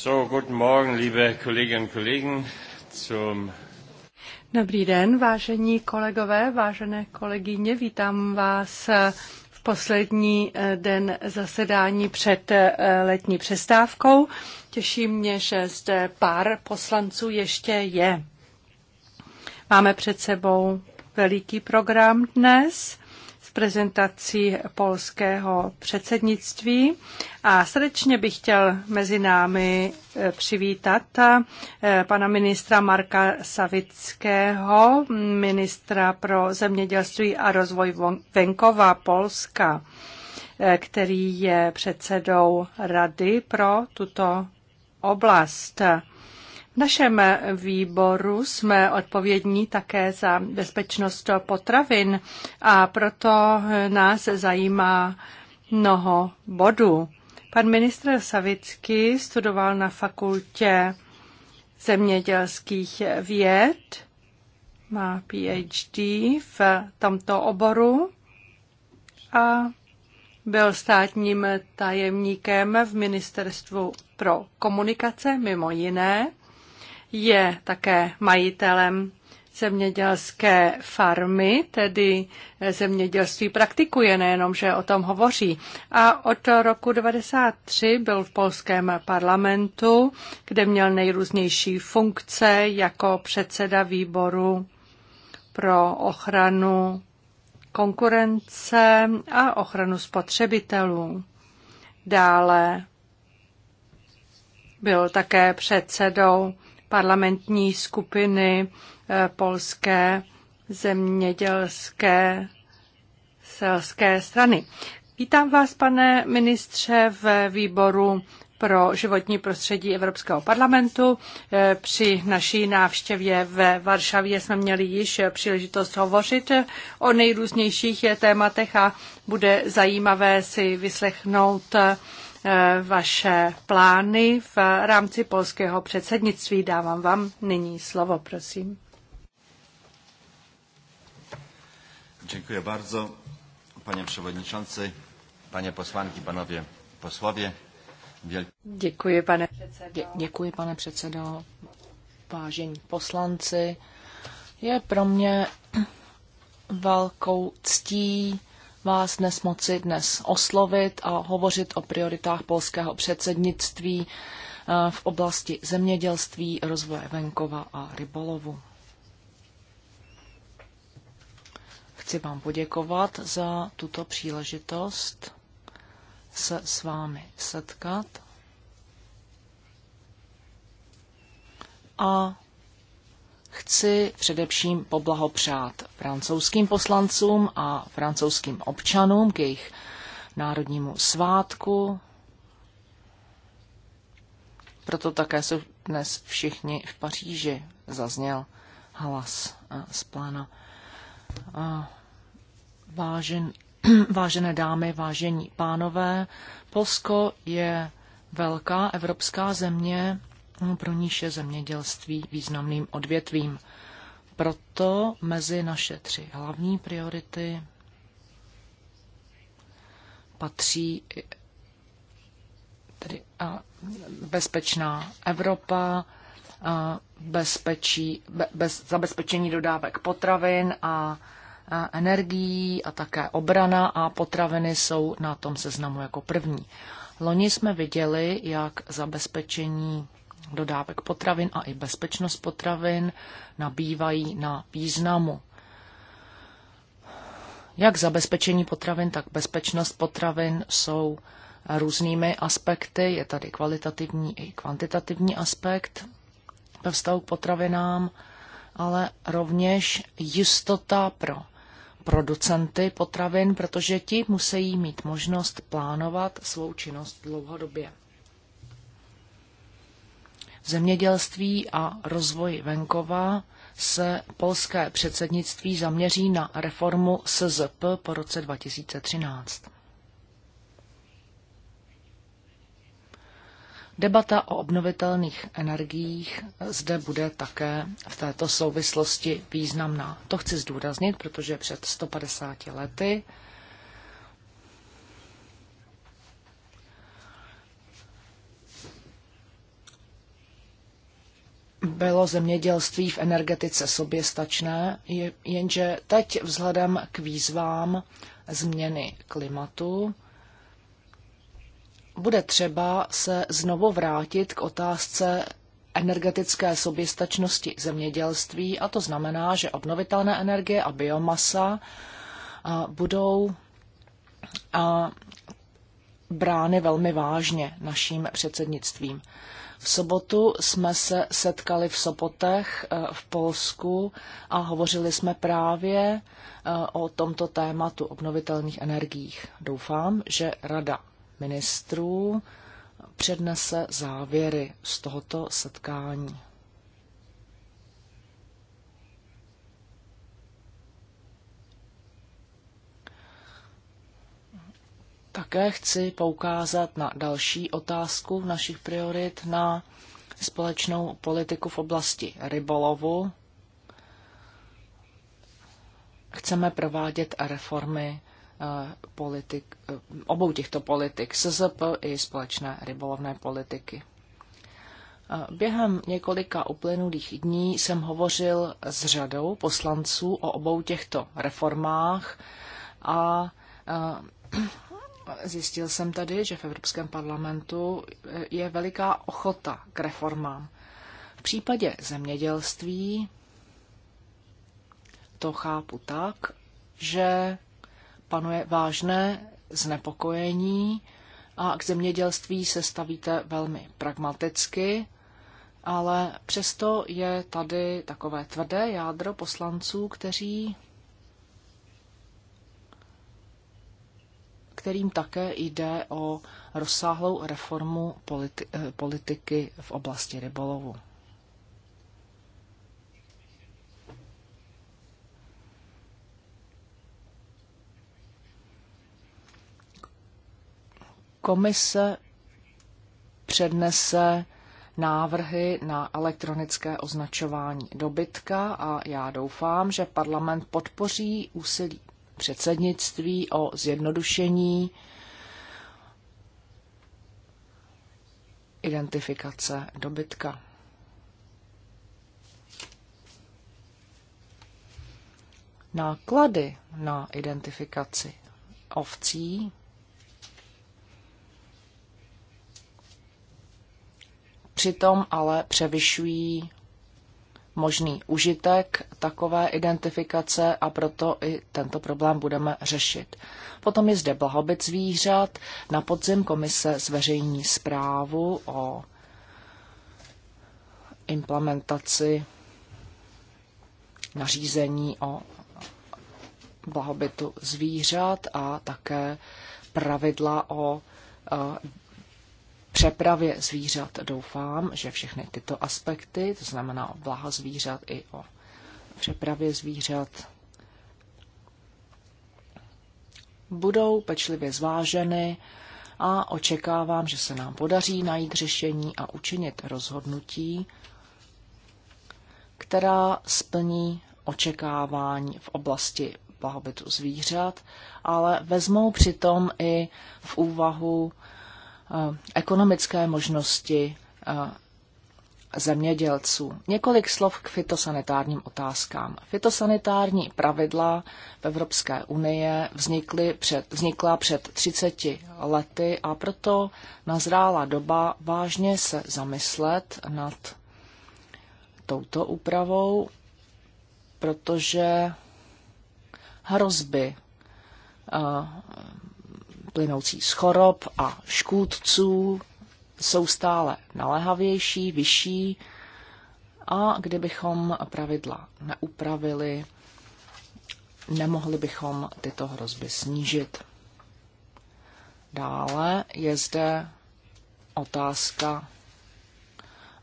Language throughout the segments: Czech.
So, guten Morgen, liebe Kolleginnen und Kollegen, zum Dobrý den, vážení kolegové, vážené kolegyně, vítám vás v poslední eh, den zasedání před eh, letní přestávkou. Těší mě, že zde pár poslanců ještě je. Máme před sebou veliký program dnes s prezentací polského předsednictví a srdečně bych chtěl mezi námi eh, přivítat eh, pana ministra Marka Savického, ministra pro zemědělství a rozvoj venkova Polska, eh, který je předsedou Rady pro tuto oblast. V našem výboru jsme odpovědní také za bezpečnost potravin a proto nás zajímá mnoho bodů. Pan ministr Savický studoval na fakultě zemědělských věd, má PhD v tomto oboru a byl státním tajemníkem v Ministerstvu pro komunikace mimo jiné je také majitelem zemědělské farmy, tedy zemědělství praktikuje, nejenom, že o tom hovoří. A od roku 1993 byl v polském parlamentu, kde měl nejrůznější funkce jako předseda výboru pro ochranu konkurence a ochranu spotřebitelů. Dále byl také předsedou parlamentní skupiny eh, polské zemědělské selské strany. Vítám vás, pane ministře, v výboru pro životní prostředí Evropského parlamentu. Eh, při naší návštěvě ve Varšavě jsme měli již příležitost hovořit o nejrůznějších tématech a bude zajímavé si vyslechnout eh, Eh, vaše plány v rámci polského předsednictví. Dávám vám nyní slovo, prosím. Dziękuję bardzo, panie przewodniczący, panie posłanki, panowie posłowie. Wielki... Děkuji, pane předsedo. Děkuji, pane předsedo. Vážení poslanci, je pro mě velkou ctí vás dnes moci dnes oslovit a hovořit o prioritách polského předsednictví eh, v oblasti zemědělství, rozvoje venkova a rybolovu. Chci vám poděkovat za tuto příležitost se s vámi setkat a chci především poblahopřát francouzským poslancům a francouzským občanům k jejich národnímu svátku. Proto také jsou dnes všichni v Paříži, zazněl hlas eh, z plána. Vážen, vážené dámy, vážení pánové, Polsko je velká evropská země, No, pro níž je zemědělství významným odvětvím. Proto mezi naše tři hlavní priority patří tedy a bezpečná Evropa, a bezpečí, be, bez, zabezpečení dodávek potravin a, a energií a také obrana a potraviny jsou na tom seznamu jako první. Loni jsme viděli, jak zabezpečení dodávek potravin a i bezpečnost potravin nabývají na významu. Jak zabezpečení potravin, tak bezpečnost potravin jsou různými aspekty. Je tady kvalitativní i kvantitativní aspekt ve vztahu k potravinám, ale rovněž jistota pro producenty potravin, protože ti musí mít možnost plánovat svou činnost dlouhodobě v zemědělství a rozvoji venkova se polské předsednictví zaměří na reformu SZP po roce 2013. Debata o obnovitelných energiích zde bude také v této souvislosti významná. To chci zdůraznit, protože před 150 lety bylo zemědělství v energetice soběstačné, jenže teď vzhledem k výzvám změny klimatu bude třeba se znovu vrátit k otázce energetické soběstačnosti zemědělství a to znamená, že obnovitelné energie a biomasa budou brány velmi vážně naším předsednictvím. V sobotu jsme se setkali v Sopotech eh, v Polsku a hovořili jsme právě eh, o tomto tématu obnovitelných energiích. Doufám, že Rada ministrů přednese závěry z tohoto setkání. Také chci poukázat na další otázku našich priorit na společnou politiku v oblasti rybolovu. Chceme provádět reformy eh, politik, eh, obou těchto politik, SZP i společné rybolovné politiky. Eh, během několika uplynulých dní jsem hovořil s řadou poslanců o obou těchto reformách a Zjistil jsem tedy, že v Evropském parlamentu eh, je veliká ochota k reformám. V případě zemědělství to chápu tak, že panuje vážné znepokojení a k zemědělství se stavíte velmi pragmaticky, ale přesto je tady takové tvrdé jádro poslanců, kteří kterým také jde o rozsáhlou reformu politi- eh, politiky v oblasti rybolovu. Komise přednese návrhy na elektronické označování dobytka a já doufám, že parlament podpoří úsilí předsednictví o zjednodušení identifikace dobytka. Náklady na identifikaci ovcí přitom ale převyšují možný užitek takové identifikace a proto i tento problém budeme řešit. Potom je zde blahobyt zvířat. Na podzim komise zveřejní zprávu o implementaci nařízení o blahobytu zvířat a také pravidla o e, přepravě zvířat. Doufám, že všechny tyto aspekty, to znamená o blaha zvířat i o přepravě zvířat, budou pečlivě zváženy a očekávám, že se nám podaří najít řešení a učinit rozhodnutí, která splní očekávání v oblasti blahobytu zvířat, ale vezmou přitom i v úvahu ekonomické možnosti zemědělců. Několik slov k fitosanitárním otázkám. Fitosanitární pravidla v Evropské unie vznikly před, vznikla před 30 lety a proto nazrála doba vážně se zamyslet nad touto úpravou, protože hrozby plynoucí z chorob a škůdců jsou stále naléhavější, vyšší a kdybychom pravidla neupravili, nemohli bychom tyto hrozby snížit. Dále je zde otázka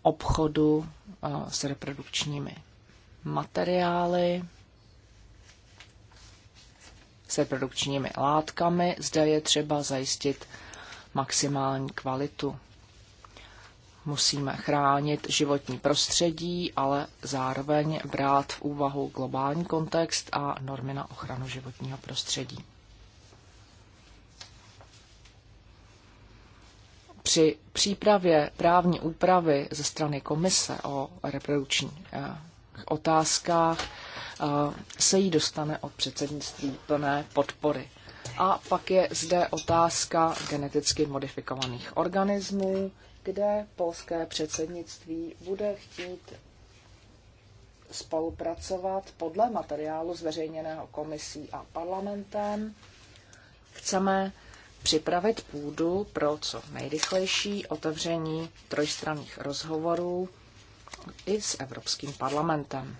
obchodu eh, s reprodukčními materiály s reprodukčními látkami. Zde je třeba zajistit maximální kvalitu. Musíme chránit životní prostředí, ale zároveň brát v úvahu globální kontext a normy na ochranu životního prostředí. Při přípravě právní úpravy ze strany komise o reprodukční eh, otázkách eh, se jí dostane od předsednictví plné podpory. A pak je zde otázka geneticky modifikovaných organismů, kde polské předsednictví bude chtít spolupracovat podle materiálu zveřejněného komisí a parlamentem. Chceme připravit půdu pro co nejrychlejší otevření trojstranných rozhovorů i s Evropským parlamentem.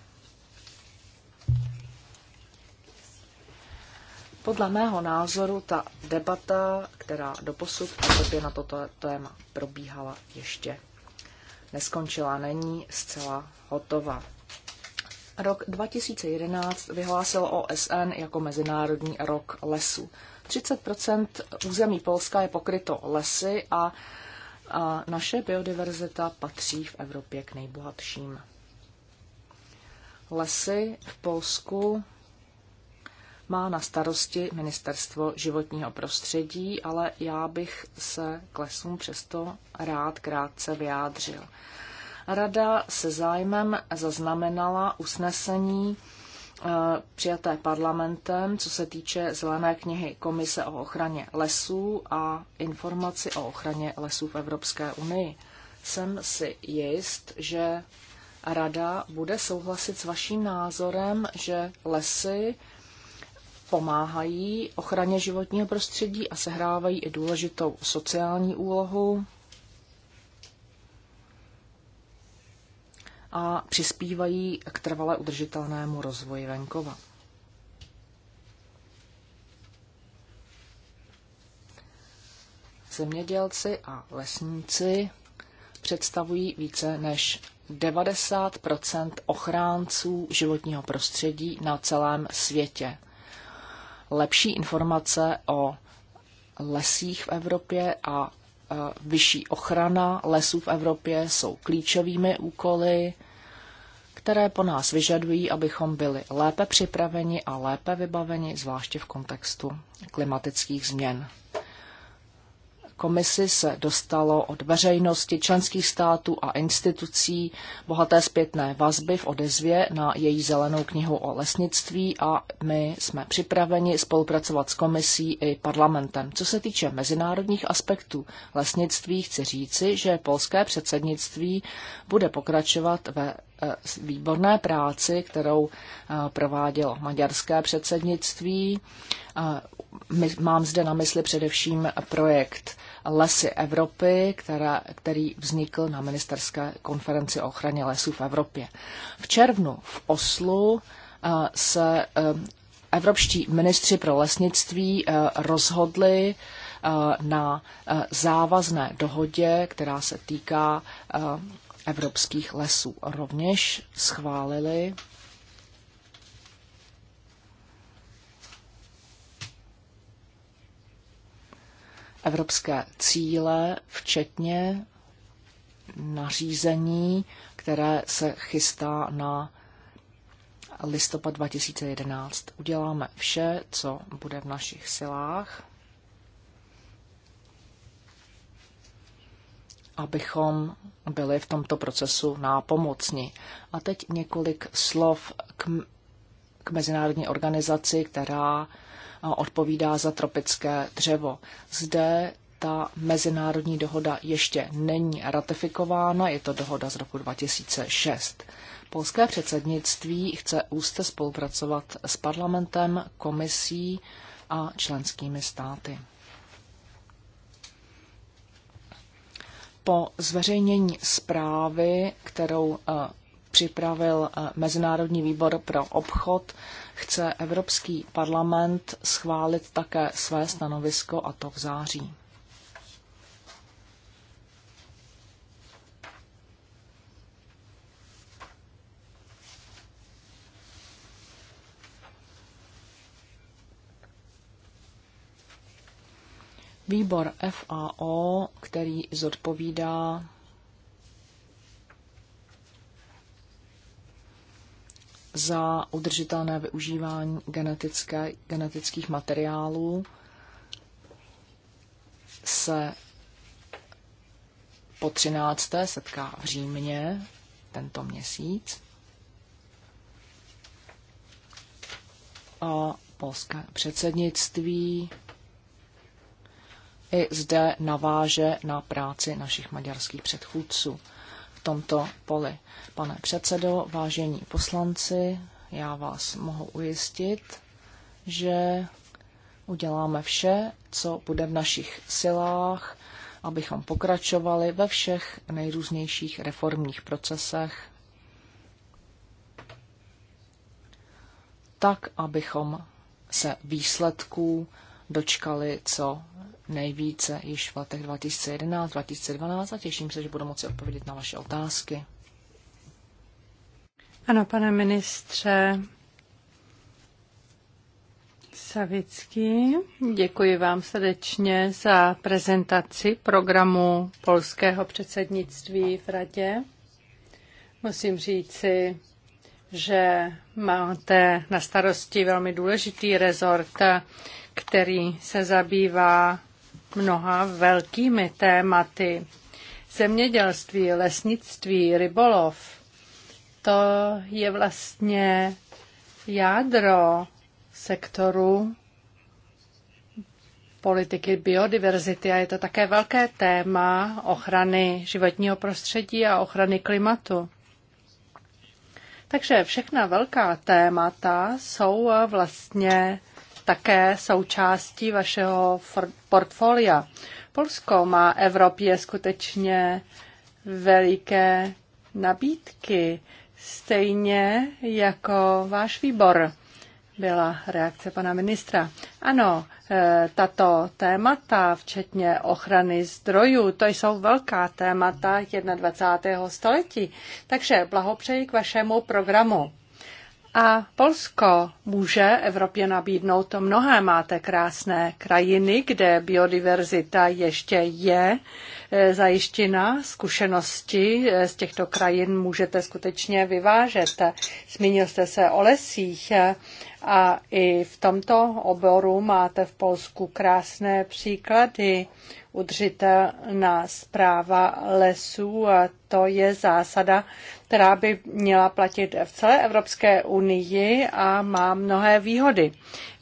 Podle mého názoru ta debata, která doposud v Evropě na toto téma probíhala, ještě neskončila, není zcela hotová. Rok 2011 vyhlásil OSN jako Mezinárodní rok lesů. 30 území Polska je pokryto lesy a a naše biodiverzita patří v Evropě k nejbohatším. Lesy v Polsku má na starosti Ministerstvo životního prostředí, ale já bych se k lesům přesto rád krátce vyjádřil. Rada se zájmem zaznamenala usnesení Eh, přijaté parlamentem, co se týče zelené knihy Komise o ochraně lesů a informaci o ochraně lesů v Evropské unii. Jsem si jist, že Rada bude souhlasit s vaším názorem, že lesy pomáhají ochraně životního prostředí a sehrávají i důležitou sociální úlohu a přispívají k trvale udržitelnému rozvoji venkova. Zemědělci a lesníci představují více než 90 ochránců životního prostředí na celém světě. Lepší informace o lesích v Evropě a Eh, vyšší ochrana lesů v Evropě jsou klíčovými úkoly, které po nás vyžadují, abychom byli lépe připraveni a lépe vybaveni, zvláště v kontextu klimatických změn komisi se dostalo od veřejnosti členských států a institucí bohaté zpětné vazby v odezvě na její zelenou knihu o lesnictví a my jsme připraveni spolupracovat s komisí i parlamentem. Co se týče mezinárodních aspektů lesnictví, chci říci, že polské předsednictví bude pokračovat ve eh, výborné práci, kterou eh, provádělo maďarské předsednictví. Eh, mám zde na mysli především projekt lesy Evropy, která, který vznikl na ministerské konferenci o ochraně lesů v Evropě. V červnu v Oslu eh, se eh, evropští ministři pro lesnictví eh, rozhodli na závazné dohodě, která se týká evropských lesů. Rovněž schválili evropské cíle, včetně nařízení, které se chystá na listopad 2011. Uděláme vše, co bude v našich silách, abychom byli v tomto procesu nápomocní. A teď několik slov k, k mezinárodní organizaci, která odpovídá za tropické dřevo. Zde ta mezinárodní dohoda ještě není ratifikována, je to dohoda z roku 2006. Polské předsednictví chce úzce spolupracovat s parlamentem, komisí a členskými státy. Po zveřejnění zprávy, kterou eh, připravil eh, Mezinárodní výbor pro obchod, chce Evropský parlament schválit také své stanovisko a to v září. Výbor FAO, který zodpovídá za udržitelné využívání genetické, genetických materiálů se po 13. setká v Římě tento měsíc. A polské předsednictví i zde naváže na práci našich maďarských předchůdců tomto poli. Pane předsedo, vážení poslanci, já vás mohu ujistit, že uděláme vše, co bude v našich silách, abychom pokračovali ve všech nejrůznějších reformních procesech, tak, abychom se výsledků dočkali co nejvíce již v letech 2011, 2012 a těším se, že budu moci odpovědět na vaše otázky. Ano, pane ministře Savický, děkuji vám srdečně za prezentaci programu polského předsednictví v Radě. Musím říci, že máte na starosti velmi důležitý rezort, který se zabývá mnoha velkými tématy. Zemědělství, lesnictví, rybolov. To je vlastně jádro sektoru politiky biodiverzity a je to také velké téma ochrany životního prostředí a ochrany klimatu. Takže všechna velká témata jsou vlastně také součástí vašeho portfolia. Polsko má Evropě skutečně veliké nabídky, stejně jako váš výbor byla reakce pana ministra. Ano, e, tato témata, včetně ochrany zdrojů, to jsou velká témata 21. století. Takže blahopřeji k vašemu programu. A Polsko může Evropě nabídnout mnohé. Máte krásné krajiny, kde biodiverzita ještě je e, zajištěna. Zkušenosti e, z těchto krajin můžete skutečně vyvážet. Zmínil jste se o lesích e, a i v tomto oboru máte v Polsku krásné příklady. Udržitelná zpráva lesů, a to je zásada která by měla platit v celé Evropské unii a má mnohé výhody.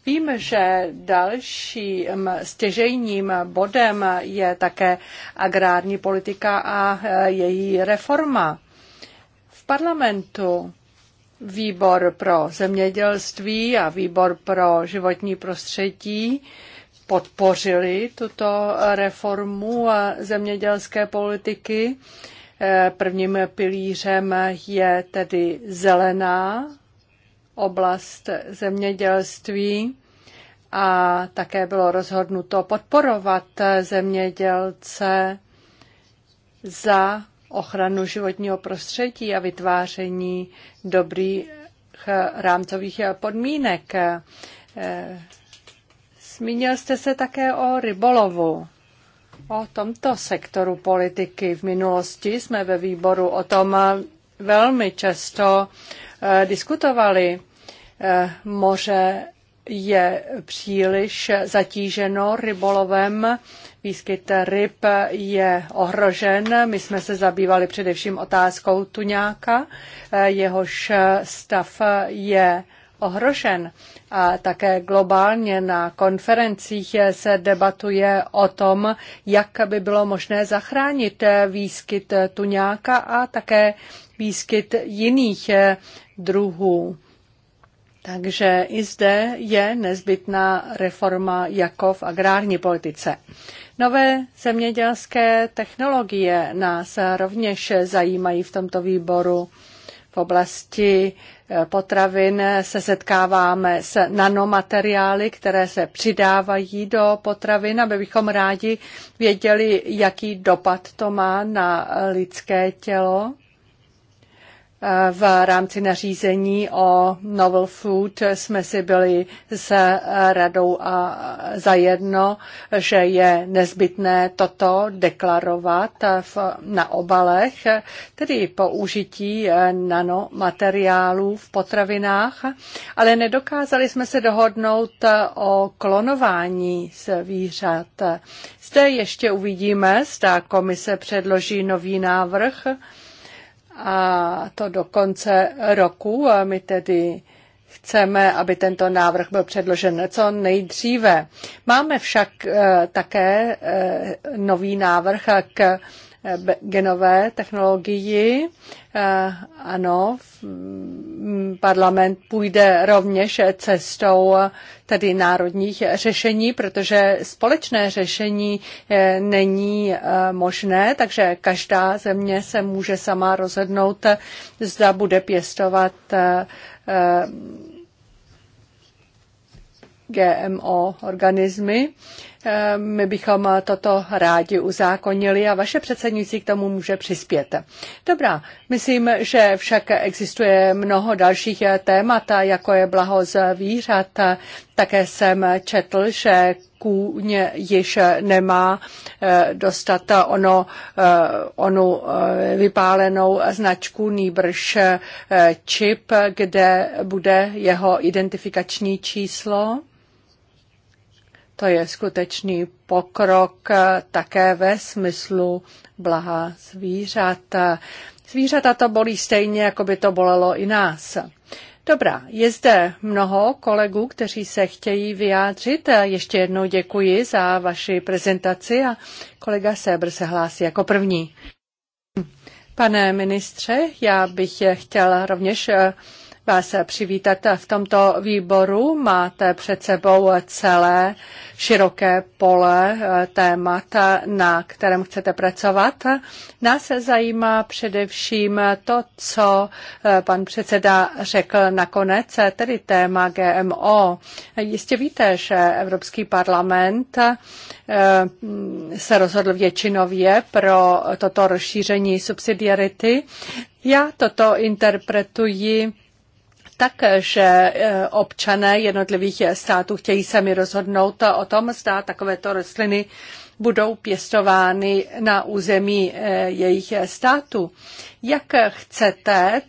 Vím, že dalším stěžejním bodem je také agrární politika a její reforma. V parlamentu výbor pro zemědělství a výbor pro životní prostředí podpořili tuto reformu zemědělské politiky Prvním pilířem je tedy zelená oblast zemědělství a také bylo rozhodnuto podporovat zemědělce za ochranu životního prostředí a vytváření dobrých rámcových podmínek. Eh, Zmínil jste se také o rybolovu. O tomto sektoru politiky v minulosti jsme ve výboru o tom eh, velmi často eh, diskutovali. Eh, moře je příliš zatíženo rybolovem, výskyt ryb je ohrožen. My jsme se zabývali především otázkou tuňáka, jehož stav je ohrožen. A také globálně na konferencích se debatuje o tom, jak by bylo možné zachránit výskyt tuňáka a také výskyt jiných druhů. Takže i zde je nezbytná reforma jako v agrární politice. Nové zemědělské technologie nás rovněž zajímají v tomto výboru v oblasti potravin se setkáváme s nanomateriály, které se přidávají do potravin, aby bychom rádi věděli, jaký dopad to má na lidské tělo. Eh, v rámci nařízení o novel food jsme si byli s eh, radou a zajedno, že je nezbytné toto deklarovat eh, na obalech, tedy použití nanomateriálů v potravinách, ale nedokázali jsme se dohodnout o klonování zvířat. Zde ještě uvidíme, zda komise předloží nový návrh a to do konce roku. A my tedy chceme, aby tento návrh byl předložen co nejdříve. Máme však eh, také eh, nový návrh k genové technologii. Eh, ano, parlament půjde rovněž cestou tedy národních řešení, protože společné řešení eh, není eh, možné, takže každá země se může sama rozhodnout, zda bude pěstovat GMO organismy. Ehm, my bychom eh, toto rádi uzákonili a vaše předsednictví k tomu může přispět. Dobrá, myslím, že však existuje mnoho dalších eh, témat, jako je blaho zvířat. Eh, také jsem četl, že kůň již nemá dostat ono, onu vypálenou značku Nýbrž čip, kde bude jeho identifikační číslo. To je skutečný pokrok eh, také ve smyslu blaha zvířat. Zvířata to bolí stejně, jako by to bolelo i nás. Dobrá, je zde mnoho kolegů, kteří se chtějí vyjádřit. Ještě jednou děkuji za vaši prezentaci a kolega Sebr se hlásí jako první. Pane ministře, já bych chtěla rovněž eh, vás přivítat v tomto výboru. Máte před sebou celé široké pole eh, témat, na kterém chcete pracovat. Nás zajímá především to, co eh, pan předseda řekl nakonec, tedy téma GMO. Jistě víte, že Evropský parlament eh, se rozhodl většinově pro toto rozšíření subsidiarity. Já toto interpretuji tak, že e, občané jednotlivých států chtějí sami rozhodnout o tom, zda takovéto rostliny budou pěstovány na území e, jejich státu. Jak chcete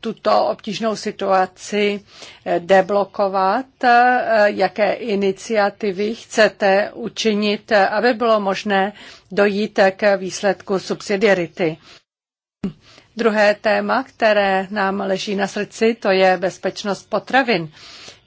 tuto obtížnou situaci e, deblokovat, jaké iniciativy chcete učinit, aby bylo možné dojít k výsledku subsidiarity. Druhé téma, které nám leží na srdci, to je bezpečnost potravin.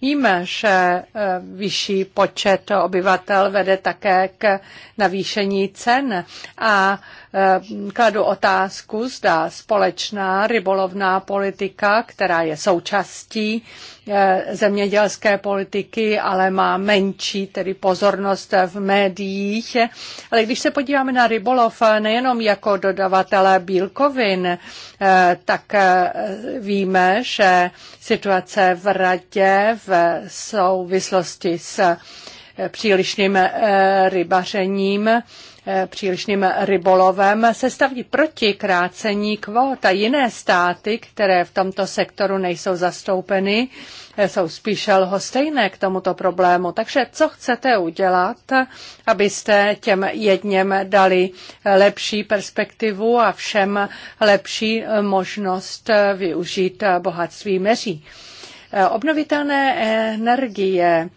Víme, že e, vyšší počet obyvatel vede také k navýšení cen a Eh, kladu otázku, zda společná rybolovná politika, která je součástí eh, zemědělské politiky, ale má menší tedy pozornost v médiích. Ale když se podíváme na rybolov eh, nejenom jako dodavatele bílkovin, tak víme, že situace v radě v souvislosti s přílišným rybařením Eh, přílišným rybolovem, se staví proti krácení kvót a jiné státy, které v tomto sektoru nejsou zastoupeny, eh, jsou spíše lhostejné k tomuto problému. Takže co chcete udělat, abyste těm jedněm dali lepší perspektivu a všem lepší možnost využít bohatství meří? Eh, obnovitelné energie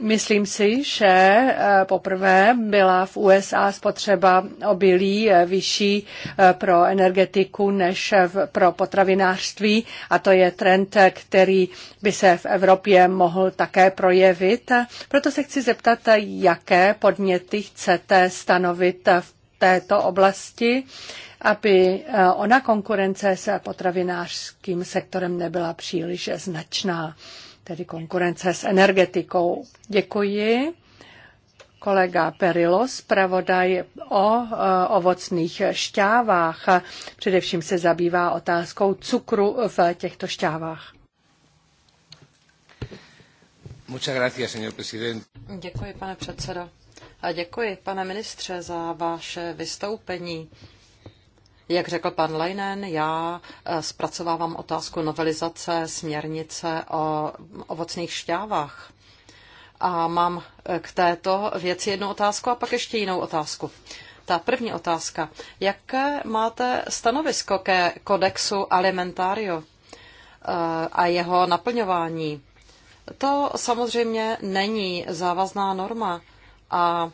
Myslím si, že eh, poprvé byla v USA spotřeba obilí eh, vyšší eh, pro energetiku než pro potravinářství a to je trend, který by se v Evropě mohl také projevit. Proto se chci zeptat, jaké podněty chcete stanovit v této oblasti, aby ona konkurence se potravinářským sektorem nebyla příliš značná tedy konkurence s energetikou. Děkuji. Kolega Perilo, zpravodaj o eh, ovocných šťávách, především se zabývá otázkou cukru v těchto šťávách. Děkuji, pane předsedo. A děkuji, pane ministře, za vaše vystoupení jak řekl pan Leinen, já eh, zpracovávám otázku novelizace směrnice o ovocných šťávách. A mám eh, k této věci jednu otázku a pak ještě jinou otázku. Ta první otázka. Jaké máte stanovisko ke kodexu alimentario eh, a jeho naplňování? To samozřejmě není závazná norma a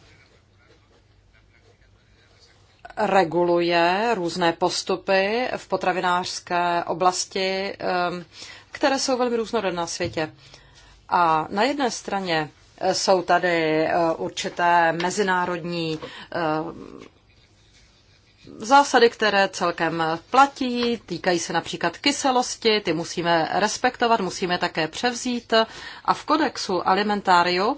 reguluje různé postupy v potravinářské oblasti, které jsou velmi různorodé na světě. A na jedné straně e, jsou tady e, určité mezinárodní e, zásady, které celkem platí, týkají se například kyselosti, ty musíme respektovat, musíme také převzít. A v kodexu alimentáriu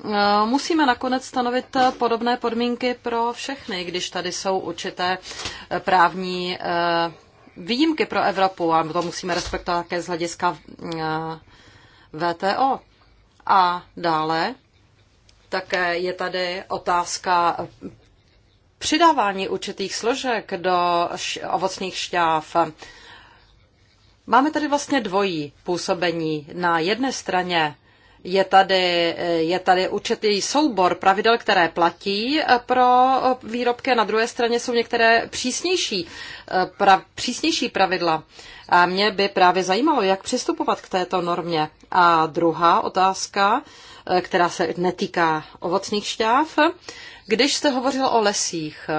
Eh, musíme nakonec stanovit eh, podobné podmínky pro všechny, když tady jsou určité eh, právní výjimky pro Evropu a to musíme respektovat také z hlediska VTO. A dále také je tady otázka přidávání určitých složek do ovocných šťáv. Máme tady vlastně dvojí působení. Na jedné straně je tady, je tady určitý soubor pravidel, které platí eh, pro eh, výrobky, a na druhé straně jsou některé přísnější, eh, pra, přísnější pravidla. A mě by právě zajímalo, jak přistupovat k této normě. A druhá otázka, která se netýká ovocných šťáv. Když jste hovořil o lesích,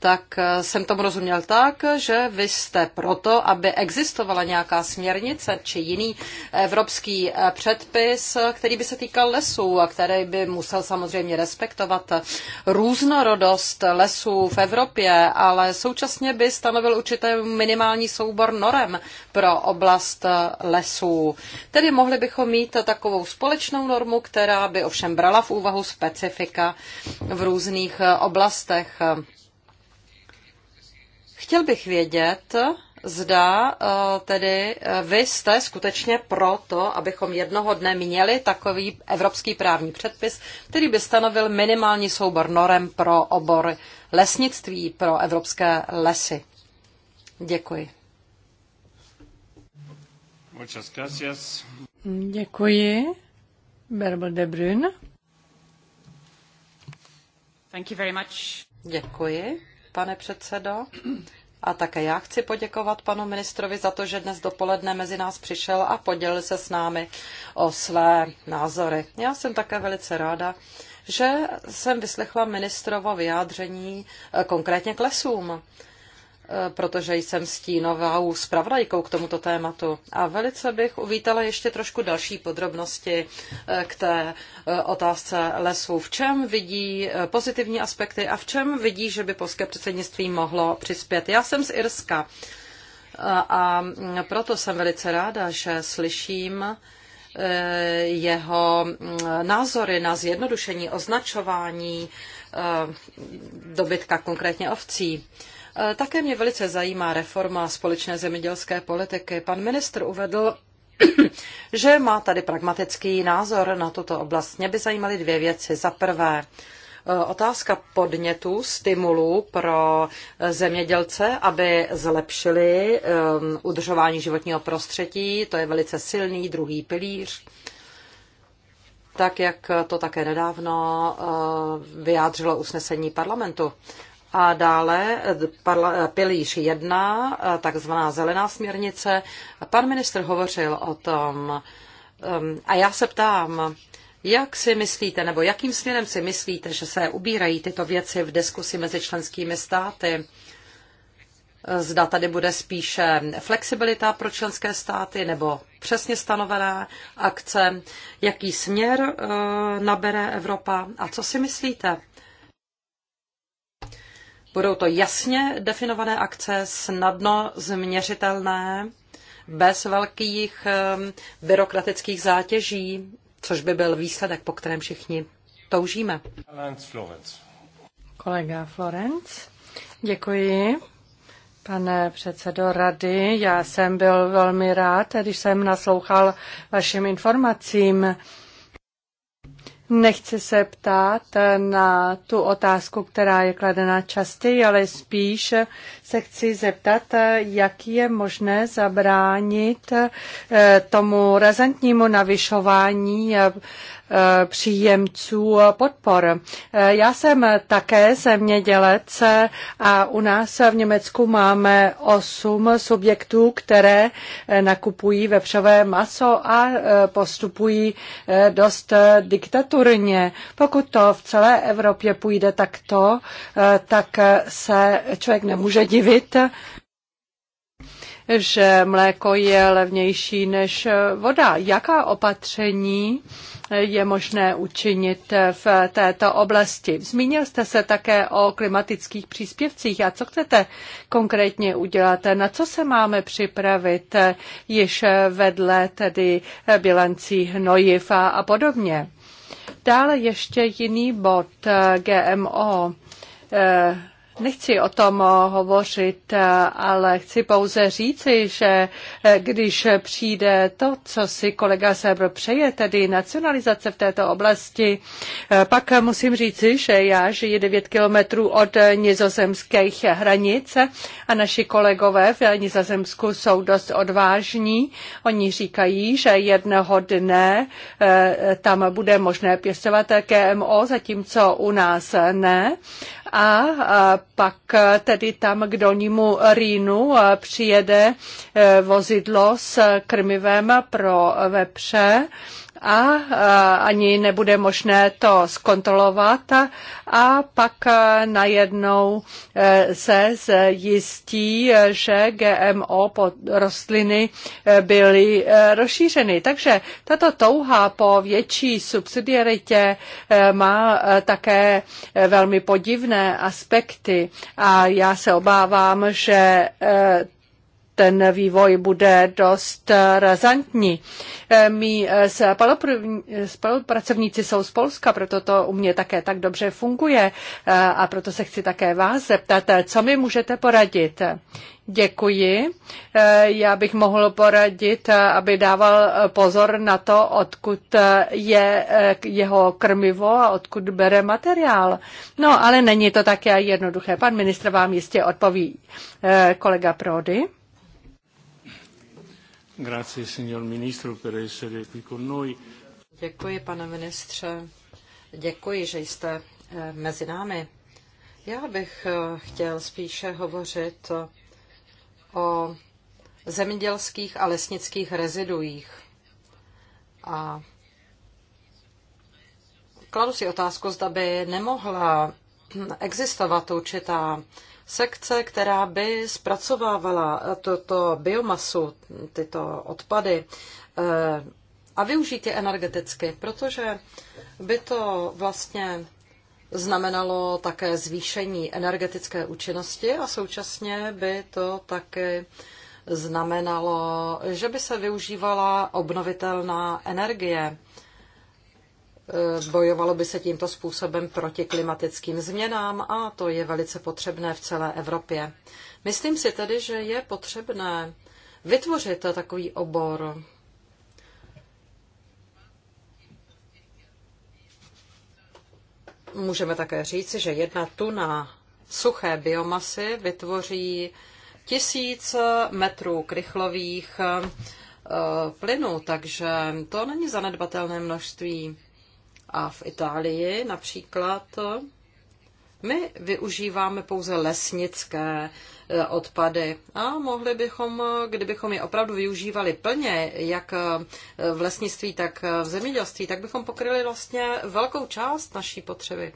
tak eh, jsem tomu rozuměl tak, že vy jste proto, aby existovala nějaká směrnice či jiný evropský eh, předpis, eh, který by se týkal lesů a který by musel samozřejmě respektovat různorodost lesů v Evropě, ale současně by stanovil určitý minimální soubor norem pro oblast lesů. Tedy mohli bychom mít takovou společnou normu, která by ovšem brala v úvahu specifika v různých oblastech. Chtěl bych vědět, zda eh, tedy eh, vy jste skutečně pro to, abychom jednoho dne měli takový evropský právní předpis, který by stanovil minimální soubor norem pro obor lesnictví, pro evropské lesy. Děkuji. Muchas gracias. Děkuji. Berbel de Brun. Thank you very much. Děkuji, pane předsedo. A také já chci poděkovat panu ministrovi za to, že dnes dopoledne mezi nás přišel a podělil se s námi o své názory. Já jsem také velice ráda, že jsem vyslechla ministrovo vyjádření eh, konkrétně k lesům. Eh, protože jsem stínovou zpravodajkou k tomuto tématu. A velice bych uvítala ještě trošku další podrobnosti eh, k té eh, otázce lesů. V čem vidí pozitivní aspekty a v čem vidí, že by polské předsednictví mohlo přispět? Já jsem z Irska a proto jsem velice ráda, že slyším, jeho mm, názory na zjednodušení označování dobytka, konkrétně ovcí. Eh, také mě velice zajímá reforma společné zemědělské politiky. Pan ministr uvedl, že má tady pragmatický názor na tuto oblast. Mě by zajímaly dvě věci. Za prvé, eh, otázka podnětu stimulů pro eh, zemědělce, aby zlepšili udržování životního prostředí. To je velice silný druhý pilíř tak jak to také nedávno vyjádřilo usnesení parlamentu. A dále pilíř 1, takzvaná zelená směrnice. Pan ministr hovořil o tom um, a já se ptám, jak si myslíte, nebo jakým směrem si myslíte, že se ubírají tyto věci v diskusi mezi členskými státy? Zda tady bude spíše flexibilita pro členské státy nebo přesně stanovená akce, jaký směr e, nabere Evropa a co si myslíte? Budou to jasně definované akce, snadno změřitelné, bez velkých byrokratických zátěží, což by byl výsledek, po kterém všichni toužíme. Kolega Florenc, děkuji. Pane předsedo rady, já jsem byl velmi rád, když jsem naslouchal vašim informacím. Nechci se ptát na tu otázku, která je kladena častěji, ale spíš se chci zeptat, jak je možné zabránit eh, tomu razantnímu navyšování eh, příjemců podpor. Eh, já jsem také zemědělec a u nás v Německu máme osm subjektů, které nakupují vepřové maso a postupují dost diktaturně. Pokud to v celé Evropě půjde takto, tak se člověk nemůže dít divit, že mléko je levnější než voda. Jaká opatření je možné učinit v této oblasti? Zmínil jste se také o klimatických příspěvcích. A co chcete konkrétně udělat? Na co se máme připravit již vedle tedy bilancí hnojiv a, a podobně? Dále ještě jiný bod GMO eh, Nechci o tom eh, hovořit, eh, ale chci pouze říci, že eh, když přijde to, co si kolega Sebr přeje, tedy nacionalizace v této oblasti, pak musím říci, že já žiji 9 kilometrů od nizozemských hranic a naši kolegové v Nizozemsku jsou dost odvážní. Oni říkají, že jednoho dne tam bude možné pěstovat GMO, zatímco u nás ne. A pak eh, tedy tam k Dolnímu Rýnu eh, přijede eh, vozidlo s krmivem pro vepře a ani nebude možné to zkontrolovat a pak e, najednou e, se zjistí, že GMO pod rostliny e, byly rozšířeny. Takže tato touha po větší subsidiaritě má také velmi podivné aspekty a já se obávám, že ten vývoj bude dost razantní. E, Mí e, spolupracovníci jsou z Polska, proto to u mě také tak dobře funguje e, a proto se chci také vás zeptat, co mi můžete poradit. Děkuji. Já bych mohl poradit, aby dával pozor na to, odkud je jeho krmivo a odkud bere materiál. No, ale není to také jednoduché. Pan ministr vám jistě odpoví. Kolega Prody. Grazie, signor ministro, per essere qui con noi. Děkuji, pane ministře. Děkuji, že jste eh, mezi námi. Já bych eh, chtěl spíše hovořit o zemědělských a lesnických reziduích. A kladu si otázku, zda by nemohla existovat určitá sekce, která by zpracovávala eh, tuto biomasu, tyto odpady eh, a využít je energeticky, protože by to vlastně znamenalo také zvýšení energetické účinnosti a současně by to také znamenalo, že by se využívala obnovitelná energie Eh, bojovalo by se tímto způsobem proti klimatickým změnám a to je velice potřebné v celé Evropě. Myslím si tedy, že je potřebné vytvořit takový obor. Můžeme také říci, že jedna tuna suché biomasy vytvoří tisíc metrů krychlových eh, plynů, takže to není zanedbatelné množství. A v Itálii například my využíváme pouze lesnické e, odpady a mohli bychom, kdybychom je opravdu využívali plně, jak e, v lesnictví, tak e, v zemědělství, tak bychom pokryli vlastně velkou část naší potřeby.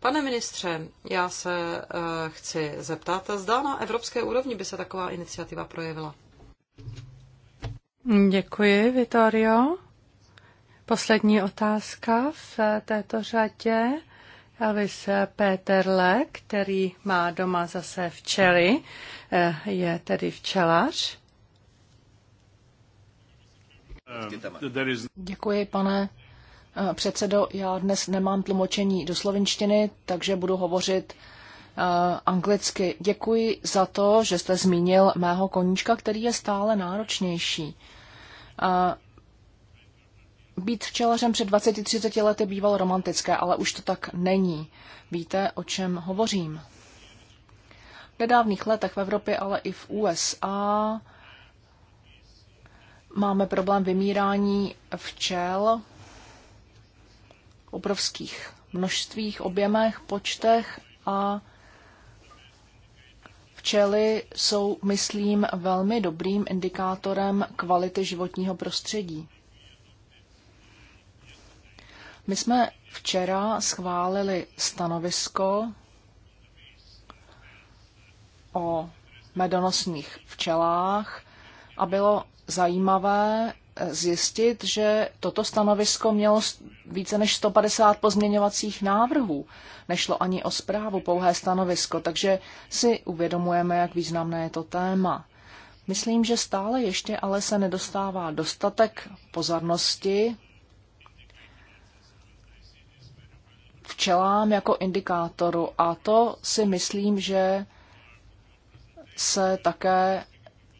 Pane ministře, já se chci zeptat, zda na evropské úrovni by se taková iniciativa projevila. Děkuji, Vitorio. Poslední otázka v této řadě. Elvis Peterle, který má doma zase včely, eh, je tedy včelař. Děkuji, pane eh, předsedo. Já dnes nemám tlumočení do slovenštiny, takže budu hovořit eh, anglicky. Děkuji za to, že jste zmínil mého koníčka, který je stále náročnější. Být včelařem před 20-30 lety bývalo romantické, ale už to tak není. Víte, o čem hovořím? V nedávných letech v Evropě, ale i v USA máme problém vymírání včel v obrovských množstvích, objemech, počtech a včely jsou, myslím, velmi dobrým indikátorem kvality životního prostředí. My jsme včera schválili stanovisko o medonosných včelách a bylo zajímavé eh, zjistit, že toto stanovisko mělo více než 150 pozměňovacích návrhů. Nešlo ani o zprávu, pouhé stanovisko, takže si uvědomujeme, jak významné je to téma. Myslím, že stále ještě ale se nedostává dostatek pozornosti včelám jako indikátoru a to si myslím, že se také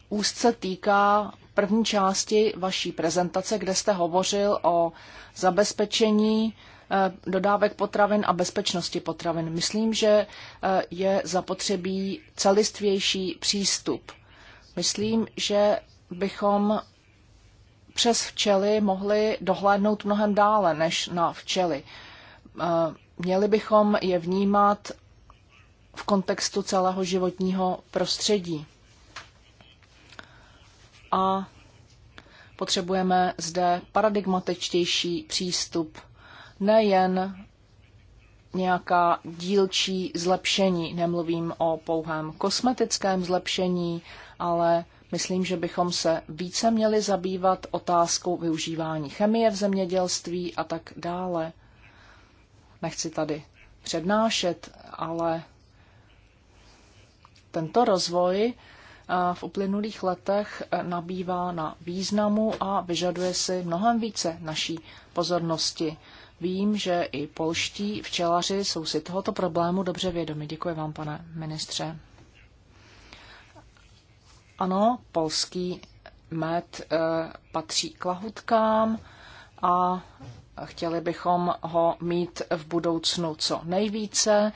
úzce týká první části vaší prezentace, kde jste hovořil o zabezpečení eh, dodávek potravin a bezpečnosti potravin. Myslím, že eh, je zapotřebí celistvější přístup. Myslím, že bychom přes včely mohli dohlédnout mnohem dále než na včely měli bychom je vnímat v kontextu celého životního prostředí. A potřebujeme zde paradigmatičtější přístup, nejen nějaká dílčí zlepšení. Nemluvím o pouhém kosmetickém zlepšení, ale myslím, že bychom se více měli zabývat otázkou využívání chemie v zemědělství a tak dále nechci tady přednášet, ale tento rozvoj eh, v uplynulých letech eh, nabývá na významu a vyžaduje si mnohem více naší pozornosti. Vím, že i polští včelaři jsou si tohoto problému dobře vědomi. Děkuji vám, pane ministře. Ano, polský med eh, patří k lahutkám a Chtěli bychom ho mít v budoucnu co nejvíce.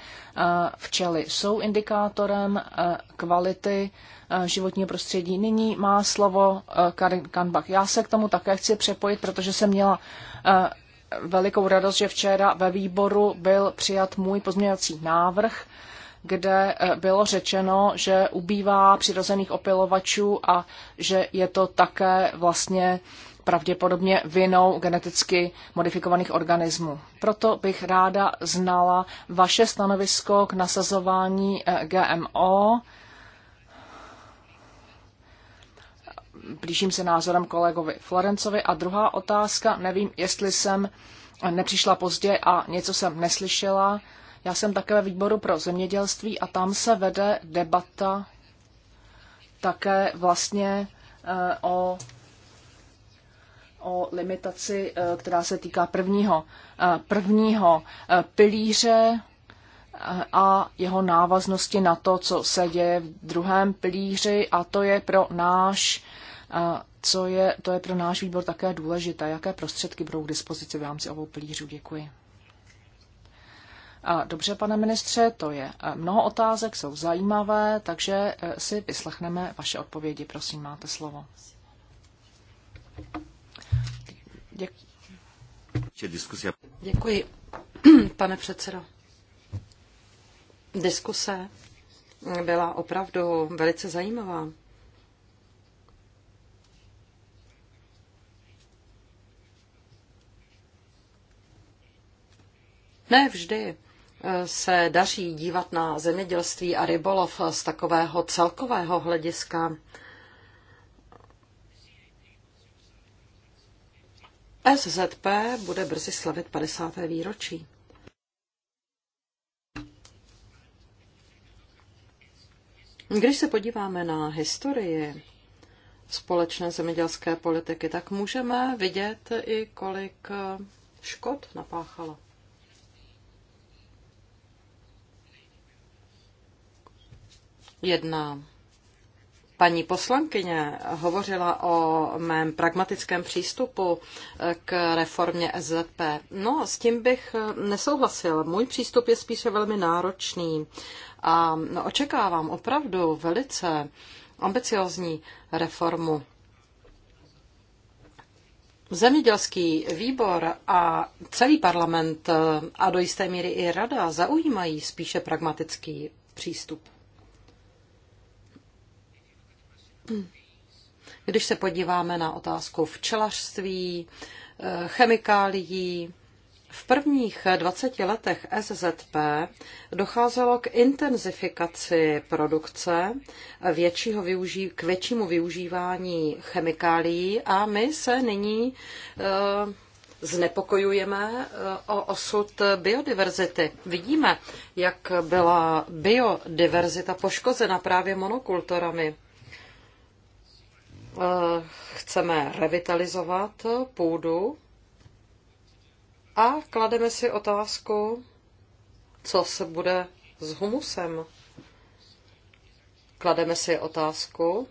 Včely jsou indikátorem e, kvality e, životního prostředí. Nyní má slovo e, Karin Kanbach. Já se k tomu také chci přepojit, protože jsem měla velikou radost, že včera ve výboru byl přijat můj pozměňovací návrh, kde bylo řečeno, že ubývá přirozených opilovačů a že je to také vlastně uh, pravděpodobně vinou geneticky modifikovaných organismů. Proto bych ráda znala vaše stanovisko k nasazování eh, GMO. Blížím se názorem kolegovi Florencovi. A druhá otázka, nevím, jestli jsem nepřišla pozdě a něco jsem neslyšela. Já jsem také ve výboru pro zemědělství a tam se vede debata také vlastně eh, o o limitaci, eh, která se týká prvního, eh, prvního eh, pilíře a jeho návaznosti na to, co se děje v druhém pilíři a to je pro náš co je, to je pro náš výbor také důležité. Jaké prostředky budou k dispozici v rámci obou pilířů? Děkuji. Dobře, pane ministře, to je mnoho otázek, jsou zajímavé, takže si vyslechneme vaše odpovědi. Prosím, máte slovo. Děkuji. Děkuji, pane předsedo. Diskuse byla opravdu velice zajímavá. Ne vždy eh, se daří dívat na zemědělství a rybolov z takového celkového hlediska. SZP bude brzy slavit 50. výročí. Když se podíváme na historii společné zemědělské politiky, tak můžeme vidět i kolik škod napáchala. Jedna Paní poslankyně hovořila o mém pragmatickém přístupu eh, k reformě SZP. E no, s tím bych eh, nesouhlasil. Můj přístup je spíše velmi náročný a no, očekávám opravdu velice ambiciozní reformu. Zemědělský výbor a celý parlament eh, a do jisté míry i rada zaujímají spíše pragmatický přístup. Když se podíváme na otázku včelařství, eh, chemikálií, v prvních 20 letech SZP docházelo k intenzifikaci produkce, většího využí, k většímu využívání chemikálií a my se nyní eh, znepokojujeme eh, o osud biodiverzity. Vidíme, jak byla biodiverzita poškozena právě monokulturami. Eh, chceme revitalizovat půdu a klademe si otázku, co se bude s humusem. Klademe si otázku,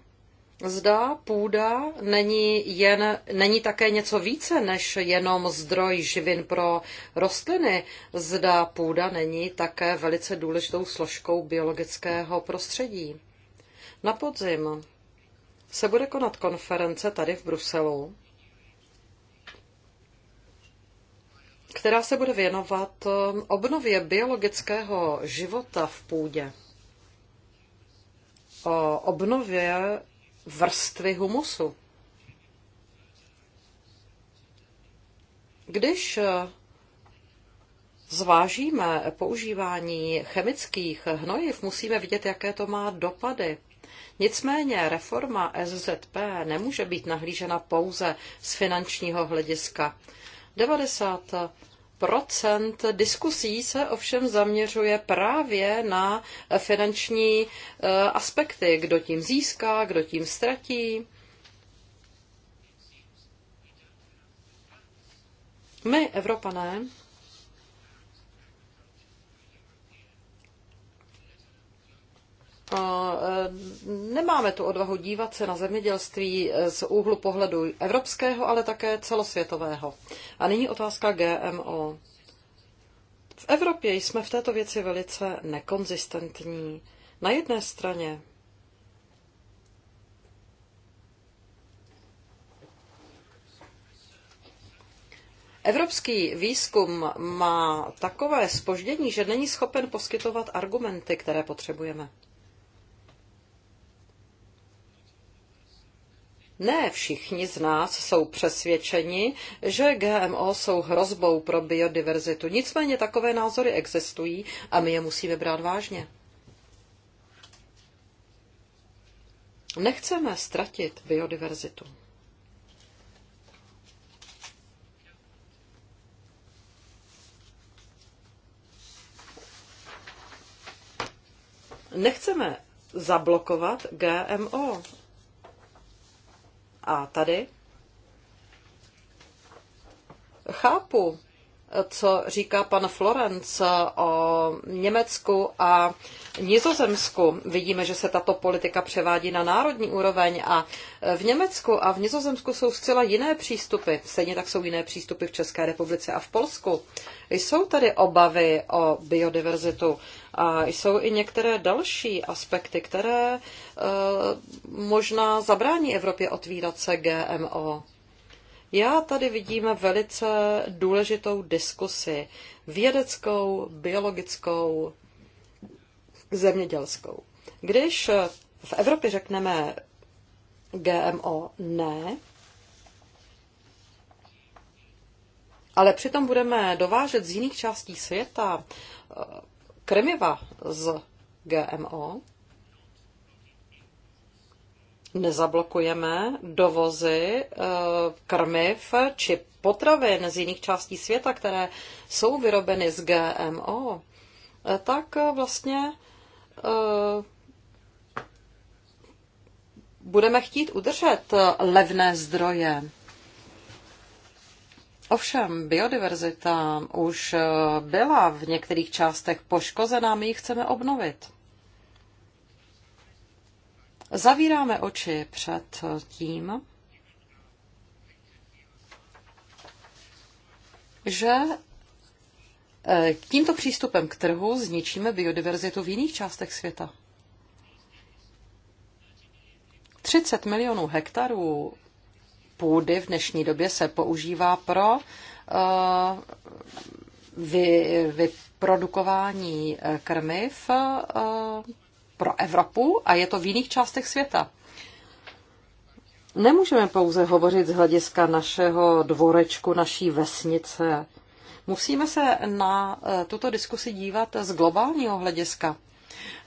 zda půda není, jen, není také něco více než jenom zdroj živin pro rostliny. Zda půda není také velice důležitou složkou biologického prostředí. Na podzim se bude konat konference tady v Bruselu, která se bude věnovat um, obnově biologického života v půdě, o obnově vrstvy humusu. Když uh, zvážíme používání chemických hnojiv, musíme vidět, jaké to má dopady Nicméně reforma SZP nemůže být nahlížena pouze z finančního hlediska. 90 procent diskusí se ovšem zaměřuje právě na finanční eh, aspekty, kdo tím získá, kdo tím ztratí. My, Evropané, Eh, nemáme tu odvahu dívat se na zemědělství eh, z úhlu pohledu evropského, ale také celosvětového. A nyní otázka GMO. V Evropě jsme v této věci velice nekonzistentní. Na jedné straně Evropský výzkum má takové spoždění, že není schopen poskytovat argumenty, které potřebujeme. Ne všichni z nás jsou přesvědčeni, že GMO jsou hrozbou pro biodiverzitu. Nicméně takové názory existují a my je musíme brát vážně. Nechceme ztratit biodiverzitu. Nechceme zablokovat GMO. A tady chápu co říká pan Florenc o Německu a Nizozemsku. Vidíme, že se tato politika převádí na národní úroveň a v Německu a v Nizozemsku jsou zcela jiné přístupy. Stejně tak jsou jiné přístupy v České republice a v Polsku. Jsou tady obavy o biodiverzitu a jsou i některé další aspekty, které eh, možná zabrání Evropě otvírat se GMO. Já tady vidím velice důležitou diskusi vědeckou, biologickou, zemědělskou. Když v Evropě řekneme GMO ne, ale přitom budeme dovážet z jiných částí světa eh, krmiva z GMO, nezablokujeme dovozy e, krmiv či potravin z jiných částí světa, které jsou vyrobeny z GMO, e, tak e, vlastně budeme chtít udržet levné zdroje. Ovšem, biodiverzita už byla v některých částech poškozená, my ji chceme obnovit. Zavíráme oči před tím, že e, tímto přístupem k trhu zničíme biodiverzitu v jiných částech světa. 30 milionů hektarů půdy v dnešní době se používá pro uh, vy, vyprodukování e, krmiv pro Evropu a je to v jiných částech světa. Nemůžeme pouze hovořit z hlediska našeho dvorečku, naší vesnice. Musíme se na eh, tuto diskusi dívat z globálního hlediska.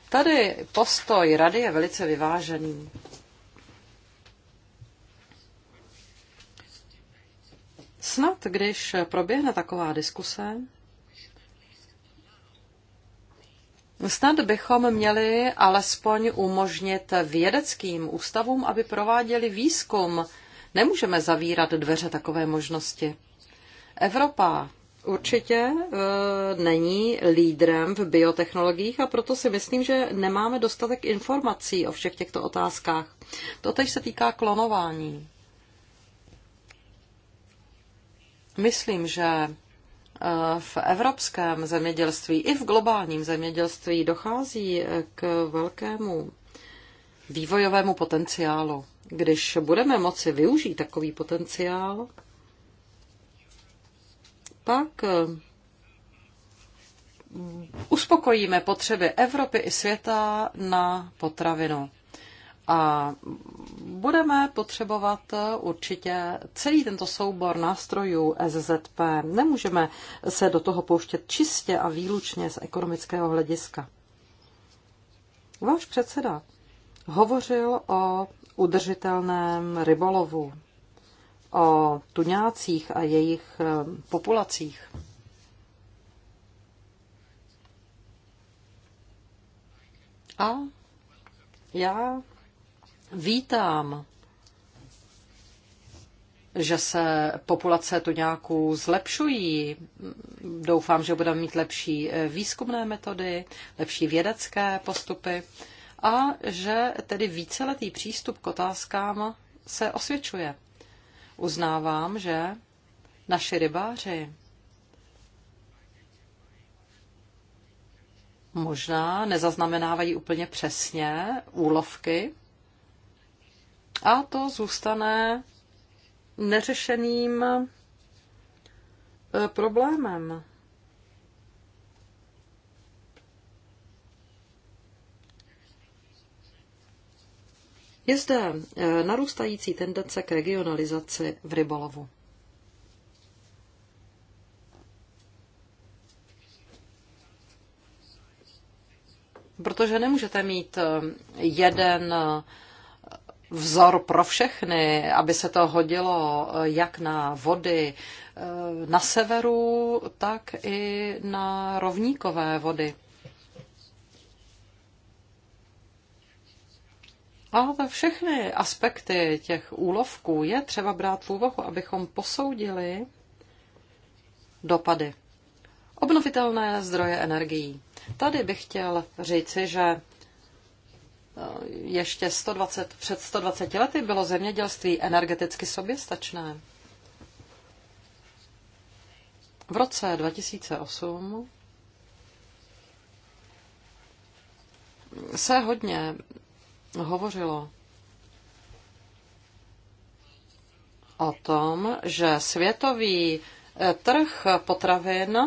Tady postoj rady je velice vyvážený. Snad, když proběhne taková diskuse, Snad bychom měli alespoň umožnit vědeckým ústavům, aby prováděli výzkum. Nemůžeme zavírat dveře takové možnosti. Evropa určitě e, není lídrem v biotechnologiích a proto si myslím, že nemáme dostatek informací o všech těchto otázkách. To teď se týká klonování. Myslím, že Eh, v evropském zemědělství i v globálním zemědělství dochází eh, k velkému vývojovému potenciálu. Když budeme moci využít takový potenciál, pak eh, uspokojíme potřeby Evropy i světa na potravinu. A budeme potřebovat určitě celý tento soubor nástrojů SZP. Nemůžeme se do toho pouštět čistě a výlučně z ekonomického hlediska. Váš předseda hovořil o udržitelném rybolovu, o tuňácích a jejich eh, populacích. A já Vítám, že se populace nějakou zlepšují. Doufám, že budeme mít lepší eh, výzkumné metody, lepší vědecké postupy a že tedy víceletý přístup k otázkám se osvědčuje. Uznávám, že naši rybáři možná nezaznamenávají úplně přesně úlovky, a to zůstane neřešeným eh, problémem. Je zde eh, narůstající tendence k regionalizaci v rybolovu. Protože nemůžete mít eh, jeden vzor pro všechny, aby se to hodilo eh, jak na vody eh, na severu, tak i na rovníkové vody. A všechny aspekty těch úlovků je třeba brát v úvahu, abychom posoudili dopady. Obnovitelné zdroje energií. Tady bych chtěl říci, že ještě 120, před 120 lety bylo zemědělství energeticky soběstačné. V roce 2008 se hodně hovořilo o tom, že světový eh, trh potravin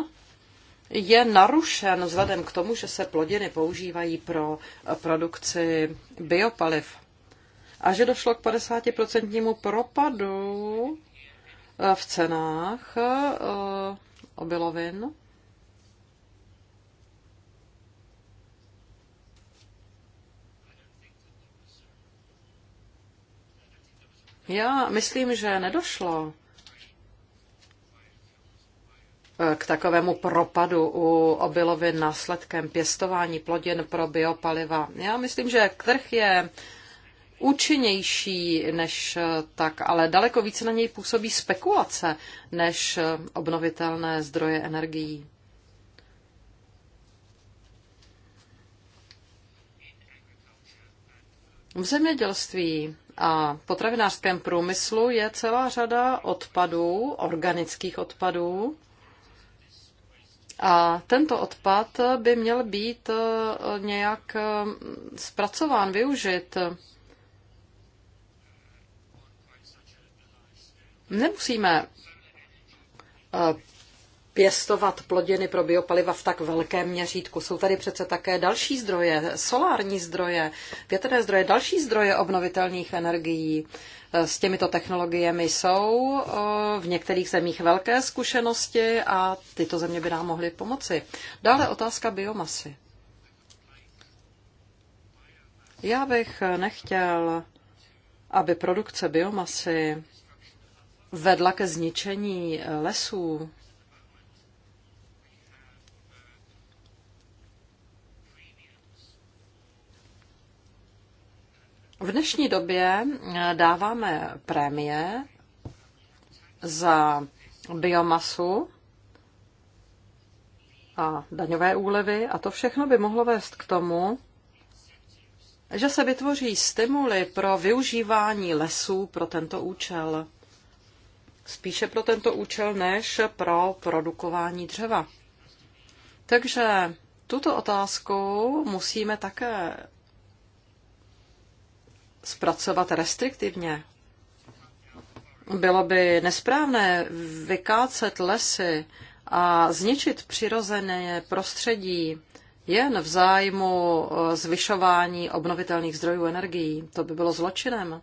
je narušen vzhledem k tomu, že se plodiny používají pro produkci biopaliv a že došlo k 50% propadu eh, v cenách eh, obilovin. Já myslím, že nedošlo k takovému propadu u obilovin následkem pěstování plodin pro biopaliva. Já myslím, že trh je účinnější než tak, ale daleko více na něj působí spekulace než obnovitelné zdroje energií. V zemědělství a potravinářském průmyslu je celá řada odpadů, organických odpadů, a tento odpad by měl být eh, nějak eh, zpracován, využit. Nemusíme eh, pěstovat plodiny pro biopaliva v tak velkém měřítku. Jsou tady přece také další zdroje, solární zdroje, větrné zdroje, další zdroje obnovitelných energií s těmito technologiemi jsou eh, v některých zemích velké zkušenosti a tyto země by nám mohly pomoci. Dále otázka biomasy. Já bych nechtěl, aby produkce biomasy vedla ke zničení lesů V dnešní době eh, dáváme prémie za biomasu a daňové úlevy a to všechno by mohlo vést k tomu, že se vytvoří stimuly pro využívání lesů pro tento účel. Spíše pro tento účel než pro produkování dřeva. Takže tuto otázku musíme také zpracovat restriktivně. Bylo by nesprávné vykácet lesy a zničit přirozené prostředí jen v zájmu eh, zvyšování obnovitelných zdrojů energií. To by bylo zločinem.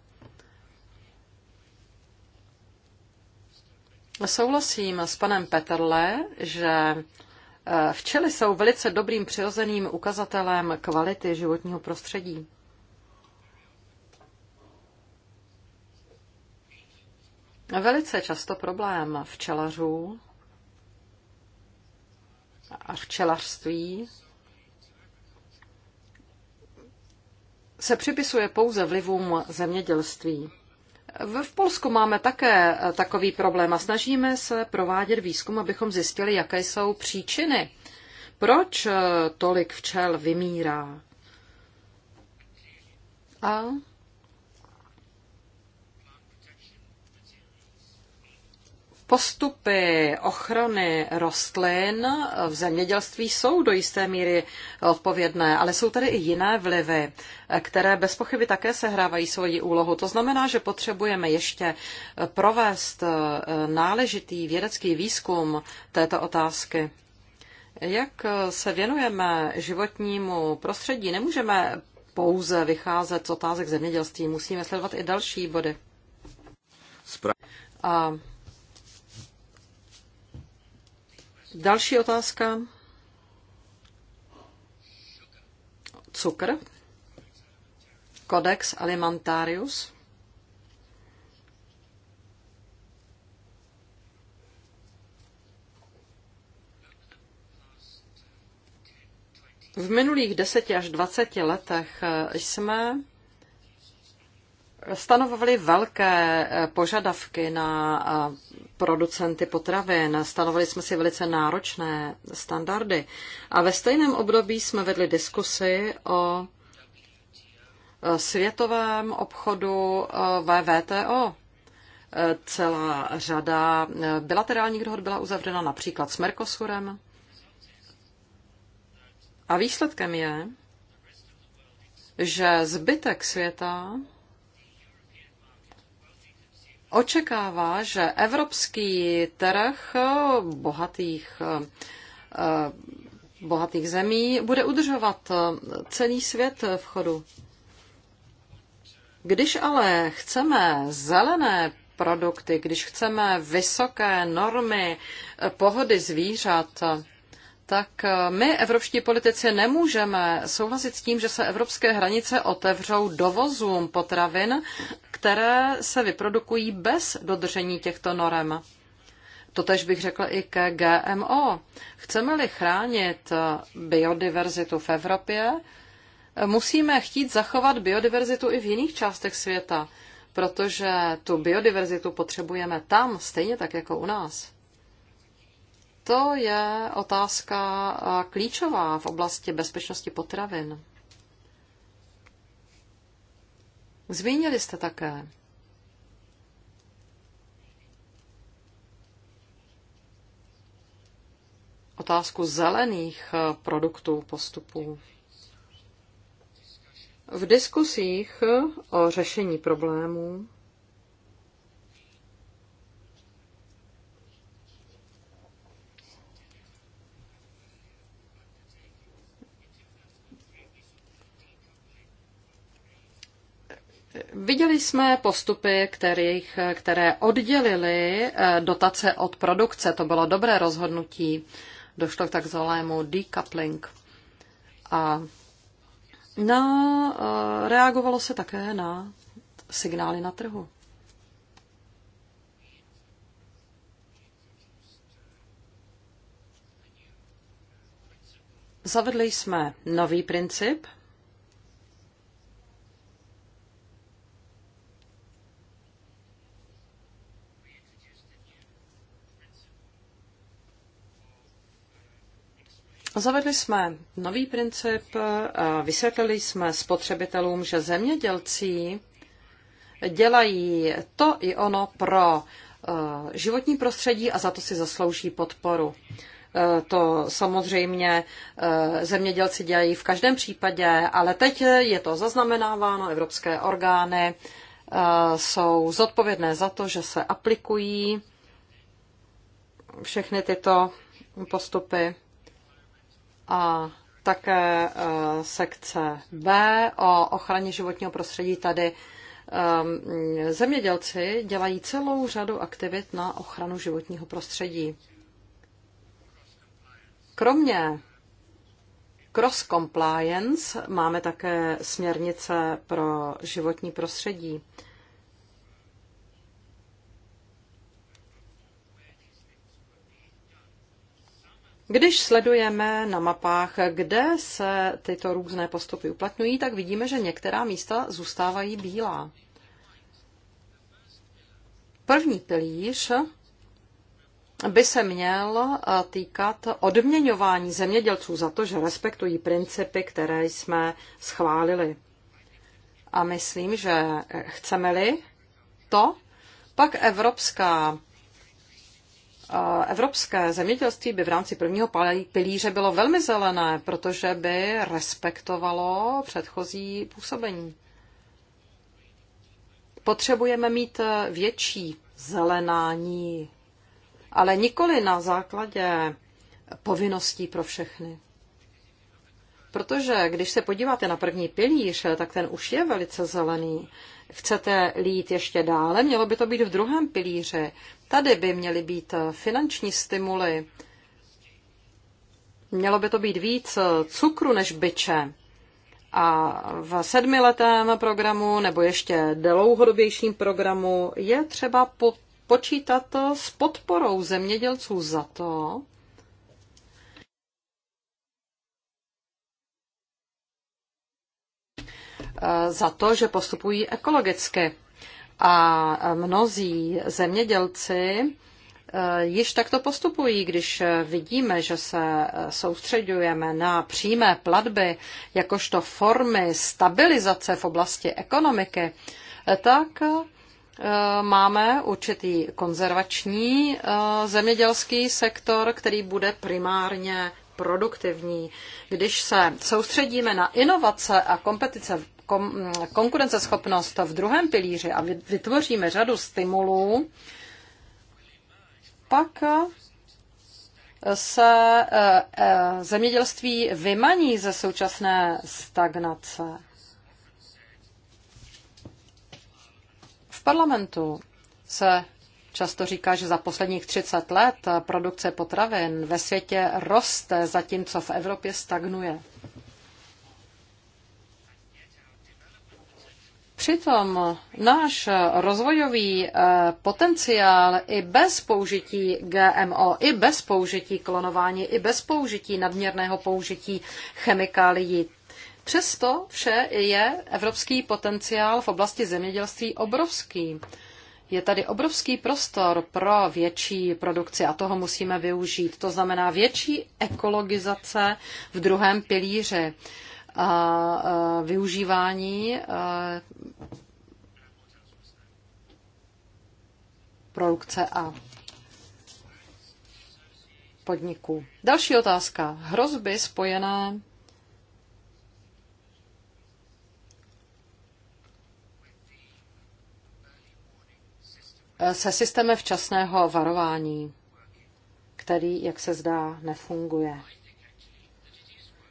Souhlasím s panem Petrle, že eh, včely jsou velice dobrým přirozeným ukazatelem kvality životního prostředí. Velice často problém včelařů a včelařství se připisuje pouze vlivům zemědělství. V Polsku máme také eh, takový problém a snažíme se provádět výzkum, abychom zjistili, jaké jsou příčiny. Proč eh, tolik včel vymírá? A Postupy ochrany rostlin v zemědělství jsou do jisté míry odpovědné, ale jsou tady i jiné vlivy, které bez pochyby také sehrávají svoji úlohu. To znamená, že potřebujeme ještě provést náležitý vědecký výzkum této otázky. Jak se věnujeme životnímu prostředí, nemůžeme pouze vycházet z otázek zemědělství, musíme sledovat i další body. A Další otázka. Cukr. Codex alimentarius. V minulých deseti až dvaceti letech jsme stanovovali velké eh, požadavky na eh, producenty potravin. Stanovali jsme si velice náročné standardy. A ve stejném období jsme vedli diskusy o eh, světovém obchodu VVTO. Celá řada bilaterálních dohod byla uzavřena například s Mercosurem. A výsledkem je, že zbytek světa očekává, že evropský trh bohatých, eh, bohatých zemí bude udržovat celý svět v chodu. Když ale chceme zelené produkty, když chceme vysoké normy eh, pohody zvířat, tak eh, my, evropští politici, nemůžeme souhlasit s tím, že se evropské hranice otevřou dovozům potravin, které se vyprodukují bez dodržení těchto norem. Totež bych řekla i ke GMO. Chceme-li chránit eh, biodiverzitu v Evropě, eh, musíme chtít zachovat biodiverzitu i v jiných částech světa, protože tu biodiverzitu potřebujeme tam, stejně tak jako u nás. To je otázka klíčová v oblasti bezpečnosti potravin. Zmínili jste také otázku zelených e, produktů, postupů. V diskusích o řešení problémů Viděli jsme postupy, kterých, které oddělili eh, dotace od produkce. To bylo dobré rozhodnutí. Došlo k takzvanému decoupling. A na, eh, reagovalo se také na signály na trhu. Zavedli jsme nový princip Zavedli jsme nový princip, vysvětlili jsme spotřebitelům, že zemědělci dělají to i ono pro e, životní prostředí a za to si zaslouží podporu. E, to samozřejmě e, zemědělci dělají v každém případě, ale teď je to zaznamenáváno, evropské orgány jsou zodpovědné za to, že se aplikují všechny tyto postupy a také eh, sekce B o ochraně životního prostředí tady eh, zemědělci dělají celou řadu aktivit na ochranu životního prostředí. Kromě cross compliance máme také směrnice pro životní prostředí. Když sledujeme na mapách, kde se tyto různé postupy uplatňují, tak vidíme, že některá místa zůstávají bílá. První pilíř by se měl eh, týkat odměňování zemědělců za to, že respektují principy, které jsme schválili. A myslím, že chceme-li to, pak Evropská Evropské zemědělství by v rámci prvního pilíře bylo velmi zelené, protože by respektovalo předchozí působení. Potřebujeme mít větší zelenání, ale nikoli na základě povinností pro všechny. Protože když se podíváte na první pilíř, tak ten už je velice zelený chcete lít ještě dále, mělo by to být v druhém pilíři. Tady by měly být finanční stimuly. Mělo by to být víc cukru než byče. A v sedmiletém programu nebo ještě dlouhodobějším programu je třeba po, počítat s podporou zemědělců za to, za to, že postupují ekologicky. A mnozí zemědělci eh, již takto postupují, když vidíme, že se eh, soustředujeme na přímé platby jakožto formy stabilizace v oblasti ekonomiky, eh, tak máme určitý konzervační zemědělský sektor, který bude primárně produktivní. Když se soustředíme na inovace a kompetice, konkurenceschopnost v druhém pilíři a vytvoříme řadu stimulů, pak eh, se eh, eh, zemědělství vymaní ze současné stagnace. V parlamentu se často říká, že za posledních 30 let produkce potravin ve světě roste, zatímco v Evropě stagnuje. Přitom náš rozvojový eh, potenciál i bez použití GMO, i bez použití klonování, i bez použití nadměrného použití chemikálií. Přesto vše je evropský potenciál v oblasti zemědělství obrovský. Je tady obrovský prostor pro větší produkci a toho musíme využít. To znamená větší ekologizace v druhém pilíři a využívání produkce a podniků. Další otázka. Hrozby spojené se systémem včasného varování, který, jak se zdá, nefunguje.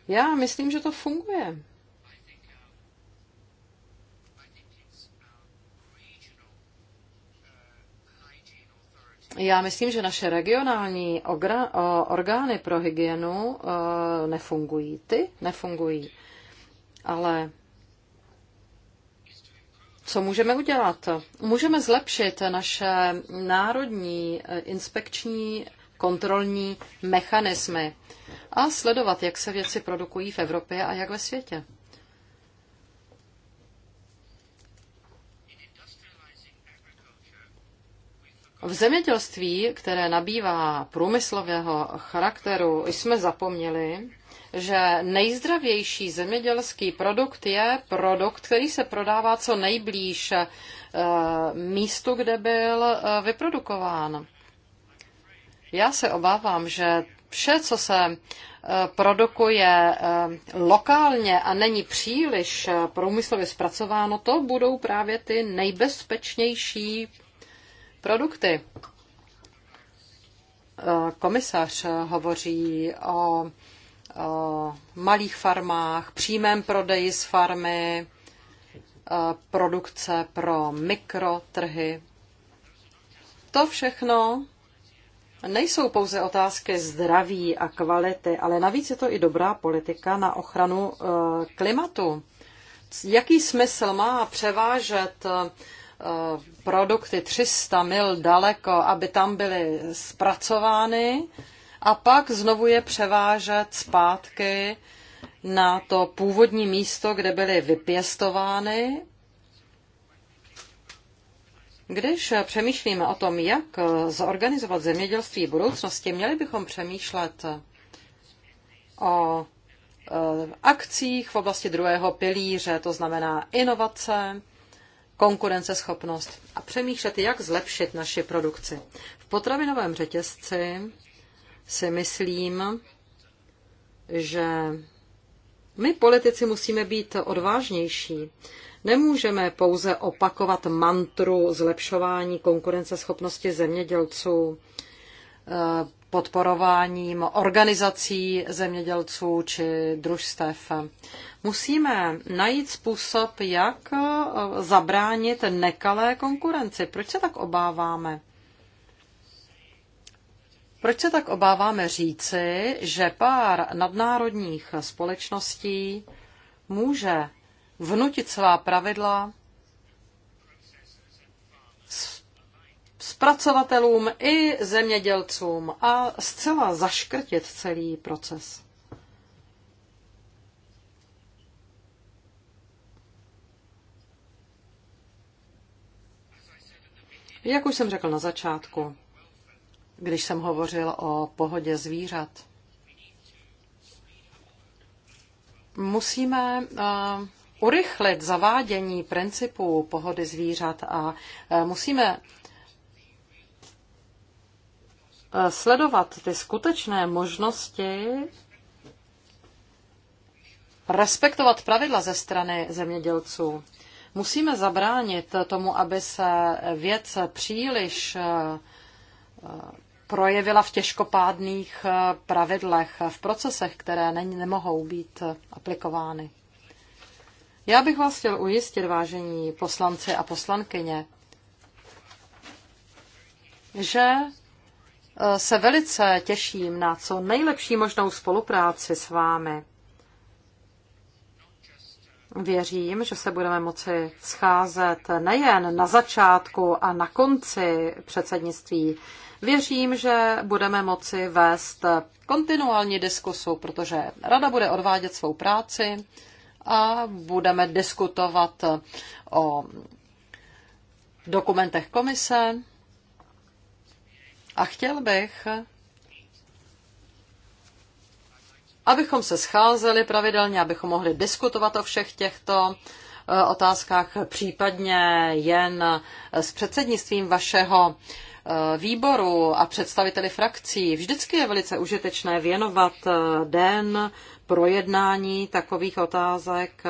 Já myslím, že to funguje. Já myslím, že naše regionální orgány pro hygienu nefungují. Ty nefungují. Ale co můžeme udělat? Můžeme zlepšit naše národní e, inspekční kontrolní mechanismy a sledovat, jak se věci produkují v Evropě a jak ve světě. V zemědělství, které nabývá průmyslového charakteru, jsme zapomněli, že nejzdravější zemědělský produkt je produkt, který se prodává co nejblíž eh, místu, kde byl eh, vyprodukován. Já se obávám, že vše, co se eh, produkuje eh, lokálně a není příliš eh, průmyslově zpracováno, to budou právě ty nejbezpečnější produkty. Komisař hovoří o, o malých farmách, přímém prodeji z farmy, produkce pro mikrotrhy. To všechno nejsou pouze otázky zdraví a kvality, ale navíc je to i dobrá politika na ochranu eh, klimatu. Jaký smysl má převážet eh, produkty 300 mil daleko, aby tam byly zpracovány a pak znovu je převážet zpátky na to původní místo, kde byly vypěstovány když přemýšlíme o tom, jak zorganizovat zemědělství v budoucnosti, měli bychom přemýšlet o eh, akcích v oblasti druhého pilíře, to znamená inovace, konkurenceschopnost a přemýšlet, jak zlepšit naši produkci. V potravinovém řetězci si myslím, že my politici musíme být odvážnější. Nemůžeme pouze opakovat mantru zlepšování konkurenceschopnosti zemědělců, eh, podporováním organizací zemědělců či družstev. Musíme najít způsob, jak eh, zabránit nekalé konkurenci. Proč se tak obáváme? Proč se tak obáváme říci, že pár nadnárodních společností může vnutit celá pravidla zpracovatelům i zemědělcům a zcela zaškrtit celý proces. Jak už jsem řekl na začátku, když jsem hovořil o pohodě zvířat, musíme eh, urychlit zavádění principů pohody zvířat a e, musíme e, sledovat ty skutečné možnosti respektovat pravidla ze strany zemědělců. Musíme zabránit tomu, aby se věc příliš e, projevila v těžkopádných pravidlech, v procesech, které nemohou být aplikovány. Já bych vás chtěl ujistit, vážení poslanci a poslankyně, že eh, se velice těším na co nejlepší možnou spolupráci s vámi. Věřím, že se budeme moci scházet nejen na začátku a na konci předsednictví. Věřím, že budeme moci vést kontinuální diskusu, protože Rada bude odvádět svou práci a budeme diskutovat o dokumentech komise. A chtěl bych, abychom se scházeli pravidelně, abychom mohli diskutovat o všech těchto eh, otázkách, případně jen eh, s předsednictvím vašeho eh, výboru a představiteli frakcí. Vždycky je velice užitečné věnovat den projednání takových otázek,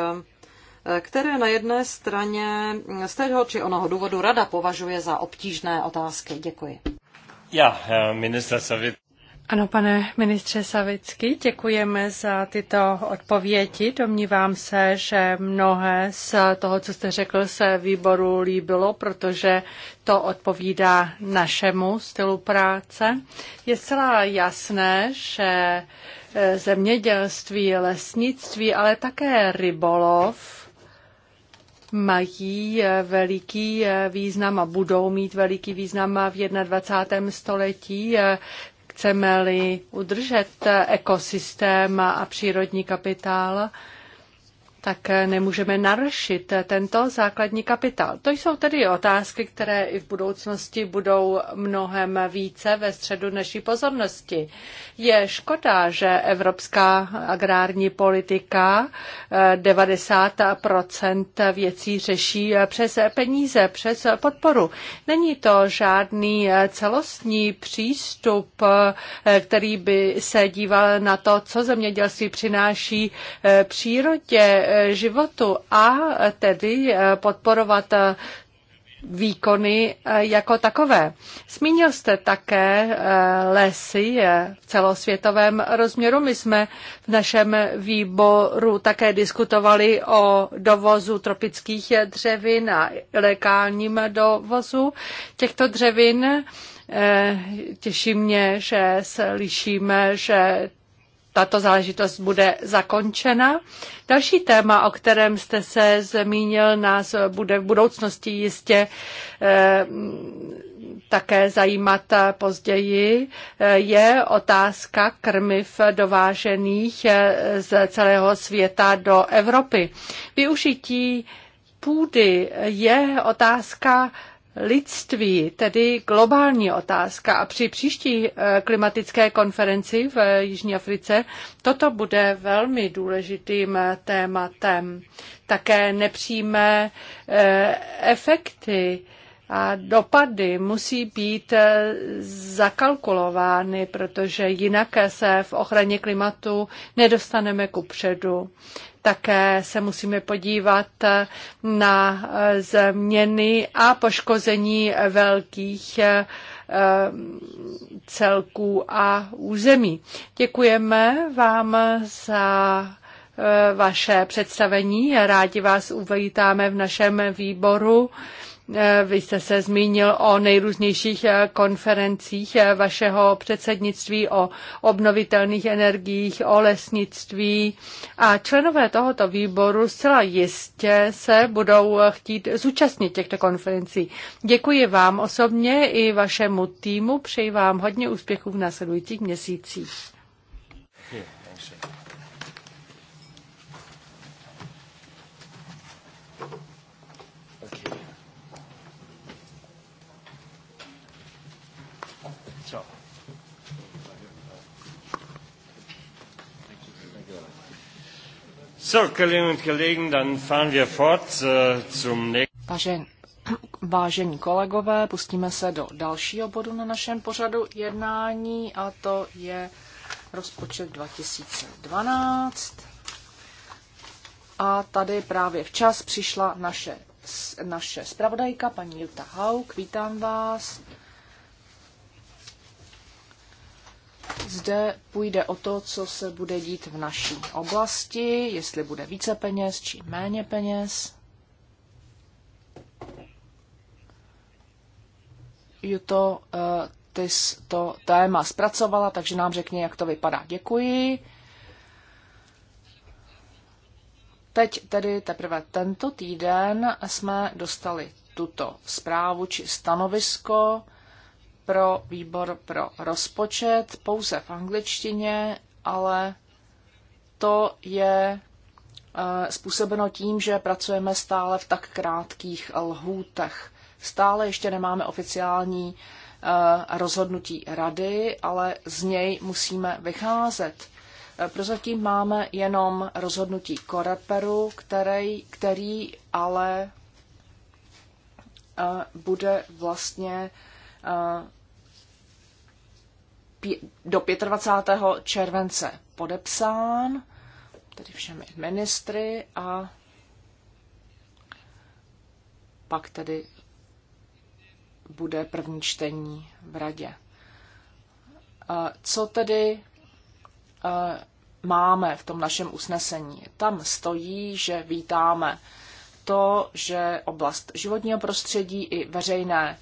které na jedné straně z toho či onoho důvodu rada považuje za obtížné otázky. Děkuji. Já, eh, minister Savit. Ano, pane ministře Savicky, děkujeme za tyto odpovědi. Domnívám se, že mnohé z toho, co jste řekl, se výboru líbilo, protože to odpovídá našemu stylu práce. Je celá jasné, že e, zemědělství, lesnictví, ale také rybolov mají e, veliký e, význam a budou mít veliký význam v 21. století. Chceme-li udržet ekosystém a přírodní kapitál, tak nemůžeme narušit tento základní kapitál. To jsou tedy otázky, které i v budoucnosti budou mnohem více ve středu naší pozornosti. Je škoda, že evropská agrární politika 90 eh, věcí řeší eh, přes peníze, přes podporu. Není to žádný eh, celostní přístup, který by se díval na to, co zemědělství přináší přírodě, životu a tedy eh, podporovat eh, výkony eh, jako takové. Zmínil jste také lesy v celosvětovém rozměru. My jsme v našem výboru také diskutovali o dovozu tropických dřevin a ilegálním dovozu těchto dřevin. Těší mě, že slyšíme, že tato záležitost bude zakončena. Další téma, o kterém jste se zmínil, nás bude v budoucnosti jistě eh, také zajímat později, eh, je otázka krmiv dovážených eh, z celého světa do Evropy. Využití půdy je otázka lidství, tedy globální otázka. A při příští eh, klimatické konferenci v eh, Jižní Africe toto bude velmi důležitým eh, tématem. Také nepřímé efekty a dopady musí být zakalkulovány, protože jinak se v ochraně klimatu nedostaneme ku předu. Také se musíme podívat na změny a poškození velkých eh, celků a území. Děkujeme vám za eh, vaše představení. Rádi vás uvítáme v našem výboru Eh, vy jste se zmínil o nejrůznějších eh, konferencích eh, vašeho předsednictví, o obnovitelných energiích, o lesnictví a členové tohoto výboru zcela jistě se budou chtít zúčastnit těchto konferencí. Děkuji vám osobně i vašemu týmu, přeji vám hodně úspěchů v následujících měsících. Yeah, So, Kolleginnen und Kollegen, dann fahren wir fort äh, zum nächsten. Vážení kolegové, pustíme se do dalšího bodu na našem pořadu jednání a to je rozpočet 2012. A tady právě včas přišla naše, naše spravodajka, paní Jutta Hauk. Vítám vás. Zde půjde o to, co se bude dít v naší oblasti, jestli bude více peněz či méně peněz. Juto, eh, ty jsi to téma zpracovala, takže nám řekni, jak to vypadá. Děkuji. Teď tedy teprve tento týden jsme dostali tuto zprávu či stanovisko pro výbor pro rozpočet pouze v angličtině, ale to je eh, způsobeno tím, že pracujeme stále v tak krátkých lhůtech. Stále ještě nemáme oficiální eh, rozhodnutí rady, ale z něj musíme vycházet. Eh, prozatím máme jenom rozhodnutí Koreperu, který, který ale bude vlastně do 25. července podepsán, tedy všemi ministry a pak tedy bude první čtení v radě. Co tedy máme v tom našem usnesení? Tam stojí, že vítáme to, že oblast životního prostředí i veřejné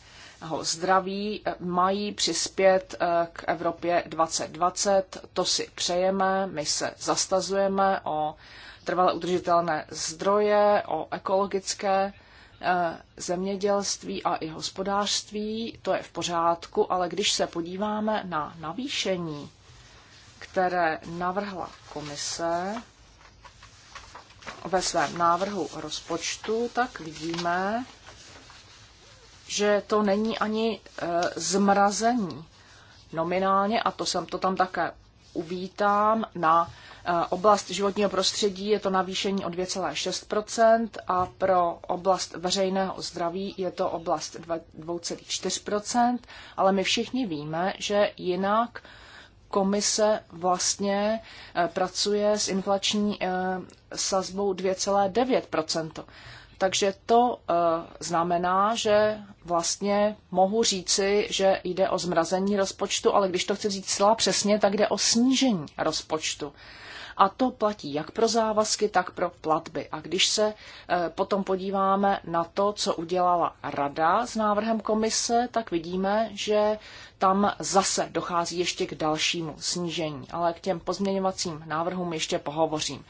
zdraví mají přispět eh, k Evropě 2020. To si přejeme, my se zastazujeme o trvale udržitelné zdroje, o ekologické eh, zemědělství a i hospodářství, to je v pořádku, ale když se podíváme na navýšení, které navrhla komise ve svém návrhu rozpočtu, tak vidíme, že to není ani e, zmrazení nominálně, a to jsem to tam také uvítám, na e, oblast životního prostředí je to navýšení o 2,6% a pro oblast veřejného zdraví je to oblast 2,4%, ale my všichni víme, že jinak komise vlastně e, pracuje s inflační sazbou 2,9%. Takže to eh, znamená, že vlastně mohu říci, že jde o zmrazení rozpočtu, ale když to chci říct celá přesně, tak jde o snížení rozpočtu. A to platí jak pro závazky, tak pro platby. A když se eh, potom podíváme na to, co udělala rada s návrhem komise, tak vidíme, že tam zase dochází ještě k dalšímu snížení. Ale k těm pozměňovacím návrhům ještě pohovořím.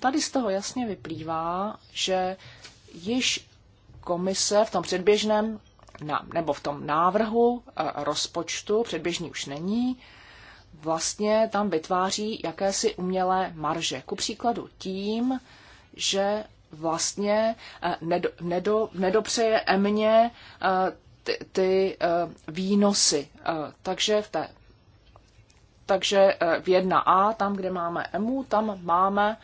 Tady z toho jasně vyplývá, že Již komise v tom předběžném nebo v tom návrhu eh, rozpočtu, předběžný už není, vlastně tam vytváří jakési umělé marže. Ku příkladu tím, že vlastně eh, nedo, nedo, nedopřeje emně eh, ty, ty výnosy. Takže v té takže v 1A, tam, kde máme EMU, tam máme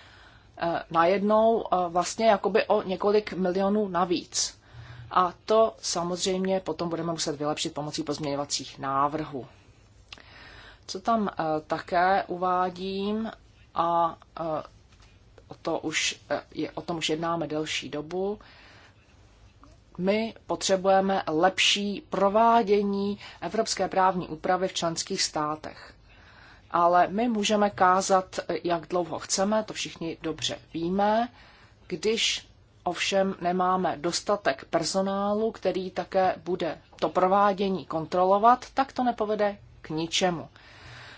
Eh, najednou eh, vlastně jakoby o několik milionů navíc. A to samozřejmě potom budeme muset vylepšit pomocí pozměňovacích návrhů. Co tam eh, také uvádím a o, to už, je, o tom už jednáme delší dobu, my potřebujeme lepší provádění evropské právní úpravy v členských státech ale my můžeme kázat, jak dlouho chceme, to všichni dobře víme. Když ovšem nemáme dostatek personálu, který také bude to provádění kontrolovat, tak to nepovede k ničemu.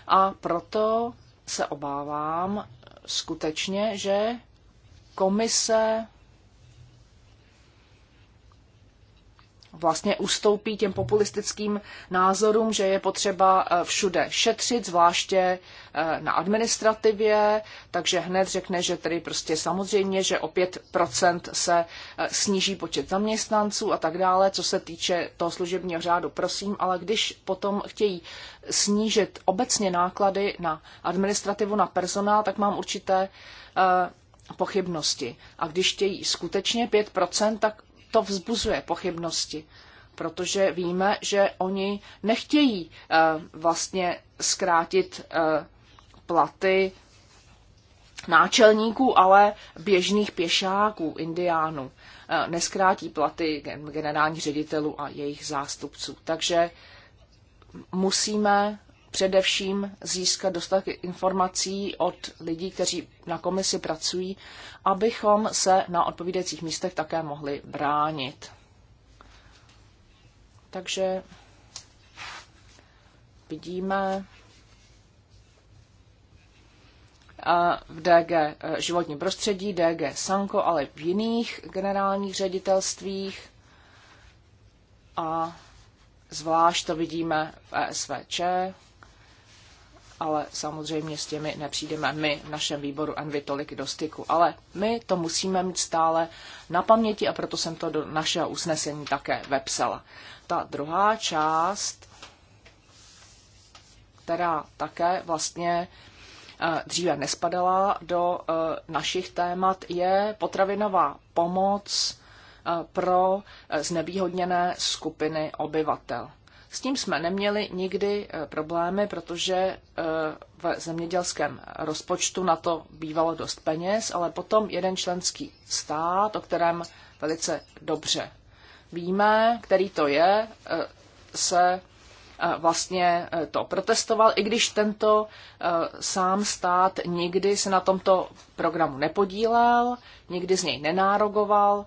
A proto se obávám skutečně, že komise vlastně ustoupí těm populistickým názorům, že je potřeba eh, všude šetřit, zvláště eh, na administrativě, takže hned řekne, že tedy prostě samozřejmě, že o 5% se eh, sníží počet zaměstnanců a tak dále, co se týče toho služebního řádu, prosím, ale když potom chtějí snížit obecně náklady na administrativu, na personál, tak mám určité pochybnosti. A když chtějí skutečně 5%, tak to vzbuzuje pochybnosti, protože víme, že oni nechtějí eh, vlastně zkrátit eh, platy náčelníků, ale běžných pěšáků, indiánů. Eh, neskrátí platy generálních ředitelů a jejich zástupců. Takže musíme především získat dostatek informací od lidí, kteří na komisi pracují, abychom se na odpovídajících místech také mohli bránit. Takže vidíme v DG e, životní prostředí, DG Sanko, ale v jiných generálních ředitelstvích a zvlášť to vidíme v ESVČ, ale samozřejmě s těmi nepřijdeme my v našem výboru Envy tolik do styku. Ale my to musíme mít stále na paměti a proto jsem to do našeho usnesení také vepsala. Ta druhá část, která také vlastně eh, dříve nespadala do eh, našich témat, je potravinová pomoc eh, pro znevýhodněné skupiny obyvatel. S tím jsme neměli nikdy eh, problémy, protože eh, v zemědělském rozpočtu na to bývalo dost peněz, ale potom jeden členský stát, o kterém velice dobře víme, který to je, eh, se vlastně to protestoval, i když tento sám stát nikdy se na tomto programu nepodílel, nikdy z něj nenárogoval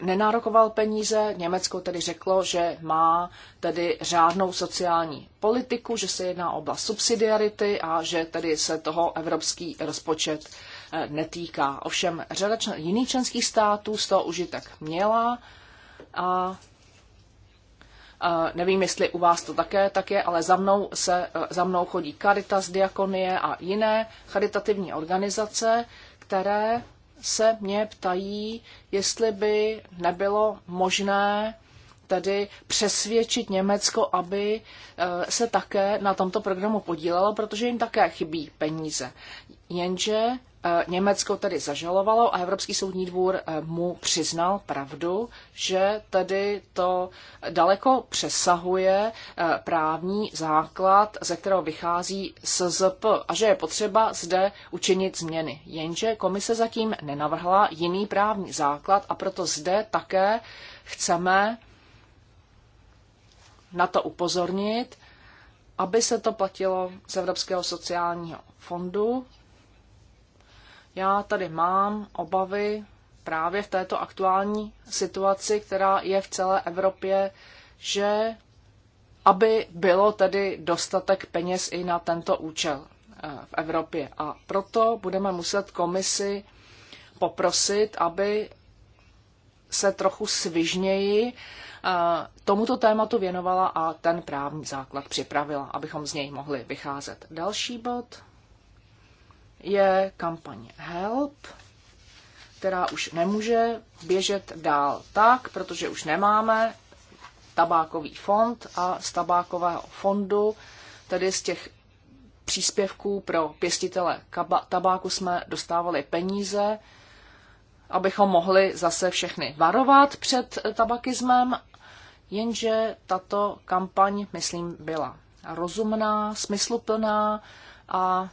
nenárokoval peníze. Německo tedy řeklo, že má tedy řádnou sociální politiku, že se jedná o oblast subsidiarity a že tedy se toho evropský rozpočet eh, netýká. Ovšem řada čl- jiných členských států z toho užitek měla a eh, nevím, jestli u vás to také tak je, ale za mnou, se, eh, za mnou chodí Caritas, Diakonie a jiné charitativní organizace, které se mě ptají, jestli by nebylo možné tedy přesvědčit Německo, aby e, se také na tomto programu podílelo, protože jim také chybí peníze. Jenže e, Německo tedy zažalovalo a Evropský soudní dvůr e, mu přiznal pravdu, že tedy to daleko přesahuje právní základ, ze kterého vychází SZP a že je potřeba zde učinit změny. Jenže komise zatím nenavrhla jiný právní základ a proto zde také chceme na to upozornit, aby se to platilo z Evropského sociálního fondu. Já tady mám obavy právě v této aktuální situaci, která je v celé Evropě, že aby bylo tedy dostatek peněz i na tento účel eh, v Evropě. A proto budeme muset komisi poprosit, aby se trochu svižněji eh, tomuto tématu věnovala a ten právní základ připravila, abychom z něj mohli vycházet. Další bod je kampaň Help, která už nemůže běžet dál tak, protože už nemáme tabákový fond a z tabákového fondu, tedy z těch příspěvků pro pěstitele tabáku jsme dostávali peníze, abychom mohli zase všechny varovat před tabakismem, jenže tato kampaň, myslím, byla rozumná, smysluplná a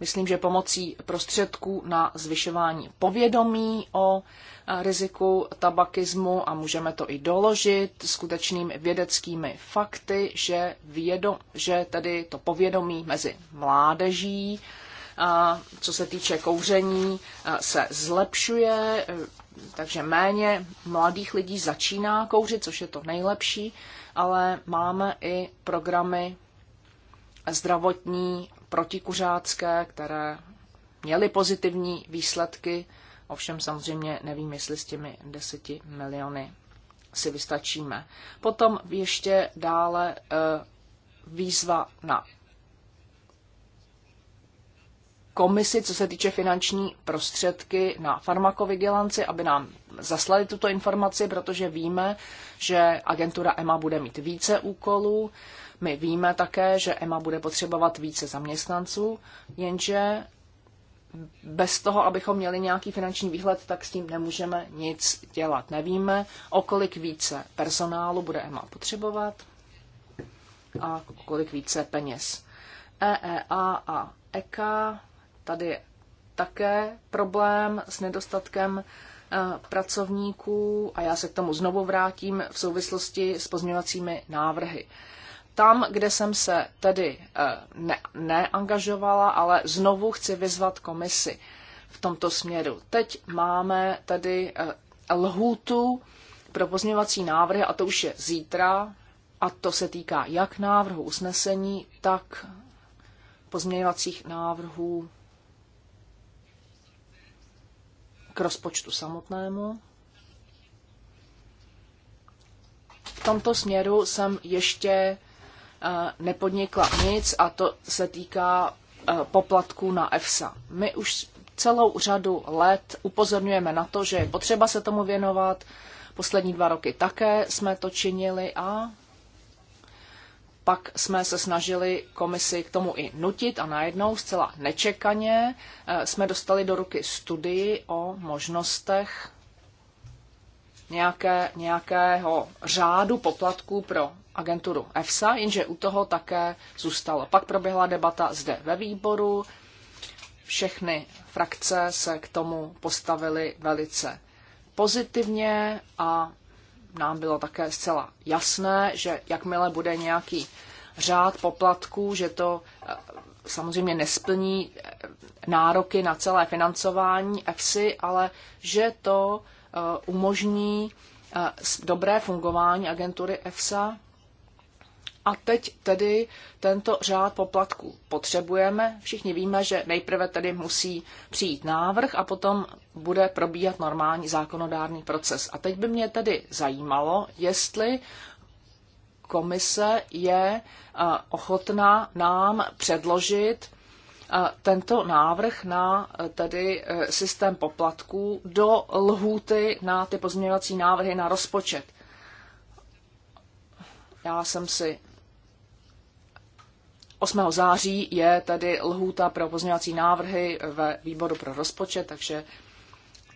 myslím, že pomocí prostředků na zvyšování povědomí o riziku tabakismu a můžeme to i doložit skutečnými vědeckými fakty, že, vědom, že tedy to povědomí mezi mládeží co se týče kouření, se zlepšuje, e, takže méně mladých lidí začíná kouřit, což je to nejlepší, ale máme i programy zdravotní, protikuřácké, které měly pozitivní výsledky. Ovšem samozřejmě nevím, jestli s těmi deseti miliony si vystačíme. Potom ještě dále e, výzva na komisi, co se týče finanční prostředky na farmakovigilanci, aby nám zaslali tuto informaci, protože víme, že agentura EMA bude mít více úkolů. My víme také, že EMA bude potřebovat více zaměstnanců, jenže bez toho, abychom měli nějaký finanční výhled, tak s tím nemůžeme nic dělat. Nevíme, o kolik více personálu bude EMA potřebovat a kolik více peněz. EEA a EKA e Tady je také problém s nedostatkem eh, pracovníků a já se k tomu znovu vrátím v souvislosti s pozměňovacími návrhy. Tam, kde jsem se tedy eh, ne, neangažovala, ale znovu chci vyzvat komisi v tomto směru. Teď máme tedy eh, lhůtu pro pozměňovací návrhy a to už je zítra a to se týká jak návrhu usnesení, tak pozměňovacích návrhů k rozpočtu samotnému. V tomto směru jsem ještě eh, nepodnikla nic a to se týká eh, poplatků na EFSA. My už celou řadu let upozorňujeme na to, že je potřeba se tomu věnovat. Poslední dva roky také jsme to činili a pak jsme se snažili komisi k tomu i nutit a najednou zcela nečekaně eh, jsme dostali do ruky studii o možnostech nějaké, nějakého řádu poplatků pro agenturu EFSA, jenže u toho také zůstalo. Pak proběhla debata zde ve výboru, všechny frakce se k tomu postavily velice pozitivně a nám bylo také zcela jasné, že jakmile bude nějaký řád poplatků, že to eh, samozřejmě nesplní eh, nároky na celé financování EFSI, ale že to eh, umožní dobré fungování agentury EFSA a teď tedy tento řád poplatků potřebujeme. Všichni víme, že nejprve tedy musí přijít návrh a potom bude probíhat normální zákonodárný proces. A teď by mě tedy zajímalo, jestli komise je eh, ochotná nám předložit eh, tento návrh na eh, tedy systém poplatků do lhůty na ty pozměňovací návrhy na rozpočet. Já jsem si 8. září je tedy lhůta pro pozměňovací návrhy ve výboru pro rozpočet, takže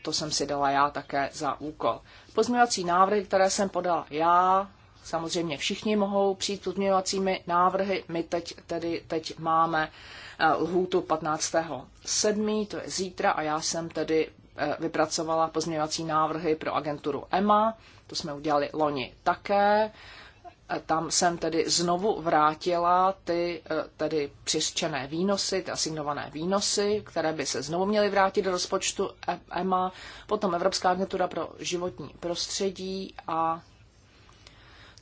to jsem si dala já také za úkol. Pozměňovací návrhy, které jsem podala já, samozřejmě všichni mohou přijít pozměňovacími návrhy. My teď tedy teď máme eh, lhůtu 15.7., to je zítra a já jsem tedy eh, vypracovala pozměňovací návrhy pro agenturu EMA, to jsme udělali loni také. Tam jsem tedy znovu vrátila ty eh, tedy přiřčené výnosy, ty asignované výnosy, které by se znovu měly vrátit do rozpočtu e- EMA, potom Evropská agentura pro životní prostředí a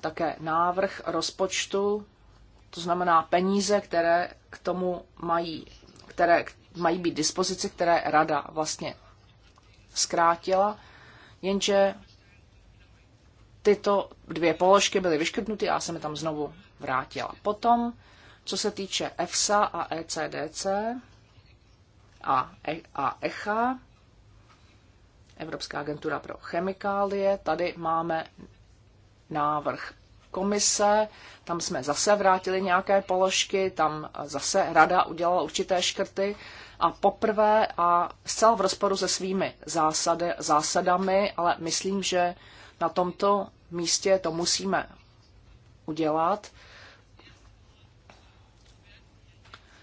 také návrh rozpočtu, to znamená peníze, které k tomu mají, které mají být dispozici, které rada vlastně zkrátila, jenže tyto dvě položky byly vyškrtnuty a já jsem je tam znovu vrátila. Potom, co se týče EFSA a ECDC a, e- a ECHA, Evropská agentura pro chemikálie, tady máme návrh komise, tam jsme zase vrátili nějaké položky, tam zase rada udělala určité škrty a poprvé a zcela v rozporu se svými zásady, zásadami, ale myslím, že na tomto místě to musíme udělat,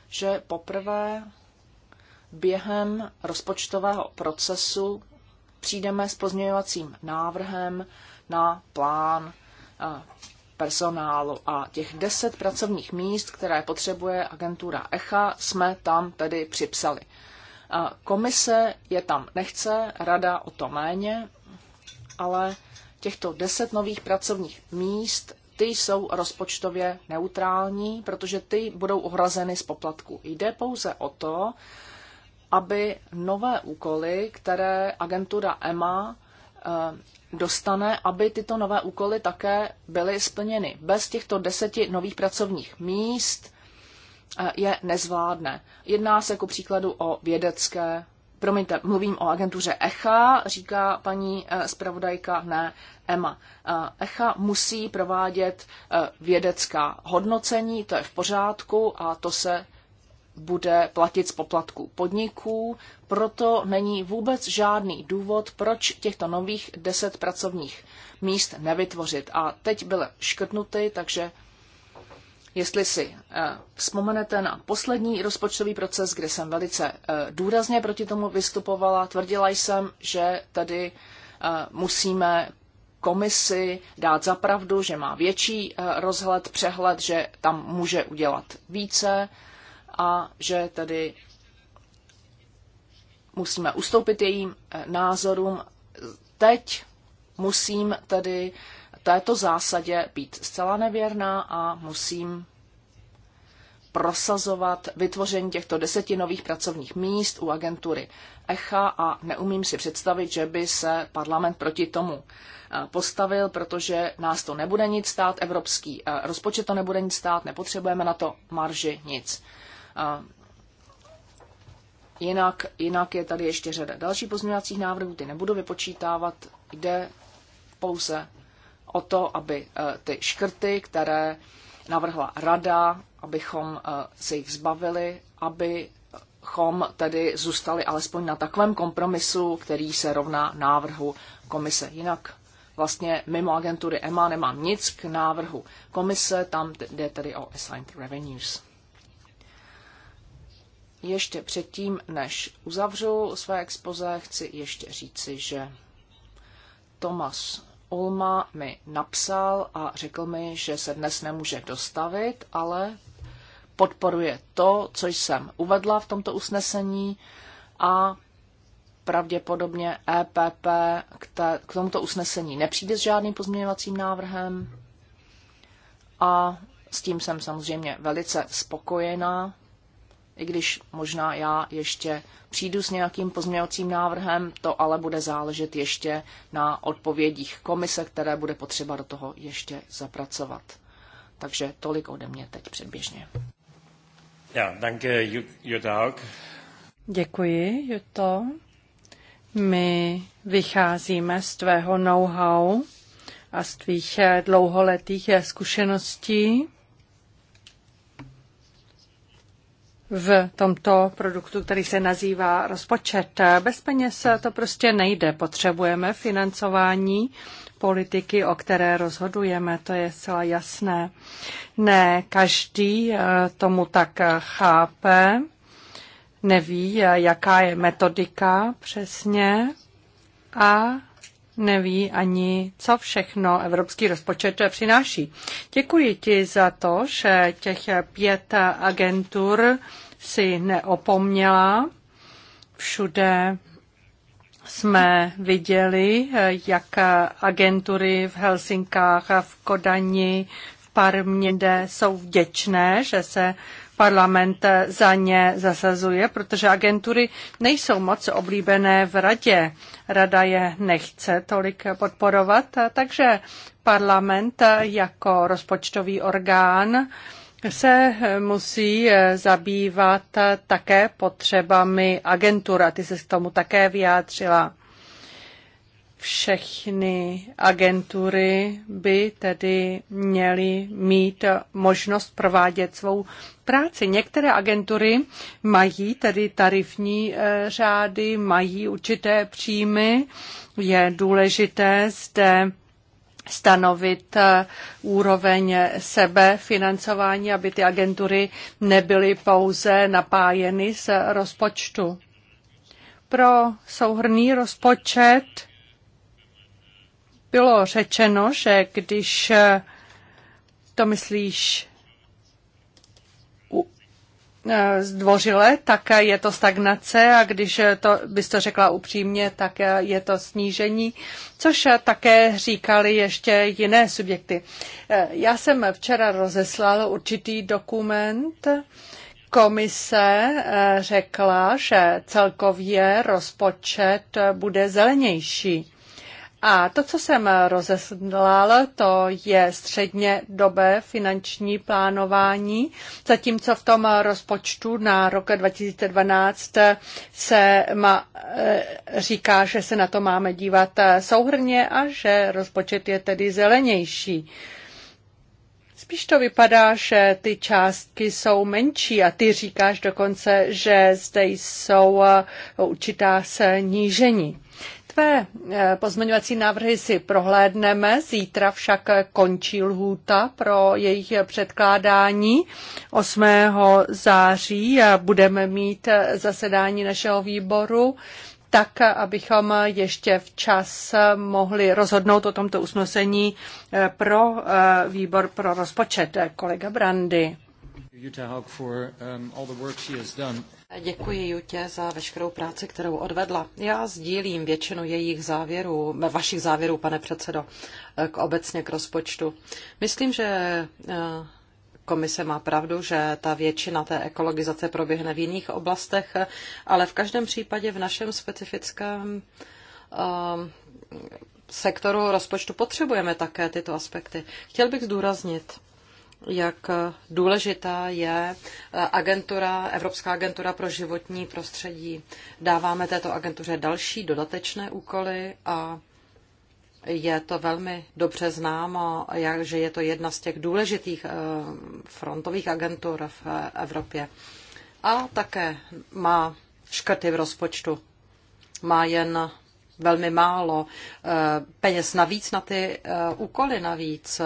že poprvé během rozpočtového procesu přijdeme s pozměňovacím návrhem na plán eh, personálu a těch deset pracovních míst, které potřebuje agentura ECHA, jsme tam tedy připsali. Eh, komise je tam nechce, rada o to méně, ale těchto deset nových pracovních míst, ty jsou rozpočtově neutrální, protože ty budou uhrazeny z poplatku. Jde pouze o to, aby nové úkoly, které agentura EMA eh, dostane, aby tyto nové úkoly také byly splněny. Bez těchto deseti nových pracovních míst eh, je nezvládne. Jedná se ku příkladu o vědecké promiňte, mluvím o agentuře ECHA, říká paní eh, zpravodajka, ne EMA. Eh, ECHA musí provádět eh, vědecká hodnocení, to je v pořádku a to se bude platit z poplatků podniků, proto není vůbec žádný důvod, proč těchto nových deset pracovních míst nevytvořit. A teď byly škrtnuty, takže Jestli si eh, vzpomenete na poslední rozpočtový proces, kde jsem velice eh, důrazně proti tomu vystupovala, tvrdila jsem, že tady eh, musíme komisi dát za pravdu, že má větší rozhled, přehled, že tam může udělat více a že tedy musíme ustoupit jejím názorům. Teď musím tedy této zásadě být zcela nevěrná a musím prosazovat vytvoření těchto deseti nových pracovních míst u agentury ECHA a neumím si představit, že by se parlament proti tomu eh, postavil, protože nás to nebude nic stát, evropský eh, rozpočet to nebude nic stát, nepotřebujeme na to marži nic. Eh, jinak, jinak je tady ještě řada dalších pozměňovacích návrhů, ty nebudu vypočítávat, jde pouze o to, aby eh, ty škrty, které navrhla rada, abychom eh, se jich zbavili, abychom tedy zůstali alespoň na takovém kompromisu, který se rovná návrhu komise. Jinak vlastně mimo agentury EMA nemám nic k návrhu komise, tam jde tedy o assigned revenues. Ještě předtím, než uzavřu své expoze, chci ještě říci, že Thomas Olma mi napsal a řekl mi, že se dnes nemůže dostavit, ale podporuje to, co jsem uvedla v tomto usnesení a pravděpodobně EPP k, k tomuto usnesení nepřijde s žádným pozměňovacím návrhem a s tím jsem samozřejmě velice spokojená i když možná já ještě přijdu s nějakým pozměňovacím návrhem, to ale bude záležet ještě na odpovědích komise, které bude potřeba do toho ještě zapracovat. Takže tolik ode mě teď předběžně. Ja, danke, Jutta Děkuji, Juto. My vycházíme z tvého know-how a z tvých eh, dlouholetých eh, zkušeností v tomto produktu, který se nazývá rozpočet. Bez peněz to prostě nejde. Potřebujeme financování politiky, o které rozhodujeme, to je zcela jasné. Ne každý eh, tomu tak eh, chápe, neví, eh, jaká je metodika přesně a neví ani, co všechno evropský rozpočet přináší. Děkuji ti za to, že těch pět agentur si neopomněla. Všude jsme viděli, jak agentury v Helsinkách, v Kodani, v Parmě, jsou vděčné, že se parlament za ně zasazuje, protože agentury nejsou moc oblíbené v radě. Rada je nechce tolik podporovat, takže parlament jako rozpočtový orgán se musí zabývat také potřebami agentur a ty se k tomu také vyjádřila. Všechny agentury by tedy měly mít možnost provádět svou práci. Některé agentury mají tedy tarifní eh, řády, mají určité příjmy. Je důležité zde stanovit eh, úroveň sebefinancování, aby ty agentury nebyly pouze napájeny z rozpočtu. Pro souhrný rozpočet bylo řečeno, že když eh, to myslíš eh, zdvořile, tak je to stagnace a když eh, to, bys to řekla upřímně, tak je to snížení, což také říkali ještě jiné subjekty. Já jsem včera rozeslal určitý dokument, Komise řekla, že celkově rozpočet bude zelenější. A to, co jsem rozeslal, to je středně dobé finanční plánování, zatímco v tom rozpočtu na rok 2012 se má, eh, říká, že se na to máme dívat souhrně a že rozpočet je tedy zelenější. Spíš to vypadá, že ty částky jsou menší a ty říkáš dokonce, že zde jsou eh, určitá snížení. Tvé eh, pozměňovací návrhy si prohlédneme, zítra však končí lhůta pro jejich předkládání. 8. září a eh, budeme mít eh, zasedání našeho výboru tak, abychom ještě včas mohli rozhodnout o tomto usnesení pro výbor pro rozpočet. Kolega Brandy. for um, all the work she has done. Děkuji Jutě za veškerou práci, kterou odvedla. Já sdílím většinu jejich závěrů, vašich závěrů, pane předsedo, k obecně k rozpočtu. Myslím, že eh, komise má pravdu, že ta většina té ekologizace proběhne v jiných oblastech, ale v každém případě v našem specifickém eh, sektoru rozpočtu potřebujeme také tyto aspekty. Chtěl bych zdůraznit, jak důležitá je agentura, Evropská agentura pro životní prostředí. Dáváme této agentuře další dodatečné úkoly a je to velmi dobře známo, že je to jedna z těch důležitých eh, frontových agentur v Evropě. A také má škrty v rozpočtu. Má jen velmi málo eh, peněz navíc na ty eh, úkoly navíc.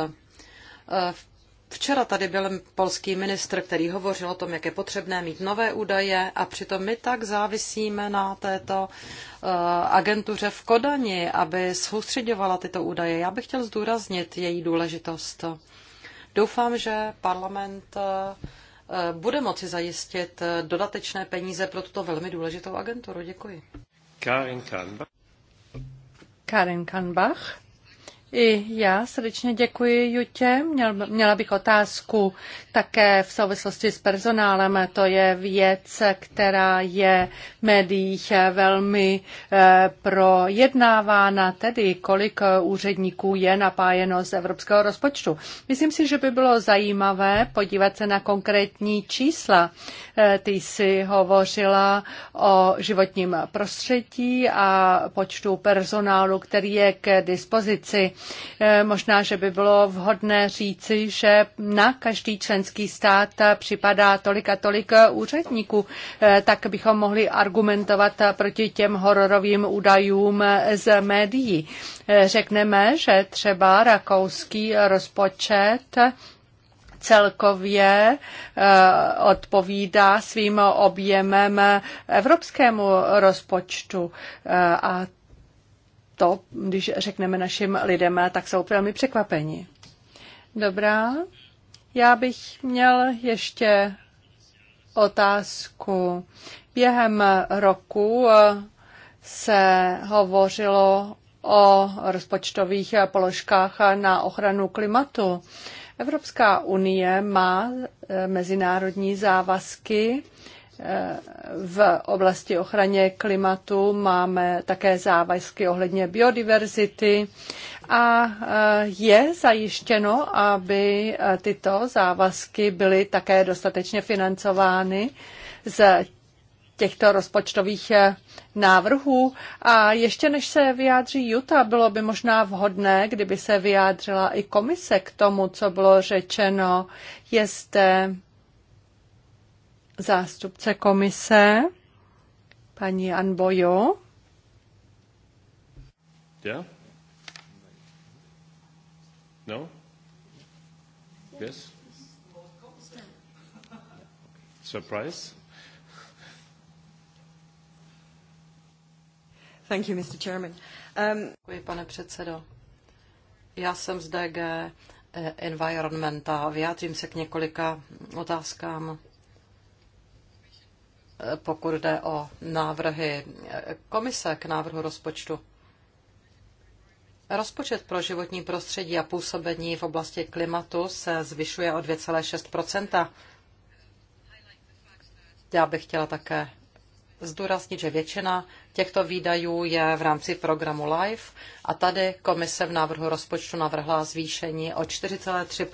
V Včera tady byl polský ministr, který hovořil o tom, jak je potřebné mít nové údaje a přitom my tak závisíme na této eh, agentuře v Kodani, aby soustředovala tyto údaje. Já bych chtěl zdůraznit její důležitost. Doufám, že parlament eh, bude moci zajistit dodatečné peníze pro tuto velmi důležitou agenturu. Děkuji. Karin Kanbach. Karin Kanbach. I já srdečně děkuji Jutě. Měl, měla bych otázku také v souvislosti s personálem. To je věc, která je v médiích velmi eh, projednávána, tedy kolik eh, úředníků je napájeno z evropského rozpočtu. Myslím si, že by bylo zajímavé podívat se na konkrétní čísla. Eh, ty jsi hovořila o životním prostředí a počtu personálu, který je k dispozici. Eh, možná, že by bylo vhodné říci, že na každý členský stát připadá tolik a tolik úředníků, eh, tak bychom mohli argumentovat proti těm hororovým údajům z médií. Eh, řekneme, že třeba rakouský rozpočet celkově odpovídá svým objemem evropskému rozpočtu. A to, když řekneme našim lidem, tak jsou velmi překvapeni. Dobrá. Já bych měl ještě otázku. Během roku eh, se hovořilo o rozpočtových eh, položkách eh, na ochranu klimatu. Evropská unie má mezinárodní závazky v oblasti ochraně klimatu máme také závazky ohledně biodiverzity a eh, je zajištěno, aby eh, tyto závazky byly také dostatečně financovány z těchto rozpočtových eh, návrhů. A ještě než se vyjádří Juta, bylo by možná vhodné, kdyby se vyjádřila i komise k tomu, co bylo řečeno. jestli zástupce komise, paní Anbojo. Yeah? No? Yes? Surprise? Thank you, Mr. Chairman. Um, Děkuji, pane předsedo. Já jsem z DG eh, Environmenta. Vyjádřím se k několika otázkám pokud jde o návrhy komise k návrhu rozpočtu. Rozpočet pro životní prostředí a působení v oblasti klimatu se zvyšuje o 2,6 Já bych chtěla také zdůraznit, že většina těchto výdajů je v rámci programu LIFE a tady komise v návrhu rozpočtu navrhla zvýšení o 4,3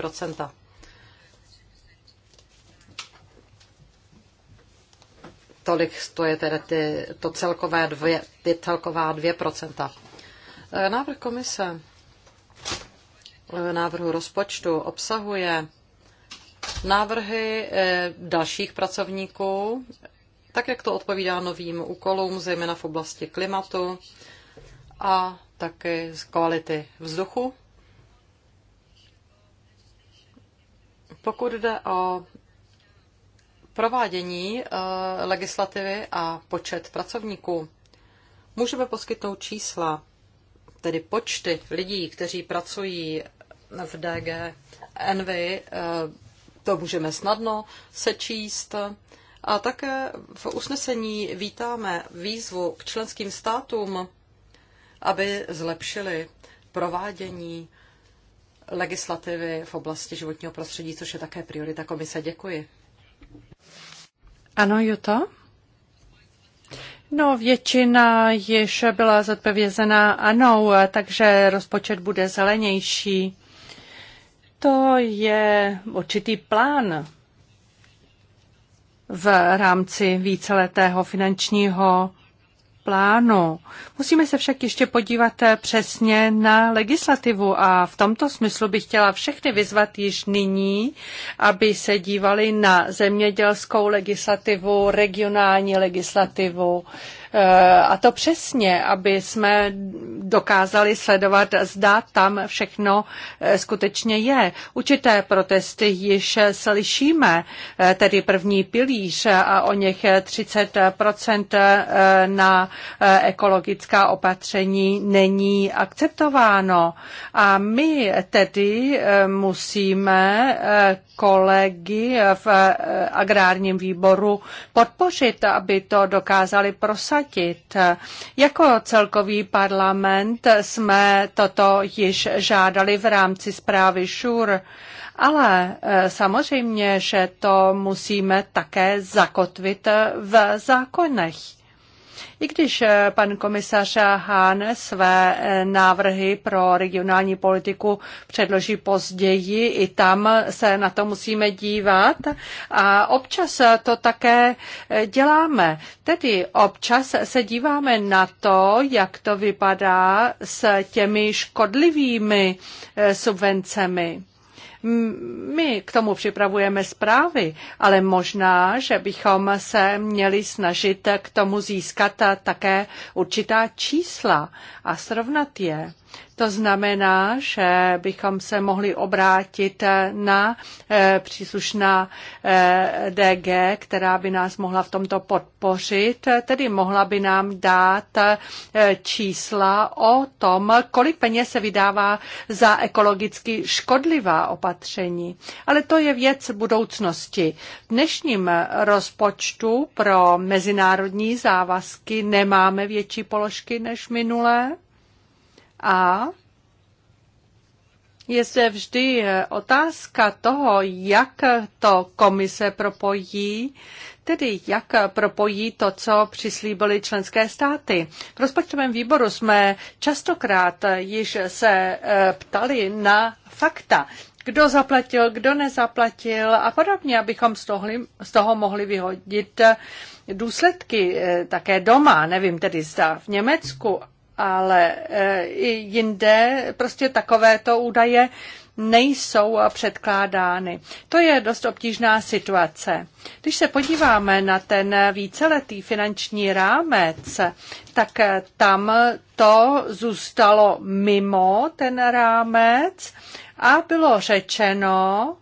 tolik stojí tedy ty, to celkové dvě, ty celková 2%. Eh, návrh komise eh, návrhu rozpočtu obsahuje návrhy eh, dalších pracovníků, tak jak to odpovídá novým úkolům, zejména v oblasti klimatu a také z kvality vzduchu. Pokud jde o provádění eh, legislativy a počet pracovníků. Můžeme poskytnout čísla, tedy počty lidí, kteří pracují v DG Envy, eh, to můžeme snadno sečíst. A také v usnesení vítáme výzvu k členským státům, aby zlepšili provádění legislativy v oblasti životního prostředí, což je také priorita komise. Děkuji. Ano, Juto? No, většina již byla zodpovězená ano, takže rozpočet bude zelenější. To je určitý plán v rámci víceletého finančního plánu. Musíme se však ještě podívat eh, přesně na legislativu a v tomto smyslu bych chtěla všechny vyzvat již nyní, aby se dívali na zemědělskou legislativu, regionální legislativu, Eh, a to přesně, aby jsme dokázali sledovat, zda tam všechno eh, skutečně je. Určité protesty již slyšíme, eh, tedy první pilíř a o něch 30 na ekologická opatření není akceptováno. A my tedy musíme kolegy v agrárním výboru podpořit, aby to dokázali prosadit platit. Jako celkový parlament jsme toto již žádali v rámci zprávy ŠUR, ale eh, samozřejmě, že to musíme také zakotvit v zákonech. I když eh, pan komisař Hahn své eh, návrhy pro regionální politiku předloží později, i tam se na to musíme dívat a občas to také eh, děláme. Tedy občas se díváme na to, jak to vypadá s těmi škodlivými subvencemi. My k tomu připravujeme zprávy, ale možná, že bychom se měli snažit k tomu získat také určitá čísla a srovnat je. To znamená, že bychom se mohli obrátit na eh, příslušná eh, DG, která by nás mohla v tomto podpořit, tedy mohla by nám dát eh, čísla o tom, kolik peněz se vydává za ekologicky škodlivá opatření. Ale to je věc budoucnosti. V dnešním rozpočtu pro mezinárodní závazky nemáme větší položky než minulé a je zde vždy otázka toho, jak to komise propojí, tedy jak propojí to, co přislíbily členské státy. V rozpočtovém výboru jsme častokrát již se eh, ptali na fakta kdo zaplatil, kdo nezaplatil a podobně, abychom z toho, z toho mohli vyhodit důsledky eh, také doma, nevím tedy zda v Německu, ale e, i jinde prostě takovéto údaje nejsou předkládány. To je dost obtížná situace. Když se podíváme na ten víceletý finanční rámec, tak tam to zůstalo mimo ten rámec a bylo řečeno,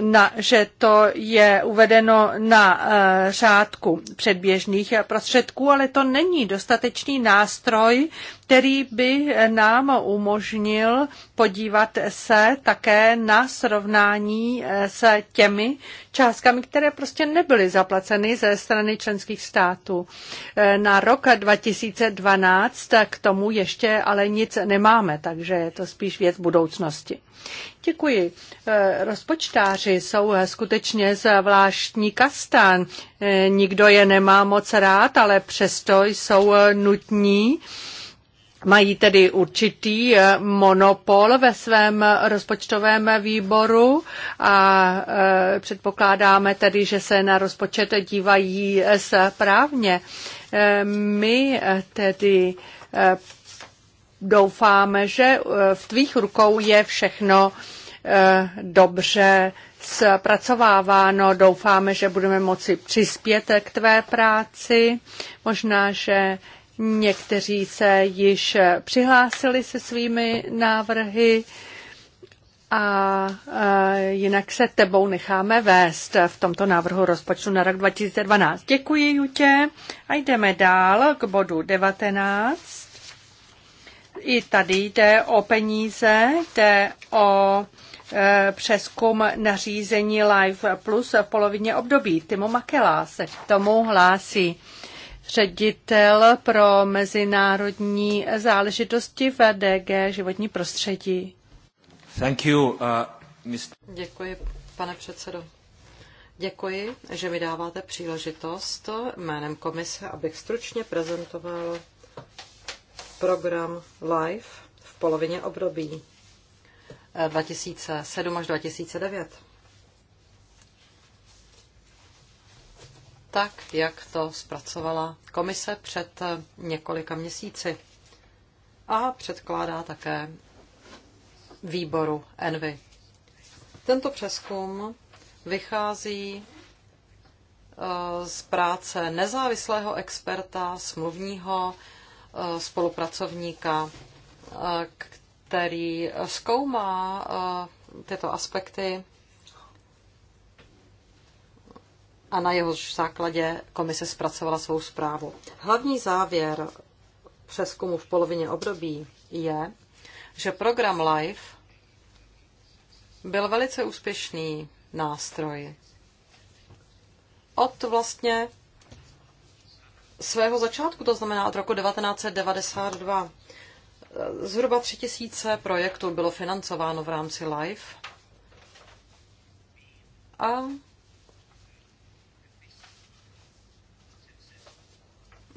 na, že to je uvedeno na eh, řádku předběžných prostředků, ale to není dostatečný nástroj který by nám umožnil podívat se také na srovnání eh, s těmi částkami, které prostě nebyly zaplaceny ze strany členských států. Eh, na rok 2012 k tomu ještě ale nic nemáme, takže je to spíš věc budoucnosti. Děkuji. Eh, rozpočtáři jsou skutečně zvláštní kastán. Nikdo je nemá moc rád, ale přesto jsou nutní Mají tedy určitý eh, monopol ve svém eh, rozpočtovém výboru a eh, předpokládáme tedy, že se na rozpočet dívají správně. My tedy doufáme, že v tvých rukou je všechno dobře zpracováváno. Doufáme, že budeme moci přispět k tvé práci. Možná, že Někteří se již přihlásili se svými návrhy a jinak se tebou necháme vést v tomto návrhu rozpočtu na rok 2012. Děkuji, Jutě. A jdeme dál k bodu 19. I tady jde o peníze, jde o e, přeskum nařízení Live Plus v polovině období. Timo Makela se k tomu hlásí ředitel pro mezinárodní záležitosti v DG životní prostředí. Thank you, uh, Mr. Děkuji, pane předsedo. Děkuji, že mi dáváte příležitost jménem komise, abych stručně prezentoval program LIFE v polovině období 2007 eh, až 2009. tak, jak to zpracovala komise před několika měsíci a předkládá také výboru Envy. Tento přeskum vychází e, z práce nezávislého experta, smluvního e, spolupracovníka, e, který zkoumá tyto aspekty a na jehož základě komise zpracovala svou zprávu. Hlavní závěr přeskumu v polovině období je, že program LIFE byl velice úspěšný nástroj. Od vlastně svého začátku, to znamená od roku 1992, zhruba 3000 projektů bylo financováno v rámci LIFE a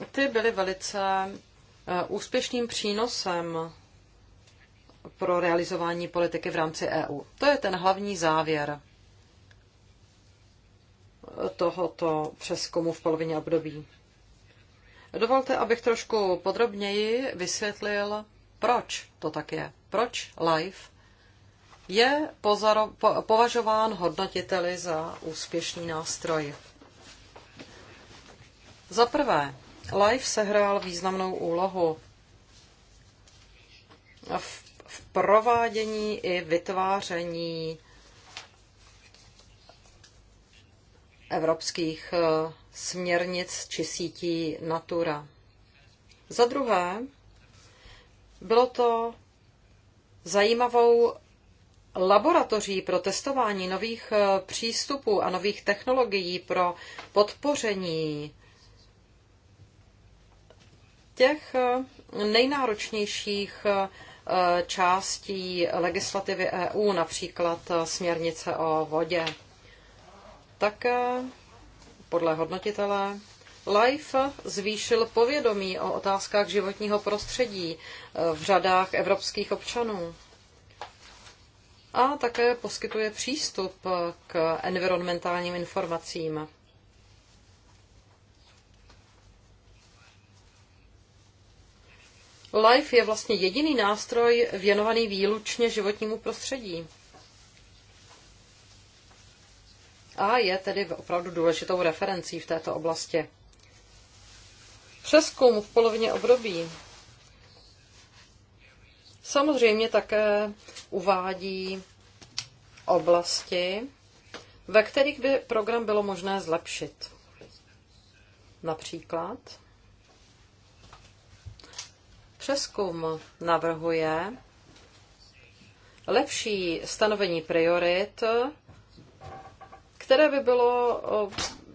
ty byly velice eh, úspěšným přínosem pro realizování politiky v rámci EU. To je ten hlavní závěr tohoto přeskumu v polovině období. Dovolte, abych trošku podrobněji vysvětlil, proč to tak je. Proč LIFE je pozaro- po- považován hodnotiteli za úspěšný nástroj. Za prvé, Life sehrál významnou úlohu v, v provádění i vytváření evropských eh, směrnic či sítí Natura. Za druhé, bylo to zajímavou laboratoří pro testování nových eh, přístupů a nových technologií pro podpoření těch eh, nejnáročnějších eh, částí legislativy EU, například eh, směrnice o vodě. Také podle hodnotitele LIFE zvýšil povědomí o otázkách životního prostředí v řadách evropských občanů a také poskytuje přístup k environmentálním informacím. LIFE je vlastně jediný nástroj věnovaný výlučně životnímu prostředí. A je tedy opravdu důležitou referencí v této oblasti. Přeskum v polovině období samozřejmě také uvádí oblasti, ve kterých by program bylo možné zlepšit. Například přeskum navrhuje lepší stanovení priorit, které by bylo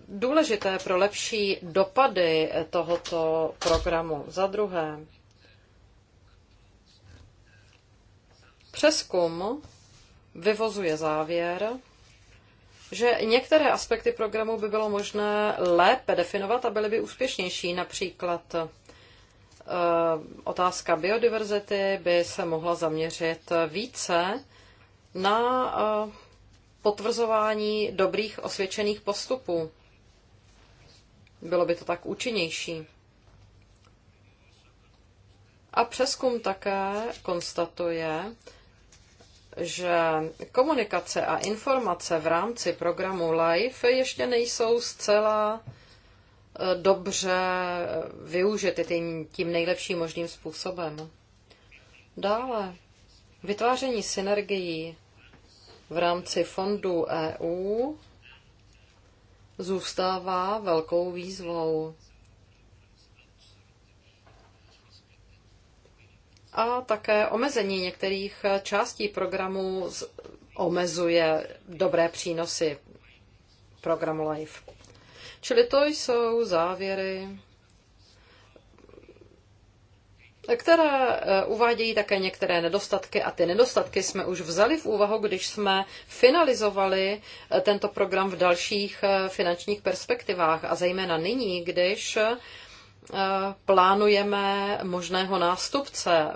důležité pro lepší dopady tohoto programu. Za druhé, přeskum vyvozuje závěr, že některé aspekty programu by bylo možné lépe definovat a byly by úspěšnější, například Eh, otázka biodiverzity by se mohla zaměřit více na eh, potvrzování dobrých osvědčených postupů. Bylo by to tak účinnější. A přeskum také konstatuje, že komunikace a informace v rámci programu LIFE ještě nejsou zcela dobře využit tím nejlepším možným způsobem. Dále, vytváření synergií v rámci fondů EU zůstává velkou výzvou. A také omezení některých částí programů omezuje dobré přínosy programu LIFE. Čili to jsou závěry, které eh, uvádějí také některé nedostatky a ty nedostatky jsme už vzali v úvahu, když jsme finalizovali eh, tento program v dalších eh, finančních perspektivách a zejména nyní, když plánujeme možného nástupce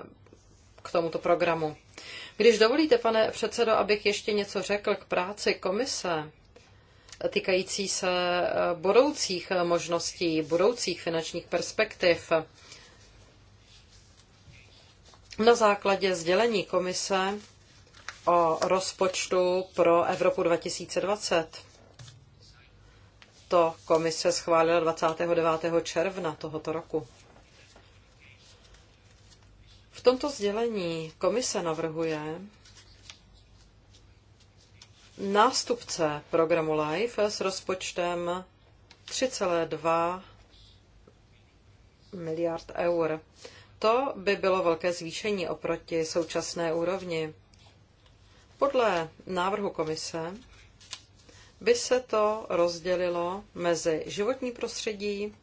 k tomuto programu. Když dovolíte, pane předsedo, abych ještě něco řekl k práci komise týkající se eh, budoucích možností, budoucích finančních perspektiv. Na základě sdělení komise o rozpočtu pro Evropu 2020. To komise schválila 29. června tohoto roku. V tomto sdělení komise navrhuje, nástupce programu LIFE s rozpočtem 3,2 miliard eur. To by bylo velké zvýšení oproti současné úrovni. Podle návrhu komise by se to rozdělilo mezi životní prostředí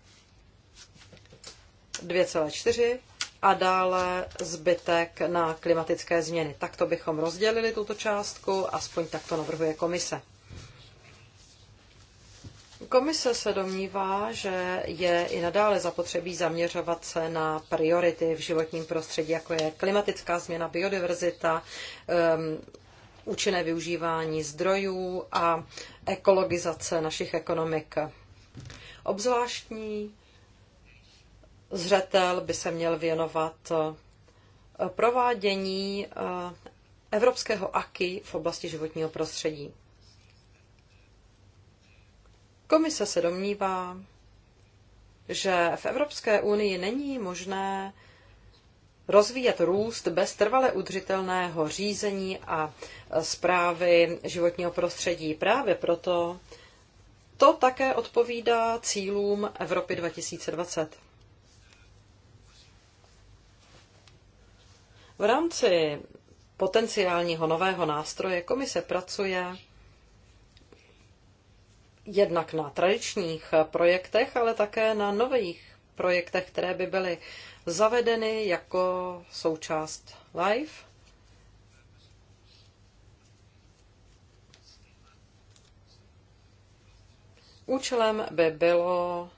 2,4 a dále zbytek na klimatické změny. Takto bychom rozdělili tuto částku, aspoň takto navrhuje komise. Komise se domnívá, že je i nadále zapotřebí zaměřovat se na priority v životním prostředí, jako je klimatická změna, biodiverzita, um, účinné využívání zdrojů a ekologizace našich ekonomik. Obzvláštní zřetel by se měl věnovat eh, provádění eh, evropského AKI v oblasti životního prostředí. Komise se domnívá, že v Evropské unii není možné rozvíjet růst bez trvale udržitelného řízení a zprávy eh, životního prostředí. Právě proto to také odpovídá cílům Evropy 2020. V rámci potenciálního nového nástroje komise pracuje jednak na tradičních projektech, ale také na nových projektech, které by byly zavedeny jako součást live. Účelem by bylo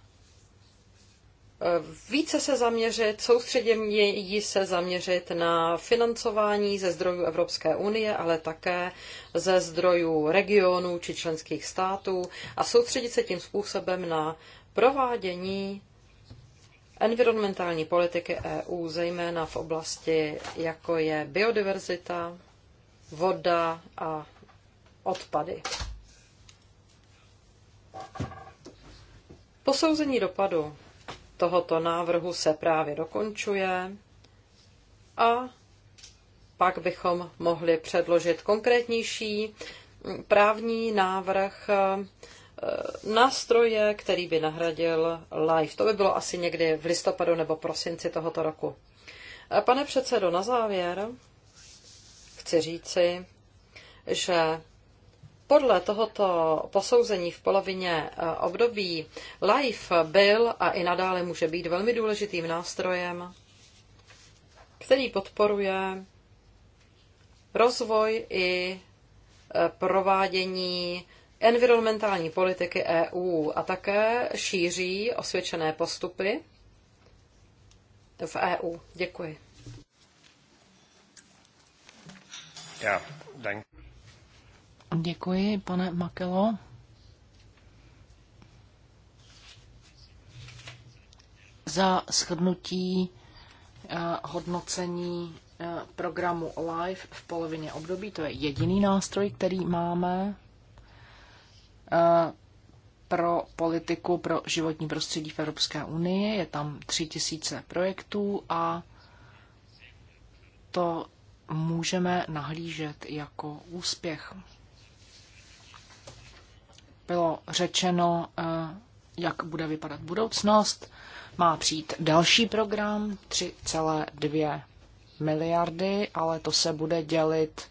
více se zaměřit, soustřeději se zaměřit na financování ze zdrojů Evropské unie, ale také ze zdrojů regionů či členských států a soustředit se tím způsobem na provádění environmentální politiky EU, zejména v oblasti, jako je biodiverzita, voda a odpady. Posouzení dopadu tohoto návrhu se právě dokončuje a pak bychom mohli předložit konkrétnější právní návrh eh, nástroje, který by nahradil live. To by bylo asi někdy v listopadu nebo prosinci tohoto roku. Eh, pane předsedo, na závěr chci říci, že podle tohoto posouzení v polovině eh, období LIFE byl a i nadále může být velmi důležitým nástrojem, který podporuje rozvoj i eh, provádění environmentální politiky EU a také šíří osvědčené postupy v EU. Děkuji. Já, you. Děkuji, pane Makelo. za shrnutí eh, hodnocení eh, programu Live v polovině období. To je jediný nástroj, který máme eh, pro politiku pro životní prostředí v Evropské unii. Je tam tři tisíce projektů a to můžeme nahlížet jako úspěch bylo řečeno, eh, jak bude vypadat budoucnost. Má přijít další program 3,2 miliardy, ale to se bude dělit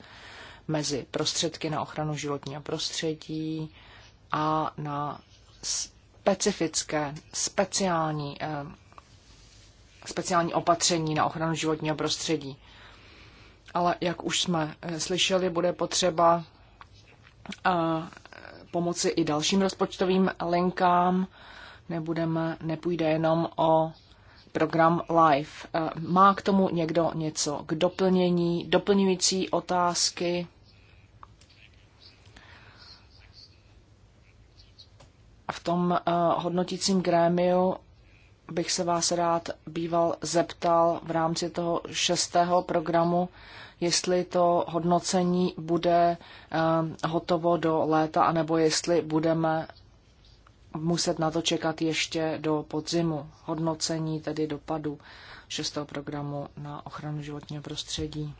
mezi prostředky na ochranu životního prostředí a na specifické, speciální, eh, speciální opatření na ochranu životního prostředí. Ale jak už jsme eh, slyšeli, bude potřeba pomoci i dalším rozpočtovým linkám. Nebudeme, nepůjde jenom o program live. Eh, má k tomu někdo něco k doplnění, doplňující otázky? v tom eh, hodnotícím grémiu bych se vás rád býval zeptal v rámci toho šestého programu jestli to hodnocení bude eh, hotovo do léta, anebo jestli budeme muset na to čekat ještě do podzimu. Hodnocení tedy dopadu šestého programu na ochranu životního prostředí.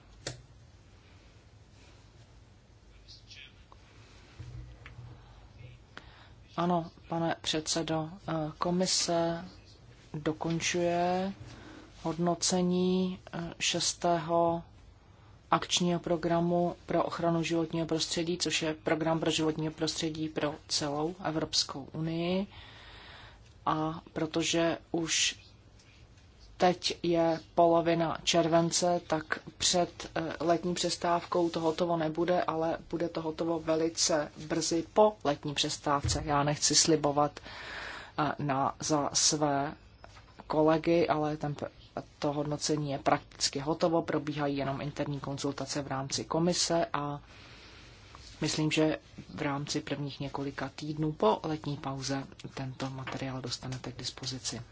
Ano, pane předsedo, eh, komise dokončuje hodnocení eh, šestého akčního programu pro ochranu životního prostředí, což je program pro životního prostředí pro celou Evropskou unii. A protože už teď je polovina července, tak před eh, letní přestávkou to hotovo nebude, ale bude to hotovo velice brzy po letní přestávce. Já nechci slibovat eh, na, za své kolegy, ale ten to hodnocení je prakticky hotovo, probíhají jenom interní konzultace v rámci komise a myslím, že v rámci prvních několika týdnů po letní pauze tento materiál dostanete k dispozici.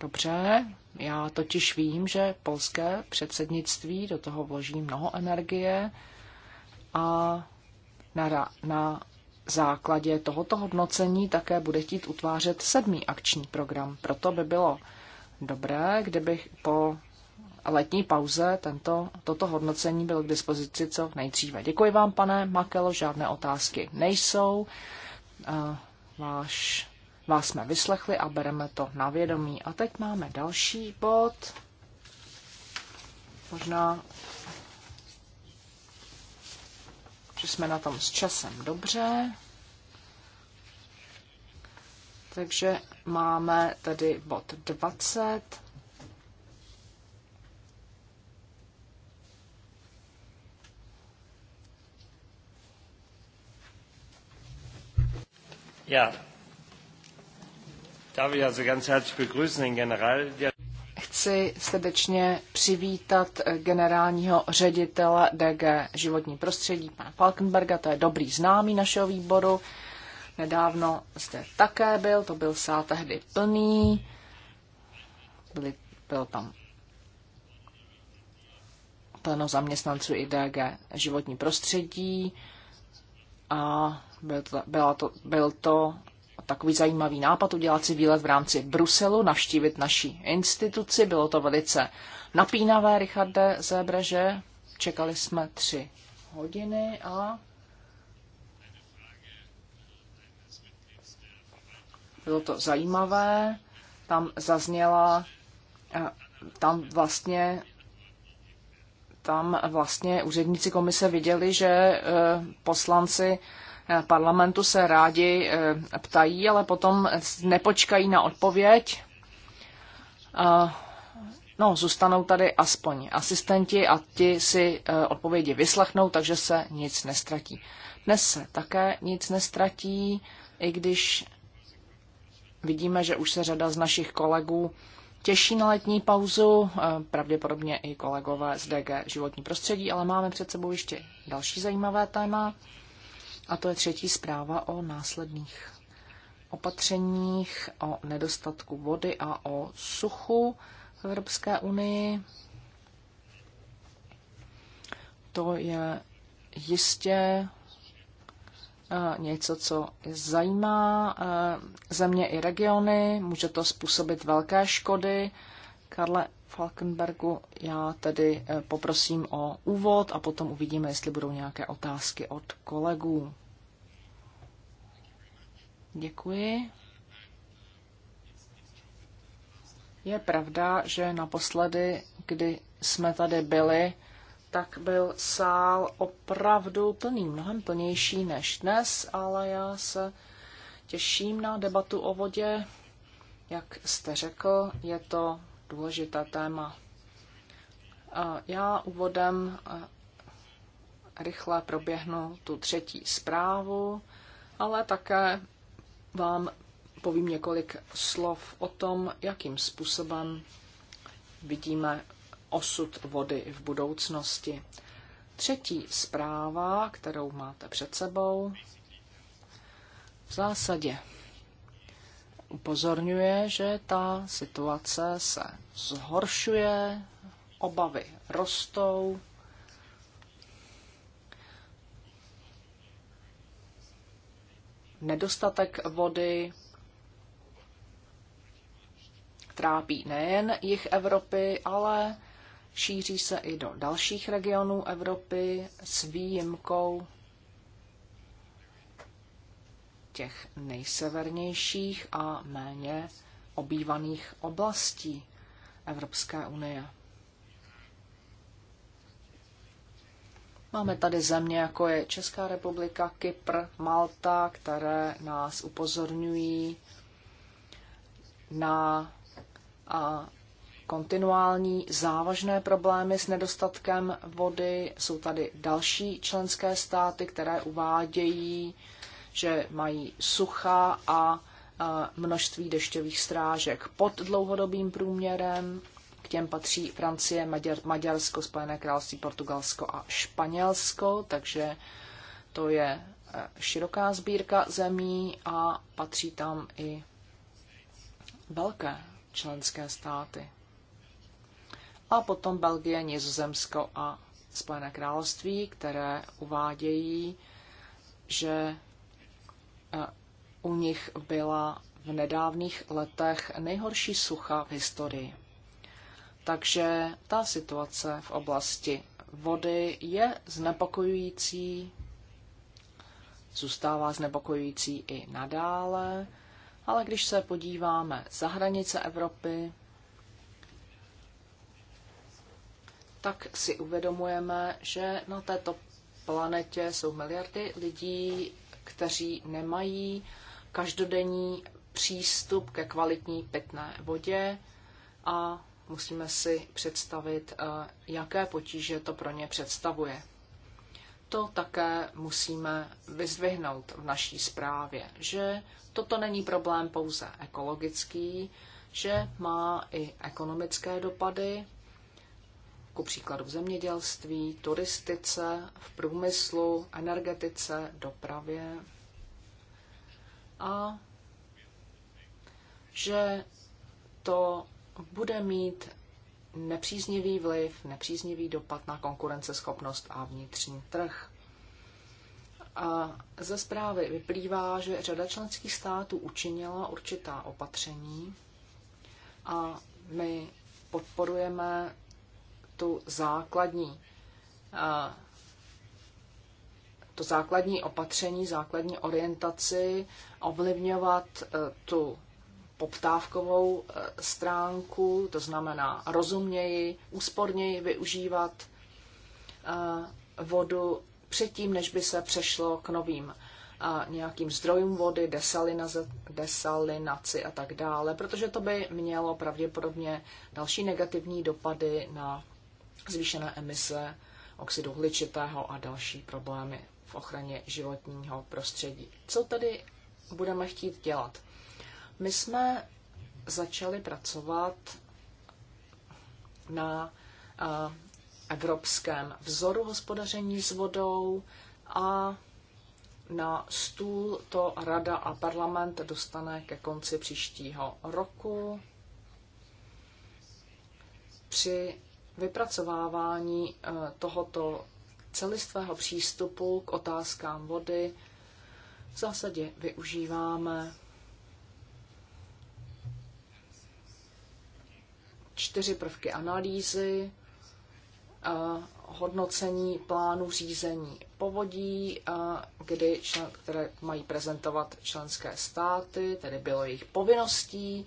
Dobře, já totiž vím, že polské předsednictví do toho vloží mnoho energie a na, na základě tohoto hodnocení také bude chtít utvářet sedmý akční program. Proto by bylo dobré, kdybych po letní pauze tento, toto hodnocení bylo k dispozici co nejdříve. Děkuji vám, pane Makelo, žádné otázky nejsou. Váš, vás jsme vyslechli a bereme to na vědomí. A teď máme další bod. Možná že jsme na tom s časem dobře. Takže máme tady bod 20. Ja, darf ich also ganz herzlich begrüßen den General chci srdečně přivítat eh, generálního ředitele DG životní prostředí, pana Falkenberga, to je dobrý známý našeho výboru. Nedávno zde také byl, to byl sál tehdy plný, byli, byl tam plno zaměstnanců i DG životní prostředí a byl to, byla to, byl to takový zajímavý nápad udělat si výlet v rámci Bruselu, navštívit naší instituci. Bylo to velice napínavé, Richarde Zébreže. Čekali jsme tři hodiny a bylo to zajímavé. Tam zazněla, eh, tam vlastně tam vlastně úředníci komise viděli, že eh, poslanci parlamentu se rádi eh, ptají, ale potom nepočkají na odpověď. No, zůstanou tady aspoň asistenti a ti si eh, odpovědi vyslechnou, takže se nic nestratí. Dnes se také nic nestratí, i když vidíme, že už se řada z našich kolegů těší na letní pauzu, eh, pravděpodobně i kolegové z DG životní prostředí, ale máme před sebou ještě další zajímavé téma. A to je třetí zpráva o následných opatřeních, o nedostatku vody a o suchu v Evropské unii. To je jistě eh, něco, co zajímá eh, země i regiony. Může to způsobit velké škody. Karle, Falkenbergu. Já tedy eh, poprosím o úvod a potom uvidíme, jestli budou nějaké otázky od kolegů. Děkuji. Je pravda, že naposledy, kdy jsme tady byli, tak byl sál opravdu plný, mnohem plnější než dnes, ale já se těším na debatu o vodě. Jak jste řekl, je to důležité téma. Já úvodem rychle proběhnu tu třetí zprávu, ale také vám povím několik slov o tom, jakým způsobem vidíme osud vody v budoucnosti. Třetí zpráva, kterou máte před sebou, v zásadě upozorňuje, že ta situace se zhoršuje, obavy rostou. Nedostatek vody trápí nejen jich Evropy, ale šíří se i do dalších regionů Evropy s výjimkou těch nejsevernějších a méně obývaných oblastí Evropské unie. Máme tady země, jako je Česká republika, Kypr, Malta, které nás upozorňují na a, kontinuální závažné problémy s nedostatkem vody. Jsou tady další členské státy, které uvádějí že mají sucha a množství dešťových strážek pod dlouhodobým průměrem. K těm patří Francie, Maďar, Maďarsko, Spojené království, Portugalsko a Španělsko, takže to je e, široká sbírka zemí a patří tam i velké členské státy. A potom Belgie, Nizozemsko a Spojené království, které uvádějí, že Eh, u nich byla v nedávných letech nejhorší sucha v historii. Takže ta situace v oblasti vody je znepokojující, zůstává znepokojující i nadále, ale když se podíváme za hranice Evropy, tak si uvědomujeme, že na této planetě jsou miliardy lidí, kteří nemají každodenní přístup ke kvalitní pitné vodě a musíme si představit, eh, jaké potíže to pro ně představuje. To také musíme vyzvihnout v naší zprávě, že toto není problém pouze ekologický, že má i ekonomické dopady ku příkladu v zemědělství, turistice, v průmyslu, energetice, dopravě. A že to bude mít nepříznivý vliv, nepříznivý dopad na konkurenceschopnost a vnitřní trh. A ze zprávy vyplývá, že řada členských států učinila určitá opatření a my podporujeme tu základní to základní opatření, základní orientaci, ovlivňovat e, tu poptávkovou e, stránku, to znamená rozuměji, úsporněji využívat e, vodu předtím, než by se přešlo k novým a nějakým zdrojům vody, desalinaci a tak dále, protože to by mělo pravděpodobně další negativní dopady na zvýšené emise oxidu hličitého a další problémy v ochraně životního prostředí. Co tedy budeme chtít dělat? My jsme začali pracovat na eh, evropském vzoru hospodaření s vodou a na stůl to Rada a parlament dostane ke konci příštího roku. Při vypracovávání eh, tohoto celistvého přístupu k otázkám vody v zásadě využíváme čtyři prvky analýzy, eh, hodnocení plánu řízení povodí, eh, kdy člen, které mají prezentovat členské státy, tedy bylo jejich povinností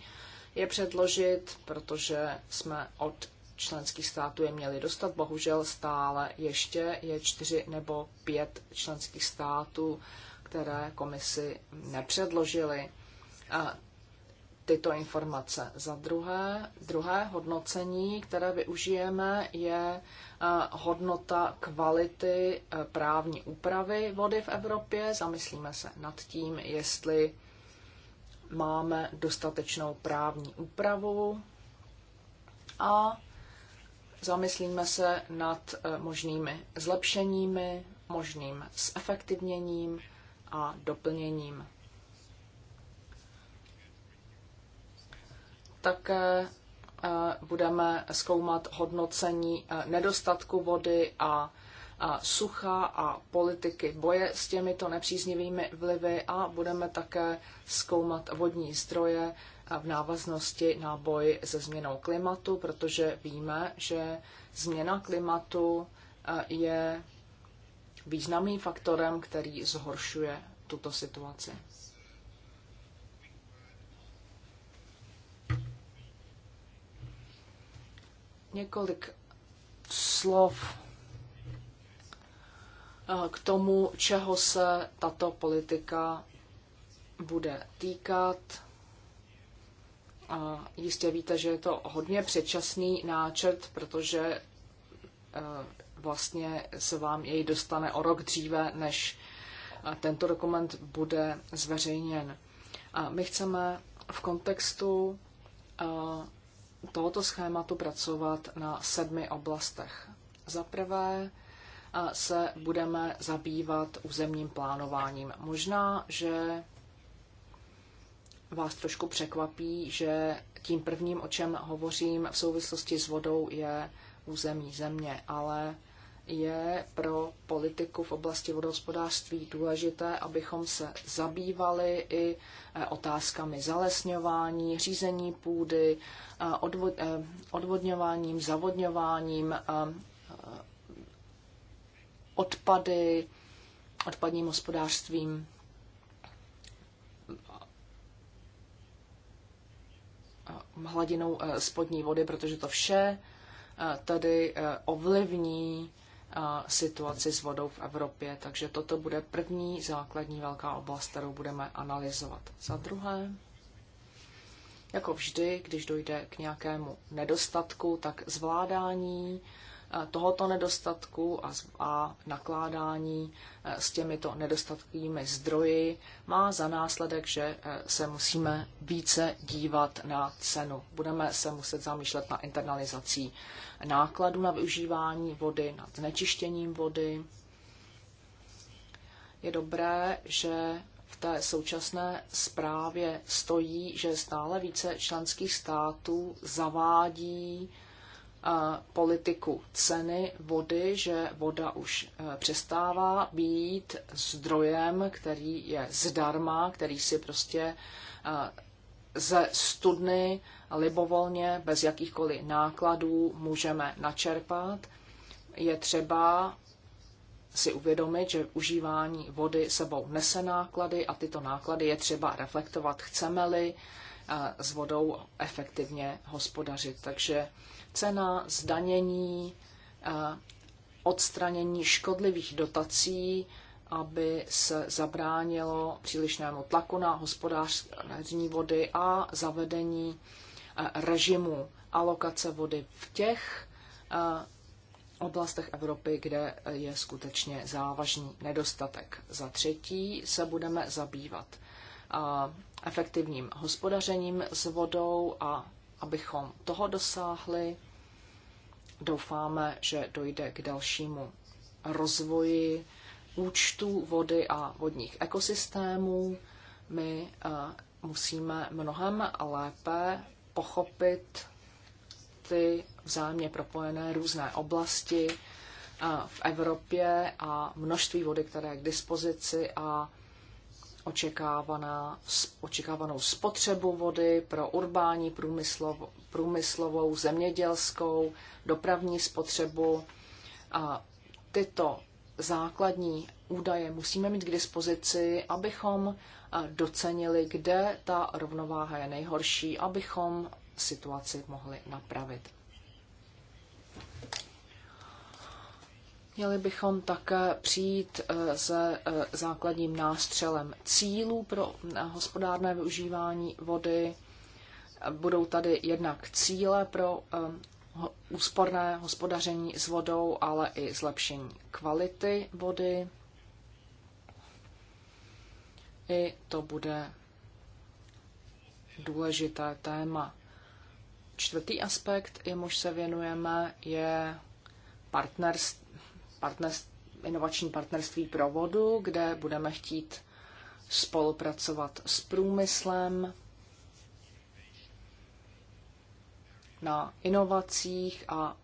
je předložit, protože jsme od členských států je měli dostat. Bohužel stále ještě je čtyři nebo pět členských států, které komisi nepředložily tyto informace. Za druhé, druhé hodnocení, které využijeme, je hodnota kvality právní úpravy vody v Evropě. Zamyslíme se nad tím, jestli máme dostatečnou právní úpravu a Zamyslíme se nad e, možnými zlepšeními, možným zefektivněním a doplněním. Také e, budeme zkoumat hodnocení e, nedostatku vody a sucha a politiky boje s těmito nepříznivými vlivy a budeme také zkoumat vodní zdroje v návaznosti na boj se změnou klimatu, protože víme, že změna klimatu eh, je významným faktorem, který zhoršuje tuto situaci. Několik slov eh, k tomu, čeho se tato politika bude týkat jistě víte, že je to hodně předčasný náčrt, protože eh, vlastně se vám jej dostane o rok dříve, než eh, tento dokument bude zveřejněn. A my chceme v kontextu eh, tohoto schématu pracovat na sedmi oblastech. Za prvé se budeme zabývat územním plánováním. Možná, že vás trošku překvapí, že tím prvním, o čem hovořím v souvislosti s vodou, je území země, ale je pro politiku v oblasti vodohospodářství důležité, abychom se zabývali i eh, otázkami zalesňování, řízení půdy, eh, eh, odvodňováním, zavodňováním, odpady, odpadním hospodářstvím hladinou eh, spodní vody, protože to vše eh, tady eh, ovlivní situaci s vodou v Evropě. Takže toto bude první základní velká oblast, kterou budeme analyzovat. Za druhé, jako vždy, když dojde k nějakému nedostatku, tak zvládání Eh, tohoto nedostatku a, a nakládání eh, s těmito nedostatkovými zdroji má za následek, že eh, se musíme více dívat na cenu. Budeme se muset zamýšlet na internalizací nákladů na využívání vody, nad znečištěním vody. Je dobré, že v té současné zprávě stojí, že stále více členských států zavádí politiku ceny vody, že voda už e, přestává být zdrojem, který je zdarma, který si prostě e, ze studny libovolně, bez jakýchkoliv nákladů můžeme načerpat. Je třeba si uvědomit, že užívání vody sebou nese náklady a tyto náklady je třeba reflektovat, chceme-li e, s vodou efektivně hospodařit. Takže cena, zdanění, eh, odstranění škodlivých dotací, aby se zabránilo přílišnému tlaku na hospodářní vody a zavedení eh, režimu alokace vody v těch eh, oblastech Evropy, kde je skutečně závažný nedostatek. Za třetí se budeme zabývat efektivním hospodařením s vodou a abychom toho dosáhli. Doufáme, že dojde k dalšímu rozvoji účtů vody a vodních ekosystémů. My eh, musíme mnohem lépe pochopit ty vzájemně propojené různé oblasti eh, v Evropě a množství vody, které je k dispozici a očekávaná, očekávanou spotřebu vody pro urbání průmyslov, průmyslovou, zemědělskou, dopravní spotřebu. A tyto základní údaje musíme mít k dispozici, abychom docenili, kde ta rovnováha je nejhorší, abychom situaci mohli napravit. Měli bychom také přijít se e, základním nástřelem cílů pro e, hospodárné využívání vody. Budou tady jednak cíle pro e, úsporné hospodaření s vodou, ale i zlepšení kvality vody. I to bude důležité téma. Čtvrtý aspekt, jemuž se věnujeme, je partnerství partnerství, inovační partnerství pro vodu, kde budeme chtít spolupracovat s průmyslem na inovacích a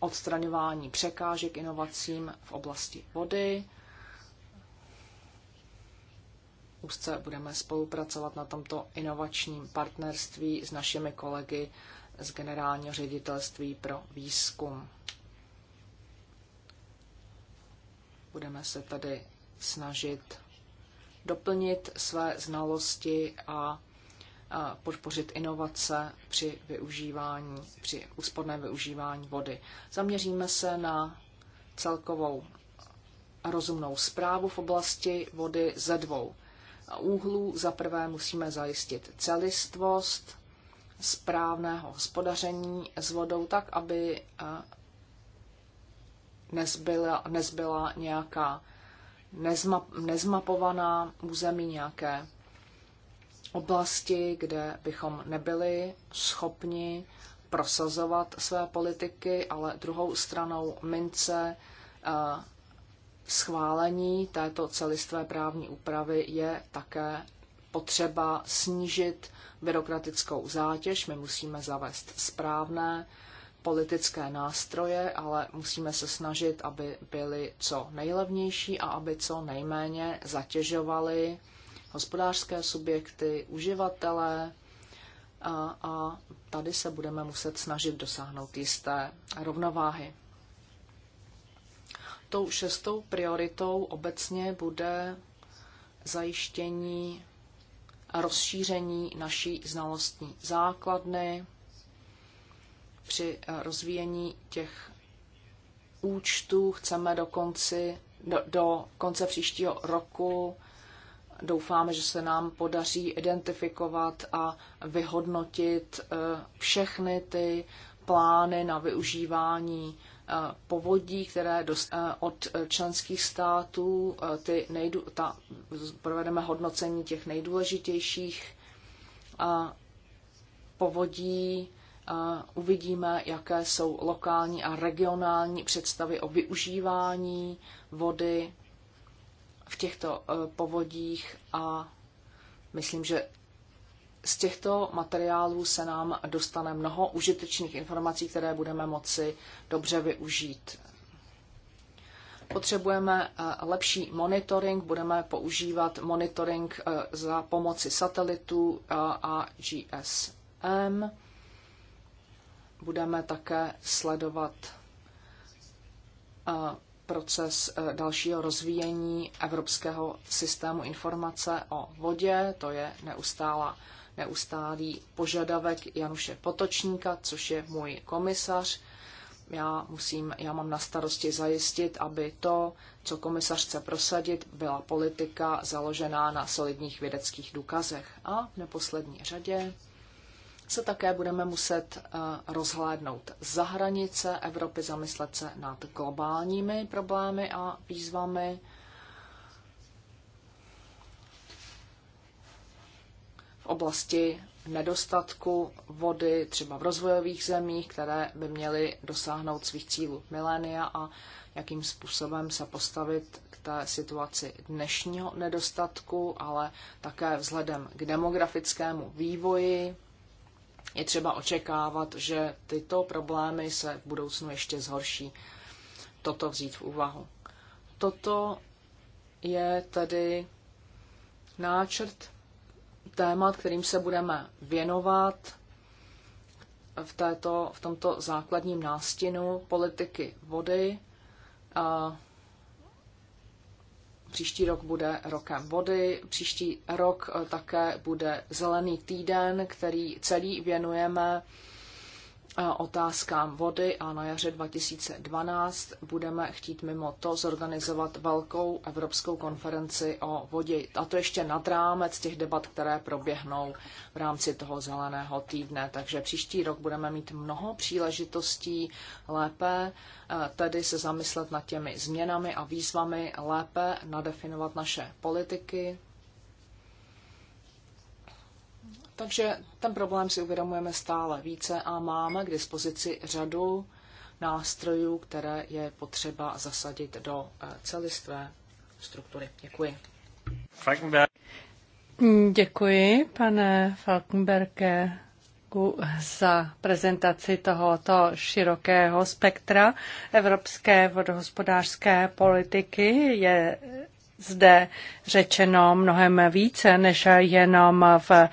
odstraňování překážek inovacím v oblasti vody. Úzce budeme spolupracovat na tomto inovačním partnerství s našimi kolegy z Generálního ředitelství pro výzkum. Budeme se tedy snažit doplnit své znalosti a podpořit inovace při využívání, při úsporném využívání vody. Zaměříme se na celkovou rozumnou zprávu v oblasti vody ze dvou úhlů. Za prvé musíme zajistit celistvost správného hospodaření s vodou tak, aby nezbyla, nezbyla nějaká nezma, nezmapovaná území nějaké oblasti, kde bychom nebyli schopni prosazovat své politiky, ale druhou stranou mince eh, schválení této celistvé právní úpravy je také potřeba snížit byrokratickou zátěž. My musíme zavést správné politické nástroje, ale musíme se snažit, aby byly co nejlevnější a aby co nejméně zatěžovaly hospodářské subjekty, uživatelé. A, a tady se budeme muset snažit dosáhnout jisté rovnováhy. Tou šestou prioritou obecně bude zajištění rozšíření naší znalostní základny, při eh, rozvíjení těch účtů chceme do, konci, do, do konce příštího roku. Doufáme, že se nám podaří identifikovat a vyhodnotit eh, všechny ty plány na využívání eh, povodí, které od členských států, ty nejdu ta, provedeme hodnocení těch nejdůležitějších povodí, uvidíme, jaké jsou lokální a regionální představy o využívání vody v těchto e, povodích a myslím, že z těchto materiálů se nám dostane mnoho užitečných informací, které budeme moci dobře využít. Potřebujeme e, lepší monitoring, budeme používat monitoring e, za pomoci satelitů a GSM budeme také sledovat eh, proces eh, dalšího rozvíjení evropského systému informace o vodě. To je neustála, neustálý požadavek Januše Potočníka, což je můj komisař. Já, musím, já mám na starosti zajistit, aby to, co komisař chce prosadit, byla politika založená na solidních vědeckých důkazech. A v neposlední řadě se také budeme muset eh, rozhlédnout za hranice Evropy, zamyslet se nad globálními problémy a výzvami. V oblasti nedostatku vody třeba v rozvojových zemích, které by měly dosáhnout svých cílů milénia a jakým způsobem se postavit k té situaci dnešního nedostatku, ale také vzhledem k demografickému vývoji, je třeba očekávat, že tyto problémy se v budoucnu ještě zhorší. Toto vzít v úvahu. Toto je tedy náčrt témat, kterým se budeme věnovat v, této, v tomto základním nástinu politiky vody. A Příští rok bude rokem vody, příští rok eh, také bude zelený týden, který celý věnujeme Eh, otázkám vody a na jaře 2012 budeme chtít mimo to zorganizovat velkou evropskou konferenci o vodě. A to ještě nad rámec těch debat, které proběhnou v rámci toho zeleného týdne. Takže příští rok budeme mít mnoho příležitostí lépe eh, tedy se zamyslet nad těmi změnami a výzvami, lépe nadefinovat naše politiky, takže ten problém si uvědomujeme stále více a máme k dispozici řadu nástrojů, které je potřeba zasadit do eh, celistvé struktury. Děkuji. Falkenberg. Děkuji, pane Falkenberke, za prezentaci tohoto širokého spektra evropské vodohospodářské politiky. Je zde řečeno mnohem více než jenom v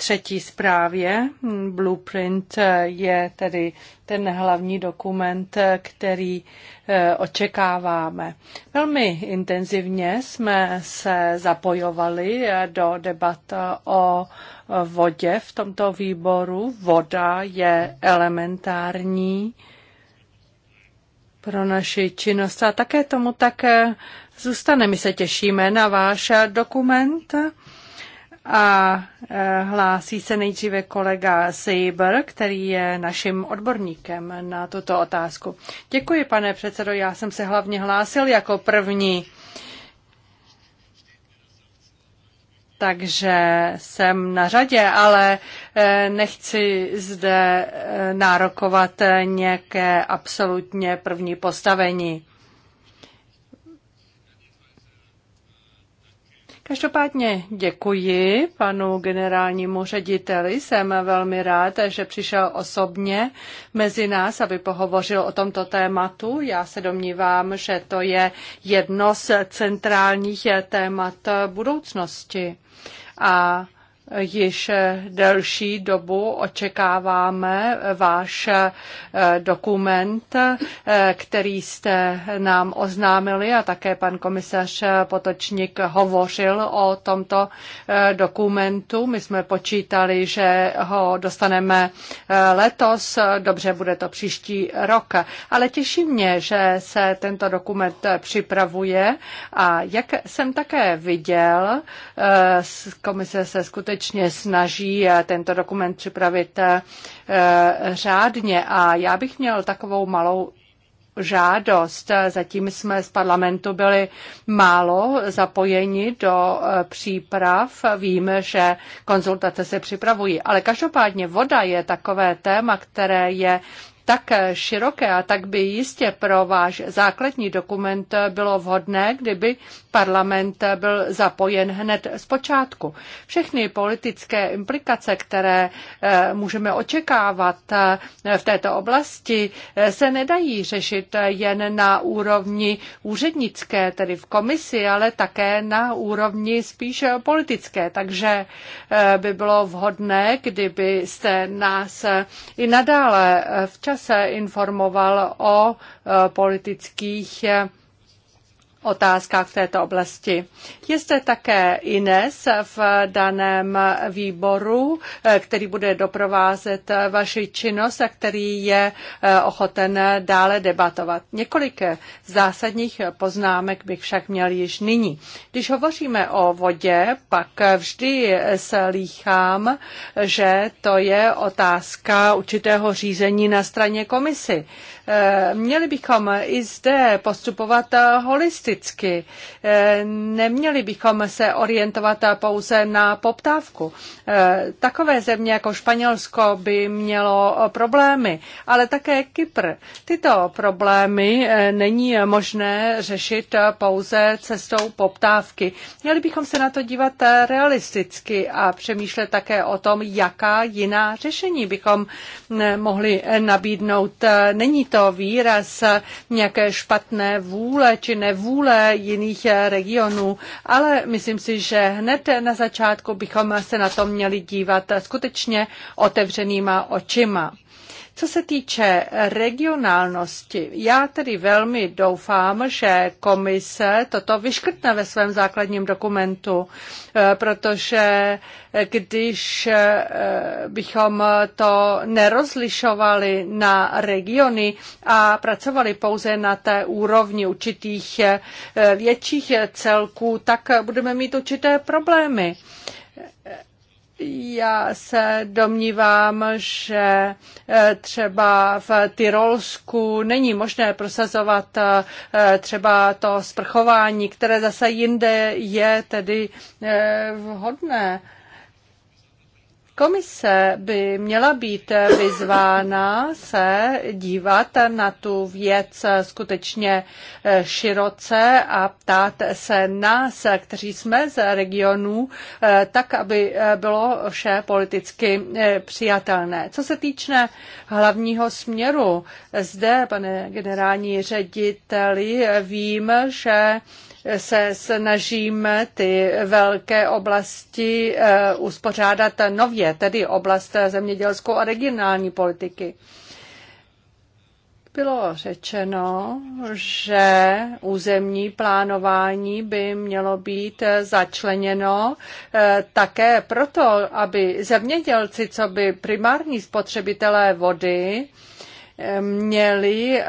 třetí zprávě. Blueprint je tedy ten hlavní dokument, který eh, očekáváme. Velmi intenzivně jsme se zapojovali eh, do debat eh, o vodě v tomto výboru. Voda je elementární pro naši činnost a také tomu také zůstane. My se těšíme na váš dokument a e, hlásí se nejdříve kolega Seiber, který je naším odborníkem na tuto otázku. Děkuji, pane předsedo, já jsem se hlavně hlásil jako první. takže jsem na řadě, ale e, nechci zde e, nárokovat nějaké absolutně první postavení. Každopádně děkuji panu generálnímu řediteli. Jsem velmi rád, že přišel osobně mezi nás, aby pohovořil o tomto tématu. Já se domnívám, že to je jedno z centrálních témat budoucnosti. A Již delší dobu očekáváme váš eh, dokument, eh, který jste nám oznámili a také pan komisař Potočník hovořil o tomto eh, dokumentu. My jsme počítali, že ho dostaneme letos, dobře bude to příští rok. Ale těší mě, že se tento dokument připravuje a jak jsem také viděl, komise se skutečně skutečně snaží eh, tento dokument připravit eh, eh, řádně. A já bych měl takovou malou žádost. Zatím jsme z parlamentu byli málo zapojeni do příprav. Víme, že konzultace se připravují, ale každopádně voda je takové téma, které je tak široké a tak by jistě pro váš základní dokument bylo vhodné, kdyby parlament byl zapojen hned z počátku. Všechny politické implikace, které eh, můžeme očekávat eh, v této oblasti, eh, se nedají řešit jen na úrovni úřednické, tedy v komisi, ale také na úrovni spíše politické. Takže by bylo vhodné, kdybyste nás i nadále včas se informoval o e, politických e, otázkách v této oblasti. Je zde také Ines v daném výboru, eh, který bude doprovázet eh, vaši činnost a který je eh, ochoten dále debatovat. Několik zásadních poznámek bych však měl již nyní. Když hovoříme o vodě, pak vždy se líchám, že to je otázka určitého řízení na straně komisy. Eh, měli bychom i zde postupovat eh, holisticky. Eh, neměli bychom se orientovat pouze na poptávku. Takové země jako Španělsko by mělo problémy, ale také Kypr. Tyto problémy není možné řešit pouze cestou poptávky. Měli bychom se na to dívat realisticky a přemýšlet také o tom, jaká jiná řešení bychom mohli nabídnout. Není to výraz nějaké špatné vůle či nevůle jiných regionů, ale myslím si, že hned na začátku bychom se na to měli dívat skutečně otevřenýma očima. Co se týče regionálnosti, já tedy velmi doufám, že komise toto vyškrtne ve svém základním dokumentu, eh, protože eh, když eh, bychom to nerozlišovali na regiony a pracovali pouze na té úrovni určitých větších celků, tak budeme mít určité problémy. Já se domnívám, že eh, třeba v Tyrolsku není možné prosazovat eh, třeba to sprchování, které zase jinde je tedy eh, vhodné. Komise by měla být vyzvána se dívat na tu věc skutečně eh, široce a ptát se nás, kteří jsme z regionů, eh, tak, aby eh, bylo vše politicky přijatelné. Co se týče hlavního směru, zde, pane generální řediteli, vím, že se snažím ty velké oblasti eh, uspořádat nově, tedy oblast zemědělskou a regionální politiky. Bylo řečeno, že územní plánování by mělo být začleněno eh, také proto, aby zemědělci, co by primární spotřebitelé vody, měli eh,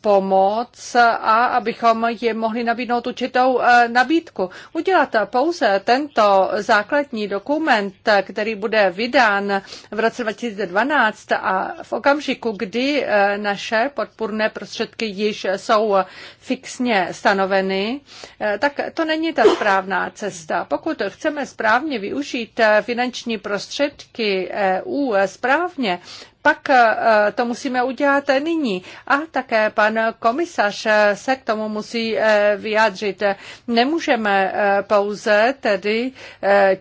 pomoc a abychom jim mohli nabídnout určitou eh, nabídku. Udělat pouze tento základní dokument, který bude vydán v roce 2012 a v okamžiku, kdy eh, naše podpůrné prostředky již jsou fixně stanoveny, tak to není ta správná cesta. Pokud chceme správně využít finanční prostředky EU správně, pak eh, eh, to musíme udělat nyní. A také pan komisař eh, se k tomu musí vyjádřit. Nemůžeme pouze tedy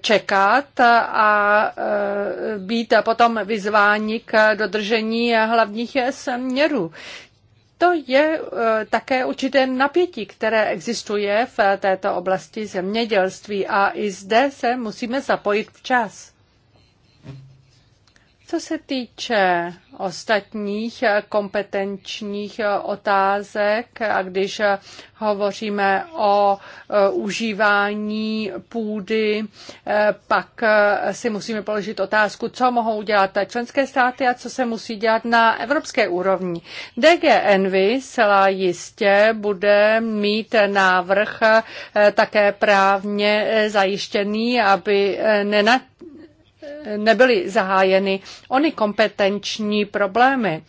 čekat a být potom vyzváni k dodržení hlavních směrů to je také určité napětí, které existuje v této oblasti zemědělství a i zde se musíme zapojit včas. Co se týče ostatních kompetenčních otázek, a když hovoříme o e, užívání půdy, e, pak e, si musíme položit otázku, co mohou dělat členské státy a co se musí dělat na evropské úrovni. DGNV celá jistě bude mít návrh také právně zajištěný, aby nenat nebyly zahájeny ony kompetenční problémy.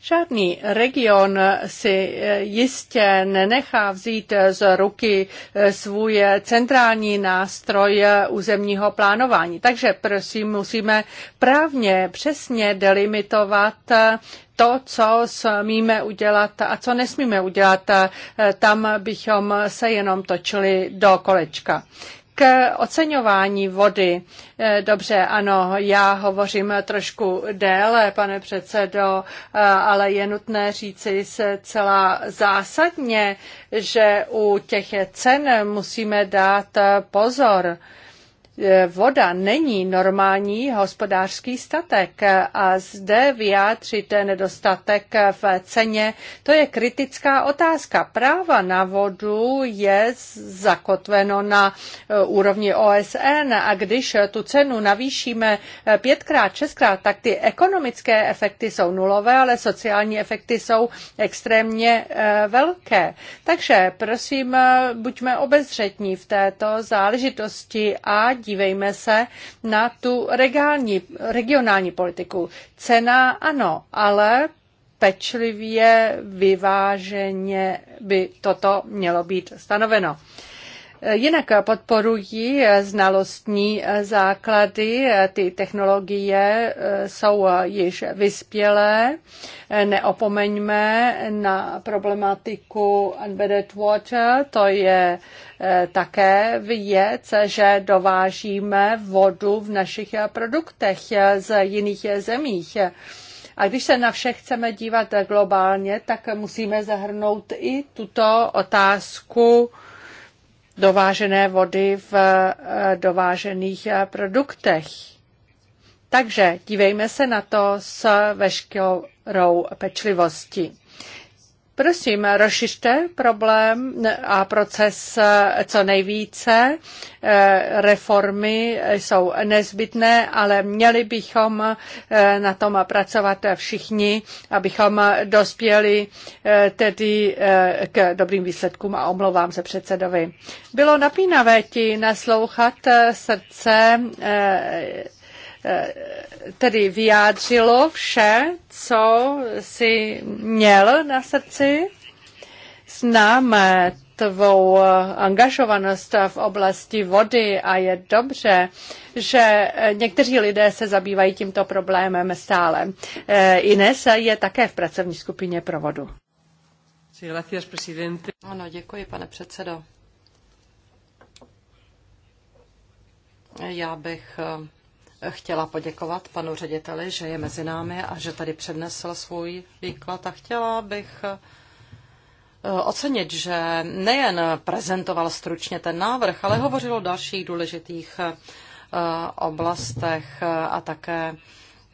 Žádný region si eh, jistě nenechá vzít eh, z ruky eh, svůj centrální nástroj územního plánování. Takže prosím, musíme právně přesně delimitovat to, co smíme udělat a co nesmíme udělat, tam bychom se jenom točili do kolečka. K oceňování vody. Eh, dobře, ano, já hovořím trošku déle, pane předsedo, eh, ale je nutné říci se celá zásadně, že u těch cen musíme dát eh, pozor. E, voda není normální hospodářský statek a zde vyjádřit nedostatek v ceně, to je kritická otázka. Práva na vodu je zakotveno na e, úrovni OSN a když tu cenu navýšíme e, pětkrát, šestkrát, tak ty ekonomické efekty jsou nulové, ale sociální efekty jsou extrémně velké. Takže prosím, buďme obezřetní v této záležitosti a dívejme se na tu regální, regionální politiku. Cena ano, ale pečlivě, vyváženě by toto mělo být stanoveno. Jinak podporují znalostní základy, ty technologie eh, jsou již vyspělé. Neopomeňme na problematiku Unbedded Water, to je eh, také věc, že dovážíme vodu v našich produktech z jiných zemích. A když se na vše chceme dívat globálně, tak musíme zahrnout i tuto otázku dovážené vody v eh, dovážených eh, produktech. Takže dívejme se na to s veškerou pečlivostí. Prosím, rozšiřte problém a proces eh, co nejvíce. Eh, reformy jsou nezbytné, ale měli bychom eh, na tom pracovat všichni, abychom dospěli tedy k dobrým výsledkům a omlouvám se předsedovi. Bylo napínavé ti naslouchat srdce tedy vyjádřilo vše, co si měl na srdci. Známe tvou angažovanost v oblasti vody a je dobře, že někteří lidé se zabývají tímto problémem stále. E, Ines je také v pracovní skupině pro vodu. Ano, děkuji, pane předsedo. Já bych chtěla poděkovat panu řediteli, že je mezi námi a že tady přednesl svůj výklad a chtěla bych eh, ocenit, že nejen prezentoval stručně ten návrh, ale hovořil o dalších důležitých eh, oblastech eh, a také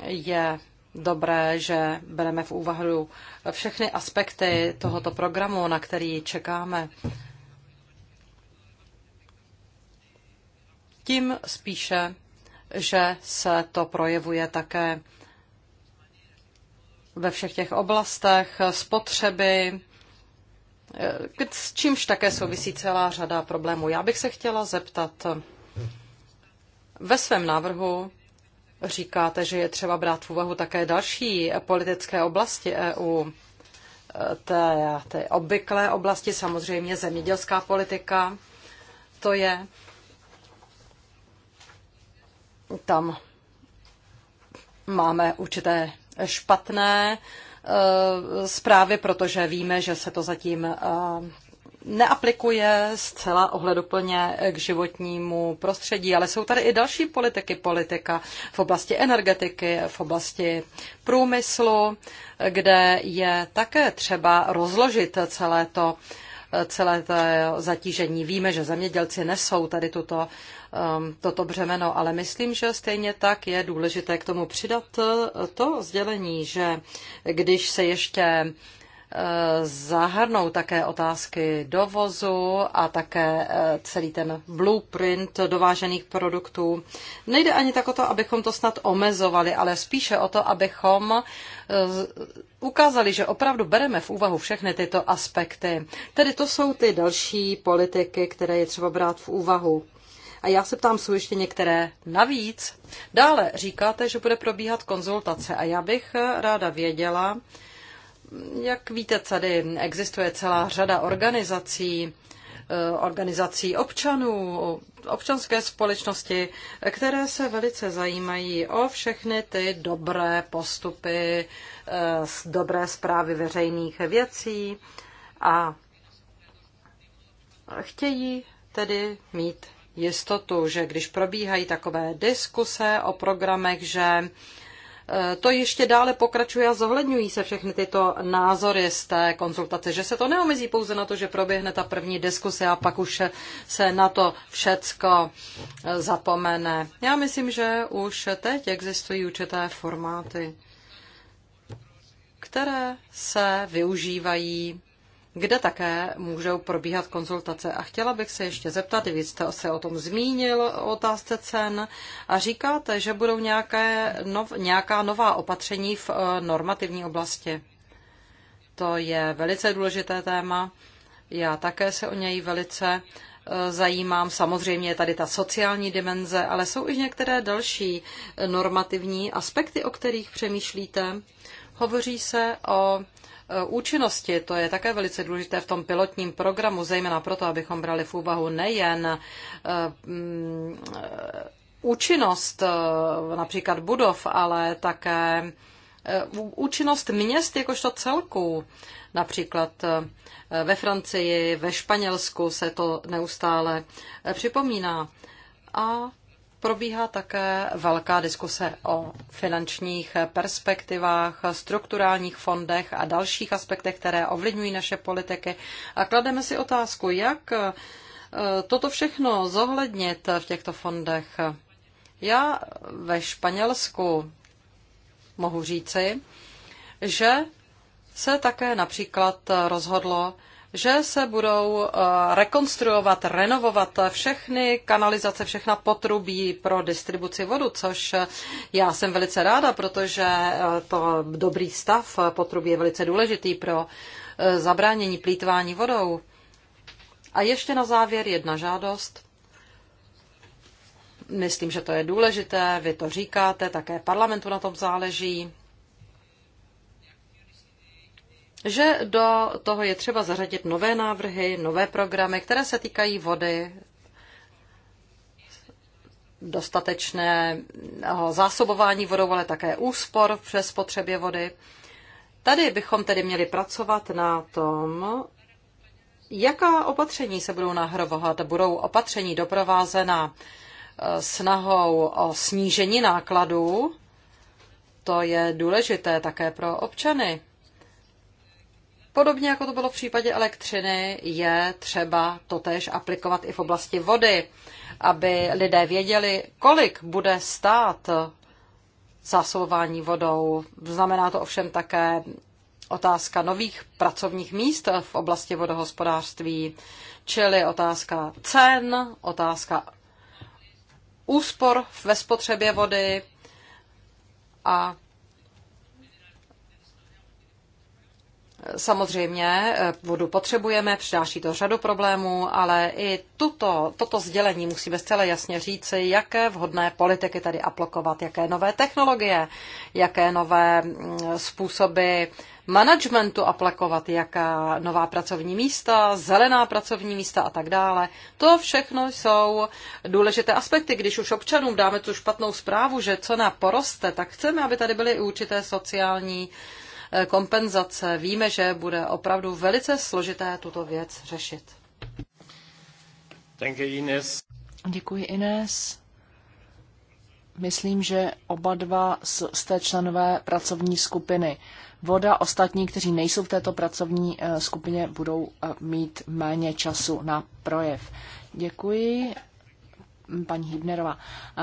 je dobré, že bereme v úvahu všechny aspekty tohoto programu, na který čekáme. Tím spíše že se to projevuje také ve všech těch oblastech spotřeby, eh, s čímž také souvisí celá řada problémů. Já bych se chtěla zeptat, ve svém návrhu říkáte, že je třeba brát v úvahu také další politické oblasti EU. Eh, té, té obvyklé oblasti, samozřejmě zemědělská politika, to je tam máme určité špatné eh, zprávy, protože víme, že se to zatím eh, neaplikuje zcela ohleduplně k životnímu prostředí, ale jsou tady i další politiky. Politika v oblasti energetiky, v oblasti průmyslu, kde je také třeba rozložit celé to celé to zatížení. Víme, že zemědělci nesou tady tuto, um, toto břemeno, ale myslím, že stejně tak je důležité k tomu přidat to sdělení, že když se ještě zahrnou také otázky dovozu a také eh, celý ten blueprint dovážených produktů. Nejde ani tak o to, abychom to snad omezovali, ale spíše o to, abychom eh, ukázali, že opravdu bereme v úvahu všechny tyto aspekty. Tedy to jsou ty další politiky, které je třeba brát v úvahu. A já se ptám, jsou ještě některé navíc? Dále říkáte, že bude probíhat konzultace a já bych eh, ráda věděla, jak víte, tady existuje celá řada organizací, eh, organizací občanů, občanské společnosti, které se velice zajímají o všechny ty dobré postupy, eh, dobré zprávy veřejných věcí a chtějí tedy mít jistotu, že když probíhají takové diskuse o programech, že to ještě dále pokračuje a zohledňují se všechny tyto názory z té konzultace, že se to neomezí pouze na to, že proběhne ta první diskuse a pak už se na to všecko zapomene. Já myslím, že už teď existují určité formáty, které se využívají kde také můžou probíhat konzultace. A chtěla bych se ještě zeptat, vy jste se o tom zmínil, o otázce cen, a říkáte, že budou nějaké nov, nějaká nová opatření v eh, normativní oblasti. To je velice důležité téma. Já také se o něj velice eh, zajímám. Samozřejmě je tady ta sociální dimenze, ale jsou i některé další eh, normativní aspekty, o kterých přemýšlíte. Hovoří se o Eh, účinnosti. To je také velice důležité v tom pilotním programu, zejména proto, abychom brali v úvahu nejen eh, mm, eh, účinnost například budov, ale také účinnost měst jakožto celků. Například ve Francii, ve Španělsku se to neustále připomíná. A Probíhá také velká diskuse o finančních perspektivách, strukturálních fondech a dalších aspektech, které ovlivňují naše politiky. A klademe si otázku, jak eh, toto všechno zohlednit v těchto fondech. Já ve Španělsku mohu říci, že se také například rozhodlo že se budou eh, rekonstruovat, renovovat všechny kanalizace, všechna potrubí pro distribuci vodu, což eh, já jsem velice ráda, protože eh, to dobrý stav potrubí je velice důležitý pro zabránění plítvání vodou. A ještě na závěr jedna žádost. Myslím, že to je důležité, vy to říkáte, také parlamentu na tom záleží že do toho je třeba zařadit nové návrhy, nové programy, které se týkají vody, dostatečného zásobování vodou, ale také úspor přes potřebě vody. Tady bychom tedy měli pracovat na tom, jaká opatření se budou nahrovovat. Budou opatření doprovázena eh, snahou o snížení nákladů, to je důležité také pro občany. Podobně jako to bylo v případě elektřiny, je třeba totéž aplikovat i v oblasti vody, aby lidé věděli, kolik bude stát zásobování vodou. Znamená to ovšem také otázka nových pracovních míst v oblasti vodohospodářství, čili otázka cen, otázka úspor ve spotřebě vody a Samozřejmě eh, vodu potřebujeme, přináší to řadu problémů, ale i tuto, toto sdělení musíme zcela jasně říci, jaké vhodné politiky tady aplikovat, jaké nové technologie, jaké nové mm, způsoby managementu aplikovat, jaká nová pracovní místa, zelená pracovní místa a tak dále. To všechno jsou důležité aspekty. Když už občanům dáme tu špatnou zprávu, že co poroste, tak chceme, aby tady byly i určité sociální uh, Eh, kompenzace. Víme, že bude opravdu velice složité tuto věc řešit. Děkuji Ines. Děkuji Ines. Myslím, že oba dva jste členové pracovní skupiny. Voda ostatní, kteří nejsou v této pracovní eh, skupině, budou eh, mít méně času na projev. Děkuji, paní Hybnerová.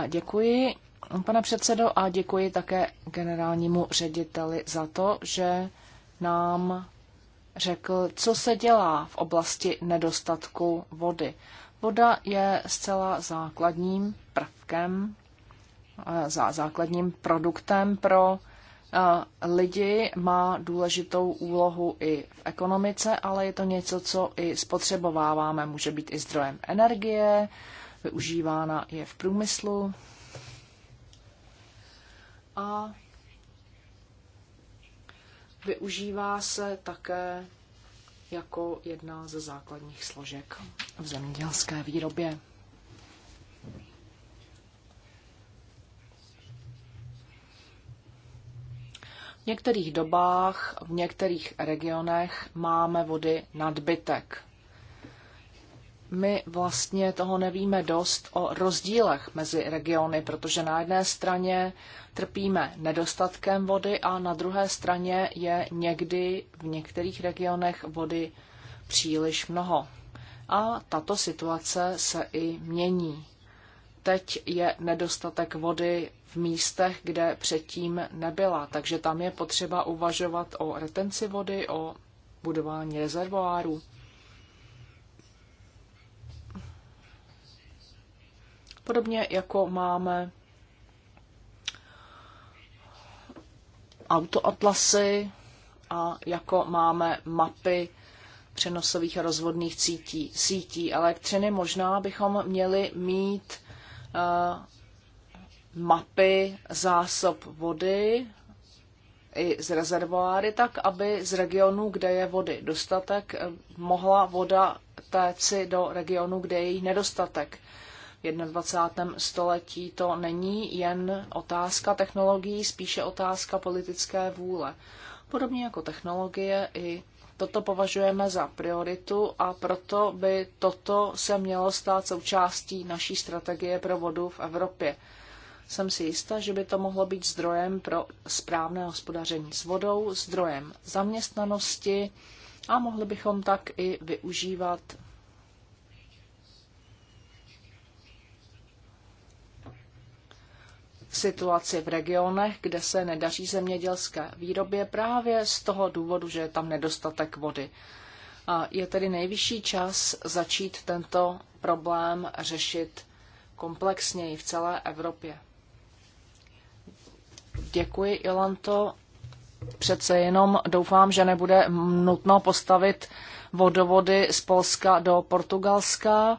Děkuji pane předsedo, a děkuji také generálnímu řediteli za to, že nám řekl, co se dělá v oblasti nedostatku vody. Voda je zcela základním prvkem, eh, základním produktem pro eh, lidi, má důležitou úlohu i v ekonomice, ale je to něco, co i spotřebováváme. Může být i zdrojem energie, využívána je v průmyslu, a využívá se také jako jedna ze základních složek v zemědělské výrobě. V některých dobách, v některých regionech máme vody nadbytek my vlastně toho nevíme dost o rozdílech mezi regiony, protože na jedné straně trpíme nedostatkem vody a na druhé straně je někdy v některých regionech vody příliš mnoho. A tato situace se i mění. Teď je nedostatek vody v místech, kde předtím nebyla, takže tam je potřeba uvažovat o retenci vody, o budování rezervoárů. Podobně jako máme autoatlasy a jako máme mapy přenosových a rozvodných cítí, sítí elektřiny, možná bychom měli mít uh, mapy zásob vody i z rezervoáry, tak aby z regionu, kde je vody dostatek, eh, mohla voda téci do regionu, kde je její nedostatek. 21. století to není jen otázka technologií, spíše otázka politické vůle. Podobně jako technologie, i toto považujeme za prioritu a proto by toto se mělo stát součástí naší strategie pro vodu v Evropě. Jsem si jista, že by to mohlo být zdrojem pro správné hospodaření s vodou, zdrojem zaměstnanosti a mohli bychom tak i využívat situaci v regionech, kde se nedaří zemědělské výrobě právě z toho důvodu, že je tam nedostatek vody. A je tedy nejvyšší čas začít tento problém řešit komplexněji v celé Evropě. Děkuji, Ilanto. Přece jenom doufám, že nebude nutno postavit vodovody z Polska do Portugalska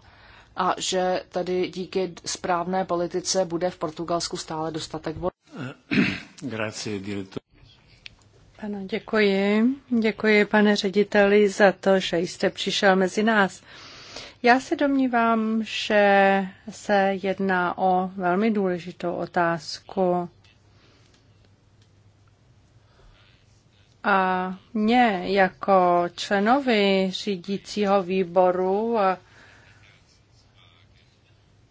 a že tady díky správné politice bude v Portugalsku stále dostatek vody. Eh, grazie, direktor. Ano, děkuji. Děkuji, pane řediteli, za to, že jste přišel mezi nás. Já se domnívám, že se jedná o velmi důležitou otázku. A mě jako členovi řídícího výboru a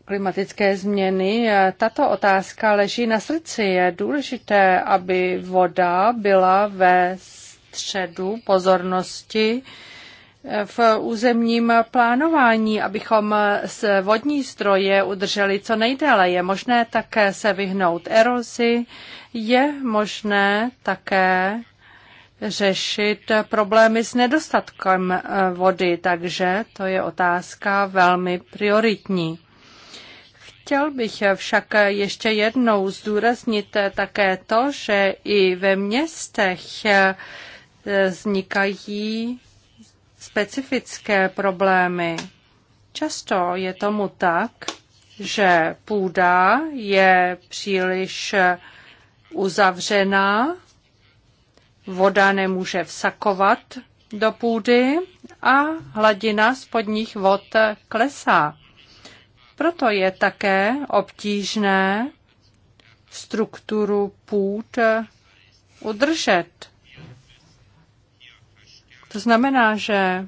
klimatické změny. Tato otázka leží na srdci. Je důležité, aby voda byla ve středu pozornosti eh, v územním plánování, abychom s vodní stroje udrželi co nejdéle. Je možné také se vyhnout erozi, je možné také řešit problémy s nedostatkem eh, vody, takže to je otázka velmi prioritní. Chtěl bych však ještě jednou zdůraznit také to, že i ve městech vznikají specifické problémy. Často je tomu tak, že půda je příliš uzavřená, voda nemůže vsakovat do půdy a hladina spodních vod klesá. Proto je také obtížné strukturu půd udržet. To znamená, že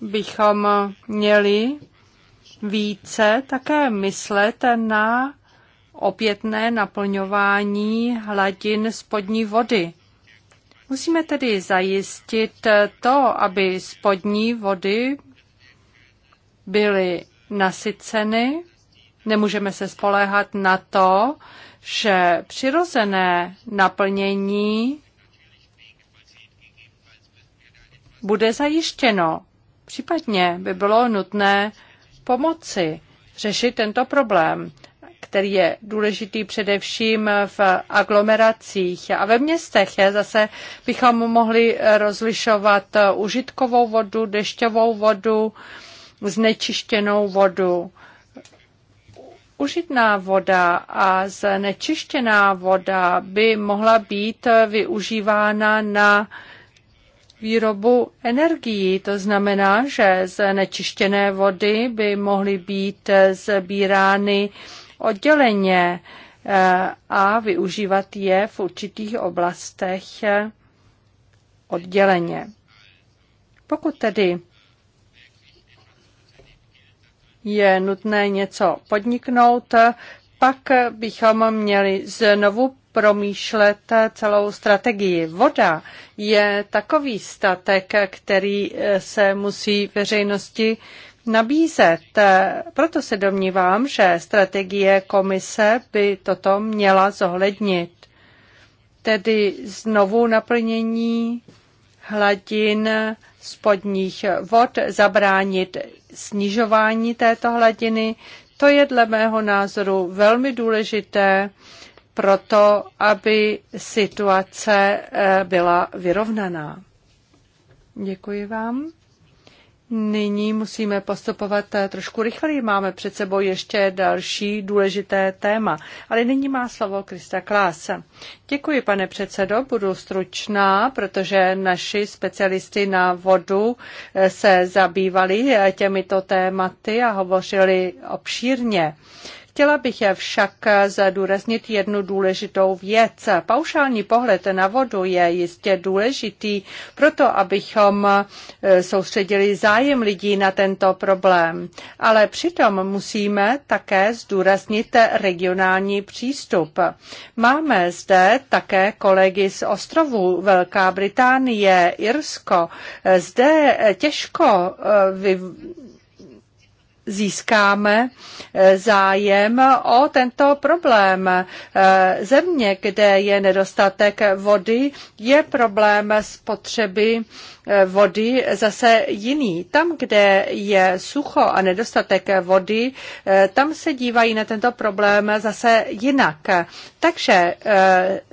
bychom měli více také myslet na opětné naplňování hladin spodní vody. Musíme tedy zajistit to, aby spodní vody byly nasyceny. Nemůžeme se spoléhat na to, že přirozené naplnění bude zajištěno. Případně by bylo nutné pomoci řešit tento problém, který je důležitý především v aglomeracích a ve městech. je Zase bychom mohli rozlišovat užitkovou vodu, dešťovou vodu, znečištěnou vodu. Užitná voda a znečištěná voda by mohla být využívána na výrobu energií. To znamená, že znečištěné vody by mohly být sbírány odděleně eh, a využívat je v určitých oblastech odděleně. Pokud tedy je nutné něco podniknout, pak bychom měli znovu promýšlet celou strategii. Voda je takový statek, který se musí veřejnosti nabízet. Proto se domnívám, že strategie komise by toto měla zohlednit. Tedy znovu naplnění hladin spodních vod zabránit snižování této hladiny. To je dle mého názoru velmi důležité pro to, aby situace eh, byla vyrovnaná. Děkuji vám. Nyní musíme postupovat eh, trošku rychleji. Máme před sebou ještě další důležité téma. Ale nyní má slovo Krista Klása. Děkuji, pane předsedo. Budu stručná, protože naši specialisty na vodu eh, se zabývali eh, těmito tématy a hovořili obšírně. Chtěla bych je však zadůraznit jednu důležitou věc. Paušální pohled na vodu je jistě důležitý proto, abychom eh, soustředili zájem lidí na tento problém. Ale přitom musíme také zdůraznit regionální přístup. Máme zde také kolegy z ostrovů Velká Británie, Irsko. Eh, zde eh, těžko vy získáme eh, zájem o tento problém. Eh, země, kde je nedostatek vody, je problém spotřeby eh, vody zase jiný. Tam, kde je sucho a nedostatek vody, tam se dívají na tento problém zase jinak. Takže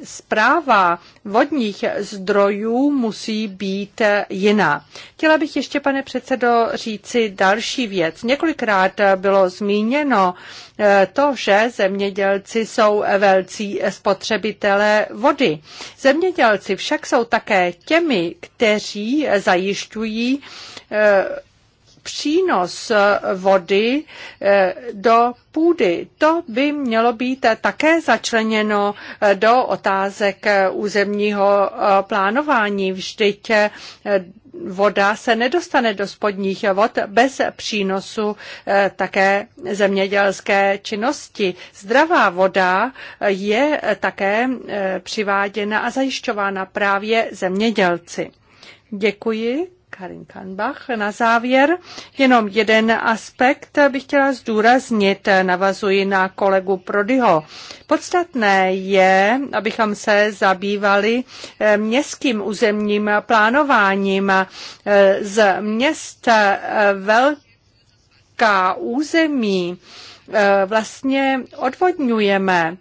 zpráva vodních zdrojů musí být jiná. Chtěla bych ještě, pane předsedo, říci další věc. Několik několikrát bylo zmíněno, eh, to, že zemědělci jsou velcí spotřebitelé vody. Zemědělci však jsou také těmi, kteří zajišťují eh, přínos vody eh, do půdy. To by mělo být také začleněno do otázek územního plánování. Vždyť voda se nedostane do spodních vod bez přínosu eh, také zemědělské činnosti. Zdravá voda je eh, také eh, přiváděna a zajišťována právě zemědělci. Děkuji. Karin Kanbach. Na závěr jenom jeden aspekt bych chtěla zdůraznit, navazuji na kolegu Prodyho. Podstatné je, abychom se zabývali eh, městským územním plánováním eh, z měst eh, velká území vlastně odvodňujeme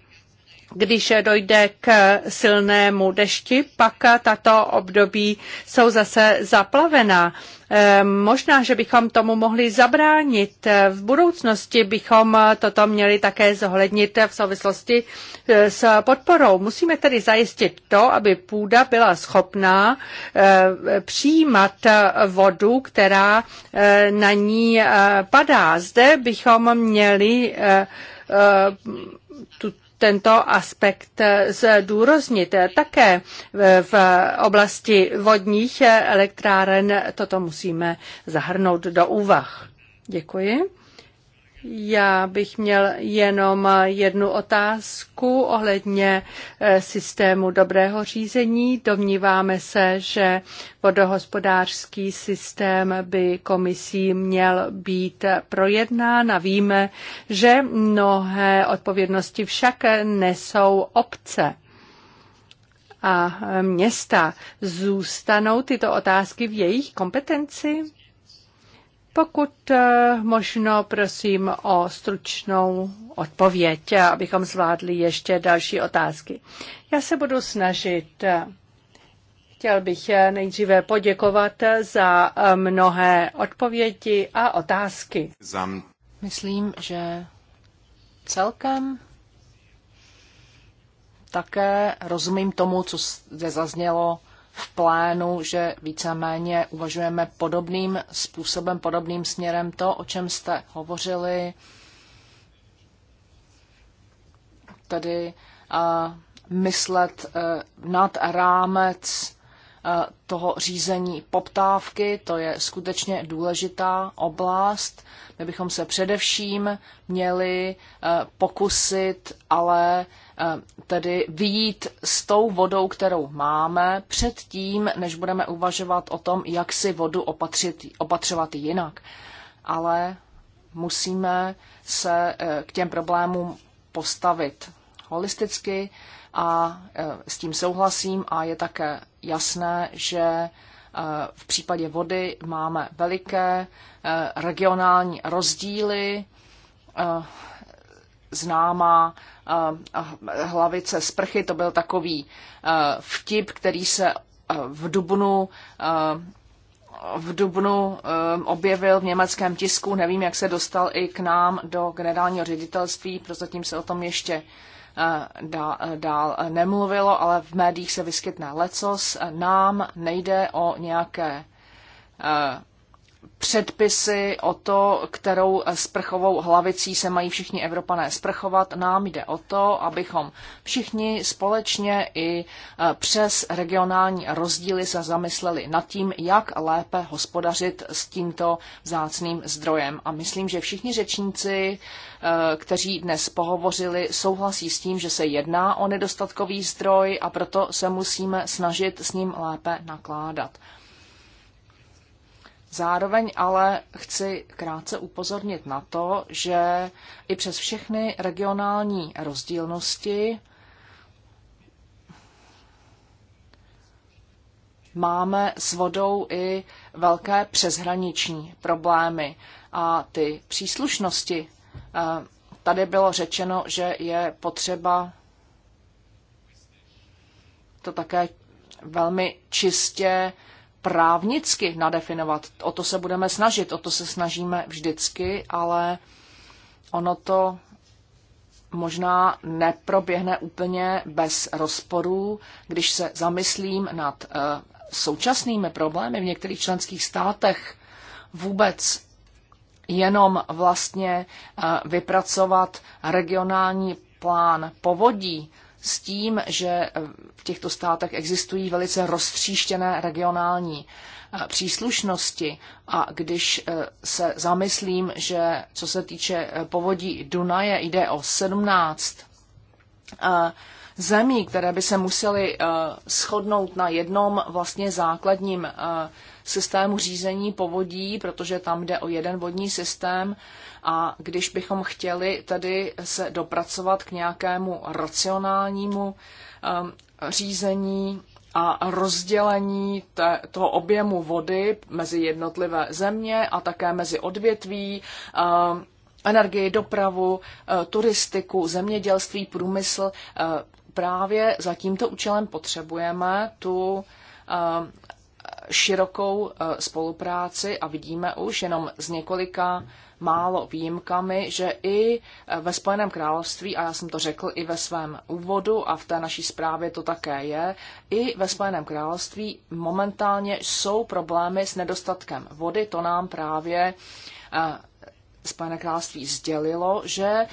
když dojde k silnému dešti, pak tato období jsou zase zaplavená. Ehm, možná, že bychom tomu mohli zabránit. V budoucnosti bychom toto měli také zohlednit v souvislosti e, s podporou. Musíme tedy zajistit to, aby půda byla schopná e, přijímat vodu, která e, na ní padá. Zde bychom měli tu tento aspekt zdůraznit. Také v oblasti vodních elektráren toto musíme zahrnout do úvah. Děkuji. Já bych měl jenom jednu otázku ohledně eh, systému dobrého řízení. Domníváme se, že vodohospodářský systém by komisí měl být projednán a víme, že mnohé odpovědnosti však nesou obce a města. Zůstanou tyto otázky v jejich kompetenci? Pokud eh, možno, prosím o stručnou odpověď, abychom zvládli ještě další otázky. Já se budu snažit. Chtěl bych eh, nejdříve poděkovat eh, za mnohé odpovědi a otázky. Myslím, že celkem také rozumím tomu, co zde zaznělo v plánu, že víceméně uvažujeme podobným způsobem, podobným směrem to, o čem jste hovořili, tedy uh, myslet uh, nad rámec uh, toho řízení poptávky, to je skutečně důležitá oblast. My bychom se především měli uh, pokusit ale uh, Eh, tedy vyjít s tou vodou, kterou máme, předtím, než budeme uvažovat o tom, jak si vodu opatřit, opatřovat jinak. Ale musíme se eh, k těm problémům postavit holisticky a eh, s tím souhlasím a je také jasné, že v případě vody máme veliké regionální rozdíly, známá hlavice z prchy. To byl takový e, vtip, který se e, v Dubnu e, v Dubnu objevil v německém tisku, nevím, jak se dostal i k nám do generálního ředitelství, prozatím se o tom ještě dál, dál nemluvilo, ale v médiích se vyskytne lecos. Nám nejde o nějaké předpisy o to, kterou sprchovou hlavicí se mají všichni Evropané sprchovat. Nám jde o to, abychom všichni společně i e, přes regionální rozdíly se zamysleli nad tím, jak lépe hospodařit s tímto zácným zdrojem. A myslím, že všichni řečníci, e, kteří dnes pohovořili, souhlasí s tím, že se jedná o nedostatkový zdroj a proto se musíme snažit s ním lépe nakládat. Zároveň ale chci krátce upozornit na to, že i přes všechny regionální rozdílnosti máme s vodou i velké přeshraniční problémy a ty příslušnosti. Eh, tady bylo řečeno, že je potřeba to také velmi čistě právnicky nadefinovat. O to se budeme snažit, o to se snažíme vždycky, ale ono to možná neproběhne úplně bez rozporů, když se zamyslím nad eh, současnými problémy v některých členských státech vůbec jenom vlastně eh, vypracovat regionální plán povodí, s tím, že eh, v těchto státech existují velice roztříštěné regionální eh, příslušnosti. A když eh, se zamyslím, že co se týče povodí Dunaje jde o 17 zemí, které by se musely uh, shodnout na jednom vlastně základním uh, systému řízení povodí, protože tam jde o jeden vodní systém a když bychom chtěli tedy se dopracovat k nějakému racionálnímu um, řízení a rozdělení te, toho objemu vody mezi jednotlivé země a také mezi odvětví, um, energii, dopravu, turistiku, zemědělství, průmysl právě za tímto účelem potřebujeme tu eh, širokou eh, spolupráci a vidíme už jenom z několika málo výjimkami, že i eh, ve Spojeném království, a já jsem to řekl i ve svém úvodu a v té naší zprávě to také je, i ve Spojeném království momentálně jsou problémy s nedostatkem vody, to nám právě Spojené království sdělilo, že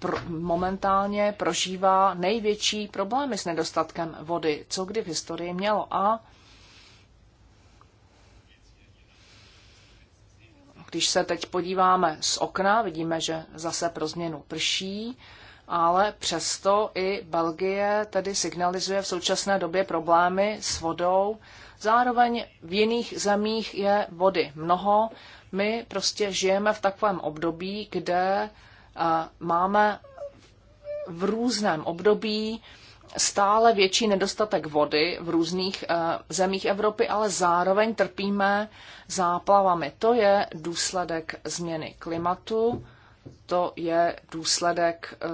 pr- momentálně prožívá největší problémy s nedostatkem vody, co kdy v historii mělo. A když se teď podíváme z okna, vidíme, že zase pro změnu prší, ale přesto i Belgie tedy signalizuje v současné době problémy s vodou. Zároveň v jiných zemích je vody mnoho, my prostě žijeme v takovém období, kde máme v různém období stále větší nedostatek vody v různých e, zemích Evropy, ale zároveň trpíme záplavami. To je důsledek změny klimatu, to je důsledek e,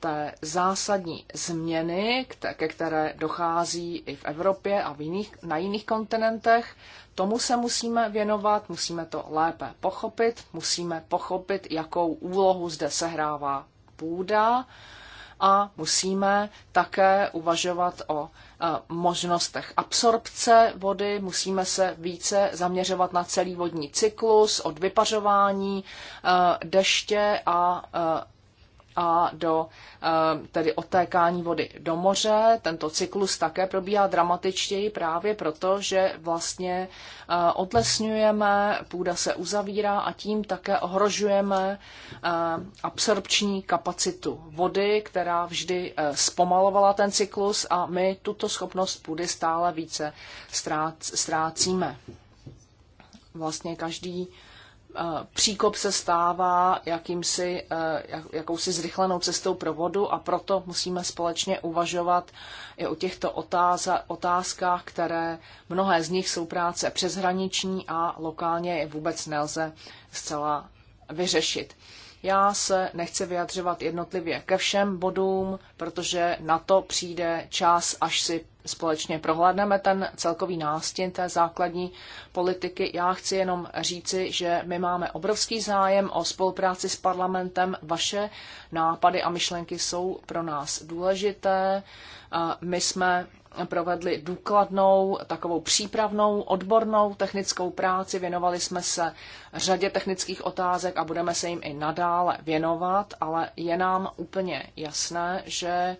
té zásadní změny, ke které dochází i v Evropě a v jiných, na jiných kontinentech, tomu se musíme věnovat, musíme to lépe pochopit, musíme pochopit, jakou úlohu zde sehrává půda a musíme také uvažovat o e, možnostech absorpce vody, musíme se více zaměřovat na celý vodní cyklus, od vypařování e, deště a e, a do eh, tedy otékání vody do moře. Tento cyklus také probíhá dramatičtěji právě proto, že vlastně eh, odlesňujeme, půda se uzavírá a tím také ohrožujeme eh, absorpční kapacitu vody, která vždy zpomalovala ten cyklus a my tuto schopnost půdy stále více ztrácíme. Vlastně každý Eh, příkop se stává jakýmsi, eh, jakousi zrychlenou cestou pro vodu a proto musíme společně uvažovat i o těchto otázkách, které mnohé z nich jsou práce přeshraniční a lokálně je vůbec nelze zcela vyřešit. Já se nechci vyjadřovat jednotlivě ke všem bodům, protože na to přijde čas, až si společně prohlédneme ten celkový nástin té základní politiky. Já chci jenom říci, že my máme obrovský zájem o spolupráci s parlamentem. Vaše nápady a myšlenky jsou pro nás důležité. My jsme provedli důkladnou, takovou přípravnou, odbornou technickou práci, věnovali jsme se řadě technických otázek a budeme se jim i nadále věnovat, ale je nám úplně jasné, že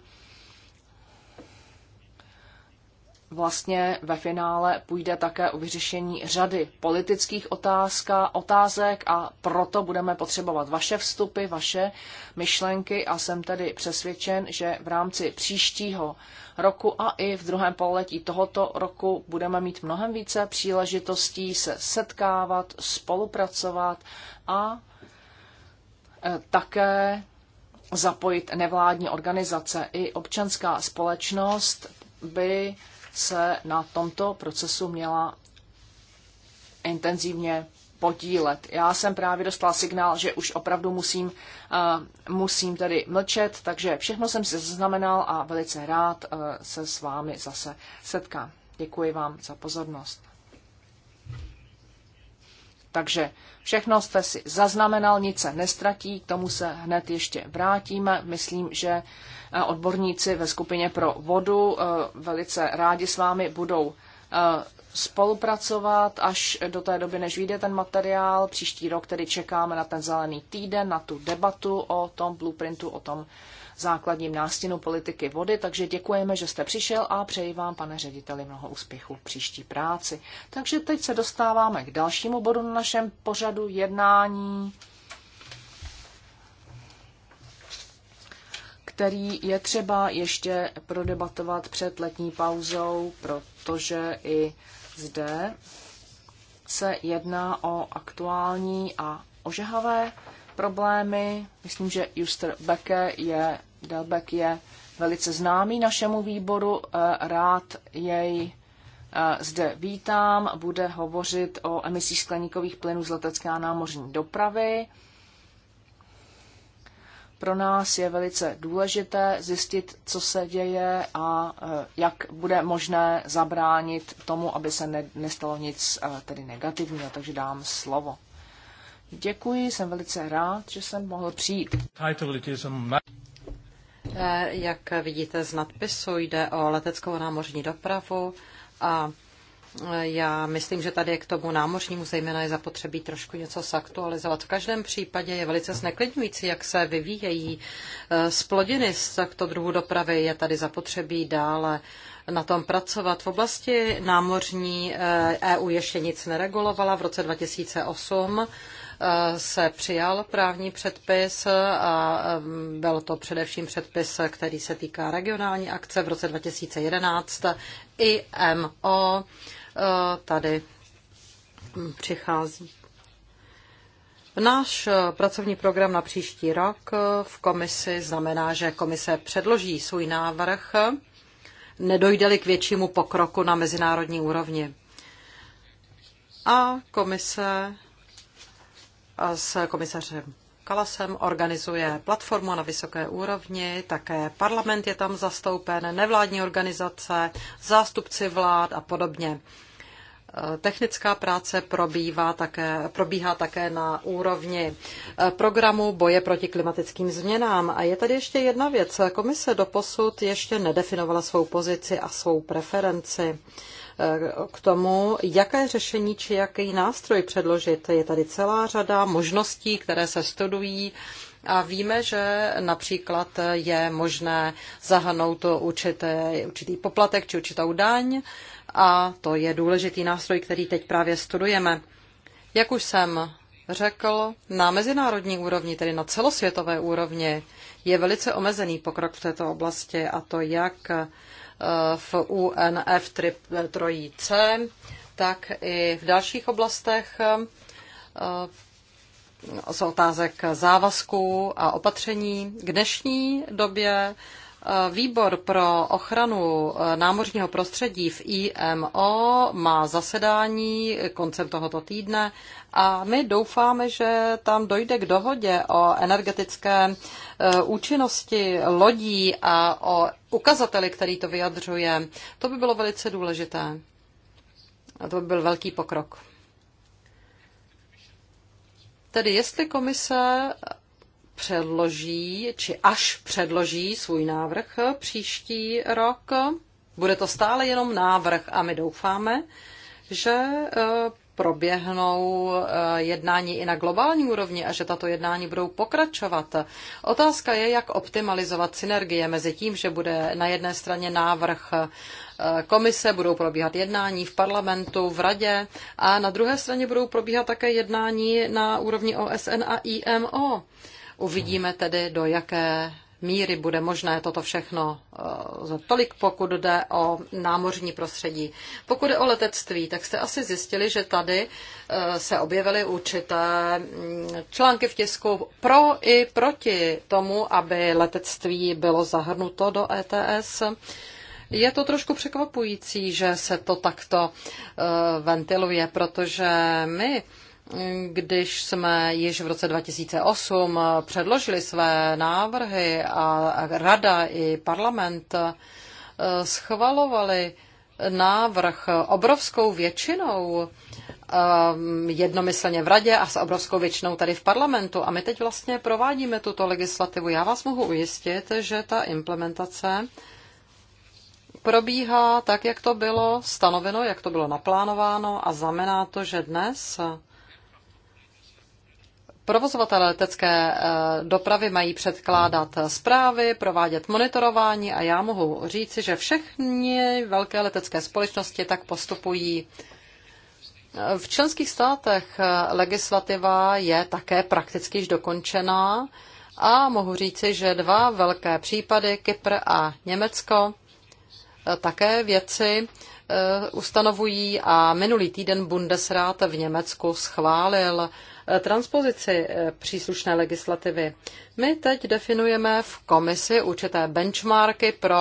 vlastně ve finále půjde také o vyřešení řady politických otázka, otázek a proto budeme potřebovat vaše vstupy, vaše myšlenky a jsem tedy přesvědčen, že v rámci příštího roku a i v druhém pololetí tohoto roku budeme mít mnohem více příležitostí se setkávat, spolupracovat a e, také zapojit nevládní organizace. I občanská společnost by se na tomto procesu měla intenzivně podílet. Já jsem právě dostala signál, že už opravdu musím, uh, musím tedy mlčet, takže všechno jsem si zaznamenal a velice rád uh, se s vámi zase setkám. Děkuji vám za pozornost. Takže všechno jste si zaznamenal, nic se nestratí, k tomu se hned ještě vrátíme. Myslím, že eh, odborníci ve skupině pro vodu velice rádi s vámi budou spolupracovat až do té doby, než vyjde ten materiál. Příští rok tedy čekáme na ten zelený týden, na tu debatu o tom blueprintu, o tom základním nástinu politiky vody, takže děkujeme, že jste přišel a přeji vám, pane řediteli, mnoho úspěchů v příští práci. Takže teď se dostáváme k dalšímu bodu na našem pořadu jednání, který je třeba ještě prodebatovat před letní pauzou, protože i zde se jedná o aktuální a ožehavé problémy. Myslím, že Juster Beke je, Delbek je velice známý našemu výboru. Eh, rád jej eh, zde vítám. Bude hovořit o emisích skleníkových plynů z letecké a námořní dopravy. Pro nás je velice důležité zjistit, co se děje a e, jak bude možné zabránit tomu, aby se ne, nestalo nic e, tedy negativního, takže dám slovo. Děkuji, jsem velice rád, že jsem mohl přijít. E, jak vidíte z nadpisu, jde o leteckou námořní dopravu a já myslím, že tady k tomu námořnímu zejména je zapotřebí trošku něco zaktualizovat. V každém případě je velice zneklidňující, jak se vyvíjejí splodiny eh, z takto druhu dopravy. Je tady zapotřebí dále na tom pracovat. V oblasti námořní EU eh, e ještě nic neregulovala. V roce 2008 eh, se přijal právní předpis a byl to především předpis, který se týká regionální akce v roce 2011 IMO Eh, tady přichází. Náš eh, pracovní program na příští rok eh, v komisi znamená, že komise předloží svůj návrh, nedojde-li k většímu pokroku na mezinárodní úrovni. A komise a s komisařem Kalasem organizuje platformu na vysoké úrovni, také parlament je tam zastoupen, nevládní organizace, zástupci vlád a podobně. Technická práce probíhá také, probíhá také na úrovni programu boje proti klimatickým změnám. A je tady ještě jedna věc. Komise doposud ještě nedefinovala svou pozici a svou preferenci k tomu, jaké řešení či jaký nástroj předložit. Je tady celá řada možností, které se studují. A víme, že například je možné zahrnout určité, určitý poplatek či určitou daň a to je důležitý nástroj, který teď právě studujeme. Jak už jsem řekl, na mezinárodní úrovni, tedy na celosvětové úrovni, je velice omezený pokrok v této oblasti a to jak v UNF 3C, tak i v dalších oblastech eh, z otázek závazků a opatření. K dnešní době eh, Výbor pro ochranu eh, námořního prostředí v IMO má zasedání koncem tohoto týdne a my doufáme, že tam dojde k dohodě o energetické Eh, účinnosti lodí a o ukazateli, který to vyjadřuje, to by bylo velice důležité. A to by byl velký pokrok. Tedy jestli komise předloží, či až předloží svůj návrh příští rok, bude to stále jenom návrh a my doufáme, že eh, proběhnou eh, jednání i na globální úrovni a že tato jednání budou pokračovat. Otázka je, jak optimalizovat synergie mezi tím, že bude na jedné straně návrh eh, komise, budou probíhat jednání v parlamentu, v radě a na druhé straně budou probíhat také jednání na úrovni OSN a IMO. Uvidíme tedy, do jaké míry bude možné toto všechno, eh, tolik pokud jde o námořní prostředí. Pokud jde o letectví, tak jste asi zjistili, že tady eh, se objevily určité mm, články v tisku pro i proti tomu, aby letectví bylo zahrnuto do ETS. Je to trošku překvapující, že se to takto eh, ventiluje, protože my když jsme již v roce 2008 předložili své návrhy a rada i parlament eh, schvalovali návrh obrovskou většinou, eh, jednomyslně v radě a s obrovskou většinou tady v parlamentu. A my teď vlastně provádíme tuto legislativu. Já vás mohu ujistit, že ta implementace probíhá tak, jak to bylo stanoveno, jak to bylo naplánováno a znamená to, že dnes Provozovatelé letecké eh, dopravy mají předkládat zprávy, provádět monitorování a já mohu říci, že všechny velké letecké společnosti tak postupují. V členských státech eh, legislativa je také prakticky již dokončená a mohu říci, že dva velké případy, Kypr a Německo, eh, také věci ustanovují a minulý týden Bundesrat v Německu schválil Eh, transpozici eh, příslušné legislativy. My teď definujeme v komisi určité benchmarky pro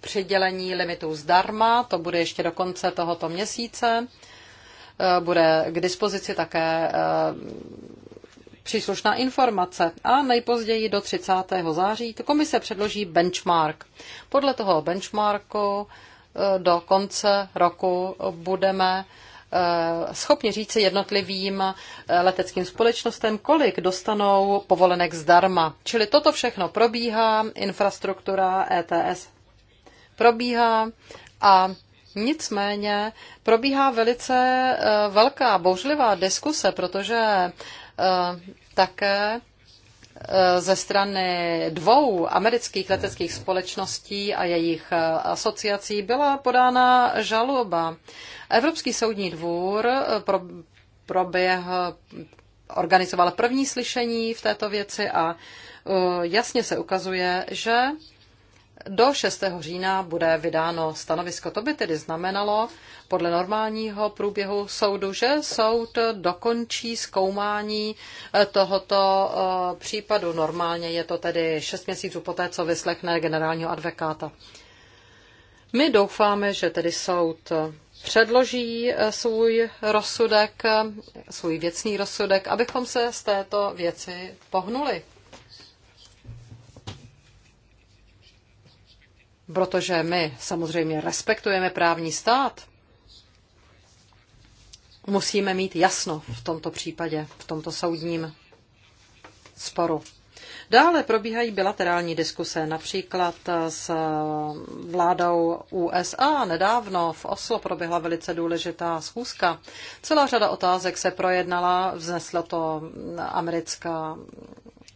přidělení limitů zdarma, to bude ještě do konce tohoto měsíce. Eh, bude k dispozici také příslušná informace a nejpozději do 30. září komise předloží benchmark. Podle toho benchmarku do konce roku budeme Eh, schopni říci jednotlivým eh, leteckým společnostem, kolik dostanou povolenek zdarma. Čili toto všechno probíhá, infrastruktura ETS probíhá a nicméně probíhá velice eh, velká bouřlivá diskuse, protože také Eh, ze strany dvou amerických leteckých společností a jejich eh, asociací byla podána žaloba. Evropský soudní dvůr eh, pro, proběh, organizoval první slyšení v této věci a jasně se ukazuje, že do 6. října bude vydáno stanovisko. To by tedy znamenalo podle normálního průběhu soudu, že soud dokončí zkoumání eh, tohoto eh, případu. Normálně je to tedy 6 měsíců poté, co vyslechne generálního advokáta. My doufáme, že tedy soud předloží eh, svůj rozsudek, svůj věcný rozsudek, abychom se z této věci pohnuli. protože my samozřejmě respektujeme právní stát, musíme mít jasno v tomto případě, v tomto soudním sporu. Dále probíhají bilaterální diskuse, například s vládou USA. Nedávno v Oslo proběhla velice důležitá schůzka. Celá řada otázek se projednala, vzneslo to americká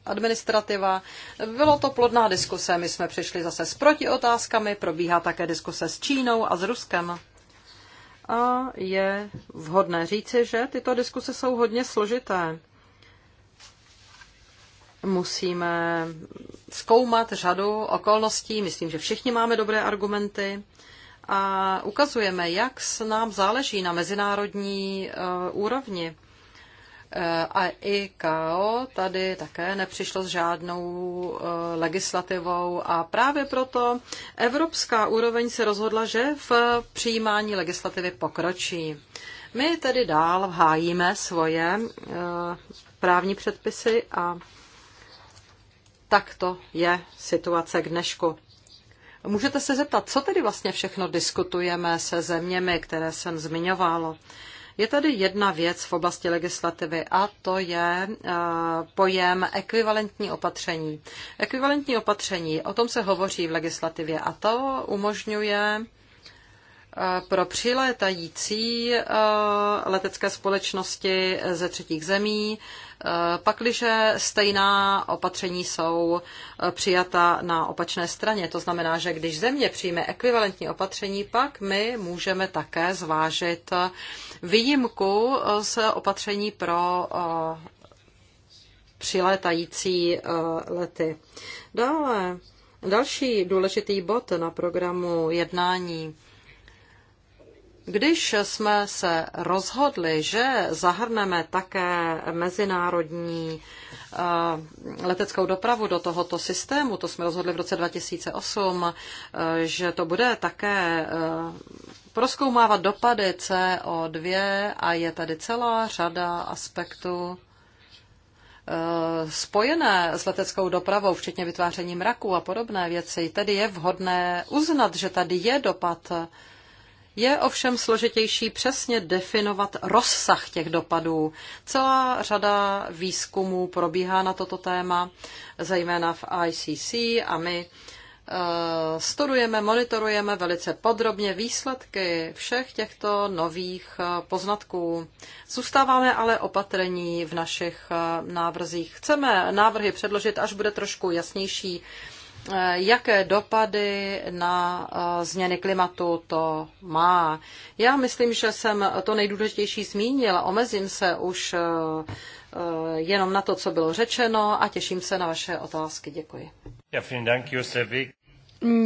administrativa. Bylo to plodná diskuse, my jsme přišli zase s protiotázkami, probíhá také diskuse s Čínou a s Ruskem. A je vhodné říci, že tyto diskuse jsou hodně složité. Musíme zkoumat řadu okolností, myslím, že všichni máme dobré argumenty a ukazujeme, jak nám záleží na mezinárodní eh, úrovni. A ICAO tady také nepřišlo s žádnou eh, legislativou a právě proto evropská úroveň se rozhodla, že v přijímání legislativy pokročí. My tedy dál hájíme svoje eh, právní předpisy a tak to je situace k dnešku. Můžete se zeptat, co tedy vlastně všechno diskutujeme se zeměmi, které jsem zmiňovala. Je tady jedna věc v oblasti legislativy a to je eh, pojem ekvivalentní opatření. Ekvivalentní opatření, o tom se hovoří v legislativě a to umožňuje eh, pro přilétající eh, letecké společnosti ze třetích zemí Eh, pakliže stejná opatření jsou eh, přijata na opačné straně, to znamená, že když země přijme ekvivalentní opatření, pak my můžeme také zvážit eh, výjimku z opatření pro přilétající lety. Dále další důležitý bod na programu jednání když jsme se rozhodli, že zahrneme také mezinárodní eh, leteckou dopravu do tohoto systému, to jsme rozhodli v roce 2008, eh, že to bude také eh, proskoumávat dopady CO2 a je tady celá řada aspektů spojené s leteckou dopravou, včetně vytváření mraků a podobné věci. Tedy je vhodné uznat, že tady je dopad je ovšem složitější přesně definovat rozsah těch dopadů. Celá řada výzkumů probíhá na toto téma, zejména v ICC a my eh, studujeme, monitorujeme velice podrobně výsledky všech těchto nových eh, poznatků. Zůstáváme ale opatrní v našich eh, návrzích. Chceme návrhy předložit, až bude trošku jasnější Eh, jaké dopady na eh, změny klimatu to má. Já myslím, že jsem to nejdůležitější zmínila. Omezím se už eh, jenom na to, co bylo řečeno a těším se na vaše otázky. Děkuji.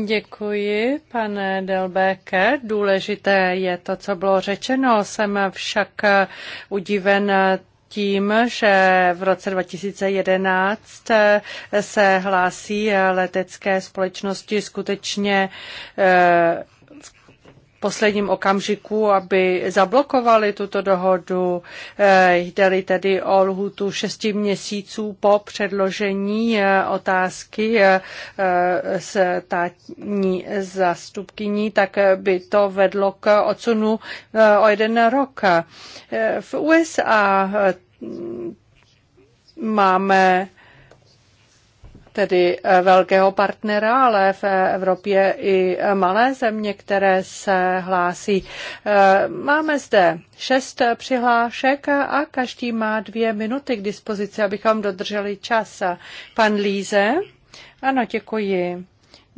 Děkuji, pane Delbeke. Důležité je to, co bylo řečeno. Jsem však udiven tím, že v roce 2011 se hlásí letecké společnosti skutečně eh, posledním okamžiku, aby zablokovali tuto dohodu. Eh, jde-li tedy o lhutu šesti měsíců po předložení eh, otázky eh, tátní zastupkyní, tak by to vedlo k odsunu o jeden rok. V USA máme tedy eh, velkého partnera, ale v Evropě i malé země, které se hlásí. Eh, máme zde šest přihlášek a každý má dvě minuty k dispozici, abychom dodrželi čas. Pan Líze? Ano, děkuji.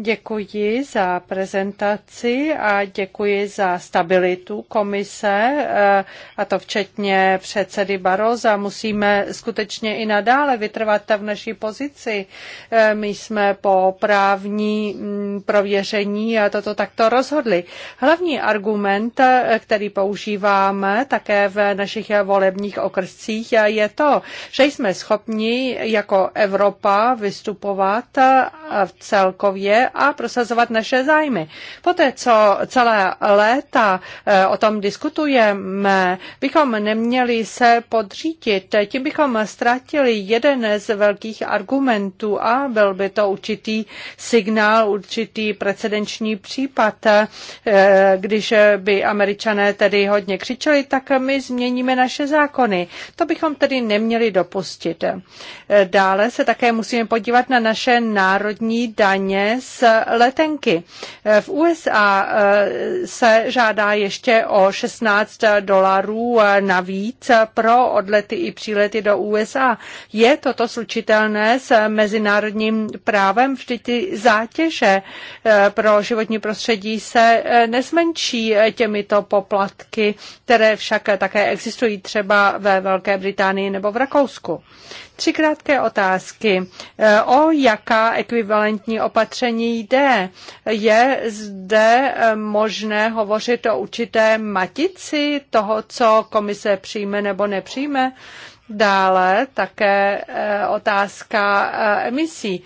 Děkuji za prezentaci a děkuji za stabilitu komise, eh, a to včetně předsedy Baroza. Musíme skutečně i nadále vytrvat v naší pozici. Eh, my jsme po právní mm, prověření a toto takto rozhodli. Hlavní argument, eh, který používáme také v našich volebních okrscích, je to, že jsme schopni jako Evropa vystupovat celkově a prosazovat naše zájmy. Poté, co celé léta eh, o tom diskutujeme, bychom neměli se podřítit. Tím bychom ztratili jeden z velkých argumentů a byl by to určitý signál, určitý precedenční případ. Eh, když by američané tedy hodně křičeli, tak my změníme naše zákony. To bychom tedy neměli dopustit. Eh, dále se také musíme podívat na naše národní daně z letenky. V USA eh, se žádá ještě o 16 dolarů eh, navíc pro odlety i přílety do USA. Je toto slučitelné s mezinárodním právem? Vždyť ty zátěže eh, pro životní prostředí se nezmenší těmito poplatky, které však také existují třeba ve Velké Británii nebo v Rakousku. Tři krátké otázky. O jaká ekvivalentní opatření jde. Je zde eh, možné hovořit o určité matici toho, co komise přijme nebo nepřijme? Dále také eh, otázka eh, emisí.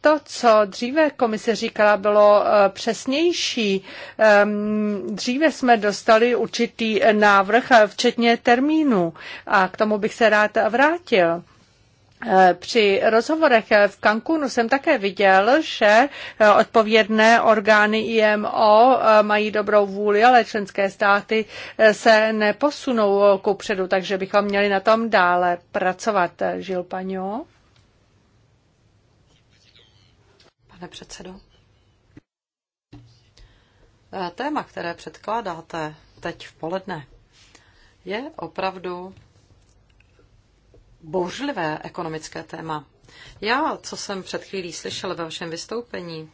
To, co dříve komise říkala, bylo přesnější. Ehm, dříve jsme dostali určitý návrh, včetně termínu. A k tomu bych se rád vrátil. Eh, při rozhovorech eh, v Cancúnu jsem také viděl, že eh, odpovědné orgány IMO mají dobrou vůli, ale členské státy se neposunou ku předu, takže bychom měli na tom dále pracovat. Žil Paňo? Pane předsedo. Téma, které předkládáte teď v poledne, je opravdu bouřlivé ekonomické téma. Já, co jsem před chvílí slyšel ve vašem vystoupení,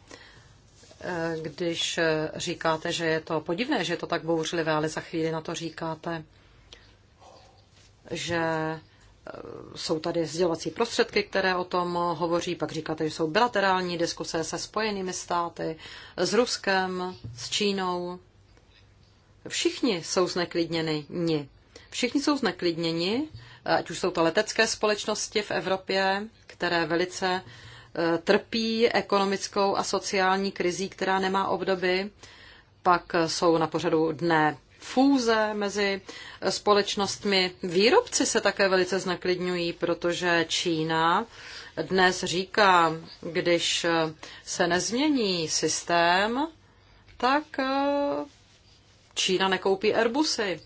eh, když eh, říkáte, že je to podivné, že je to tak bouřlivé, ale za chvíli na to říkáte, že eh, jsou tady sdělovací prostředky, které o tom hovoří, pak říkáte, že jsou bilaterální diskuse se spojenými státy, s Ruskem, s Čínou. Všichni jsou zneklidněni. Všichni jsou zneklidněni ať už jsou to letecké společnosti v Evropě, které velice e, trpí ekonomickou a sociální krizí, která nemá obdoby. Pak jsou na pořadu dne fůze mezi společnostmi. Výrobci se také velice znaklidňují, protože Čína dnes říká, když se nezmění systém, tak e, Čína nekoupí Airbusy.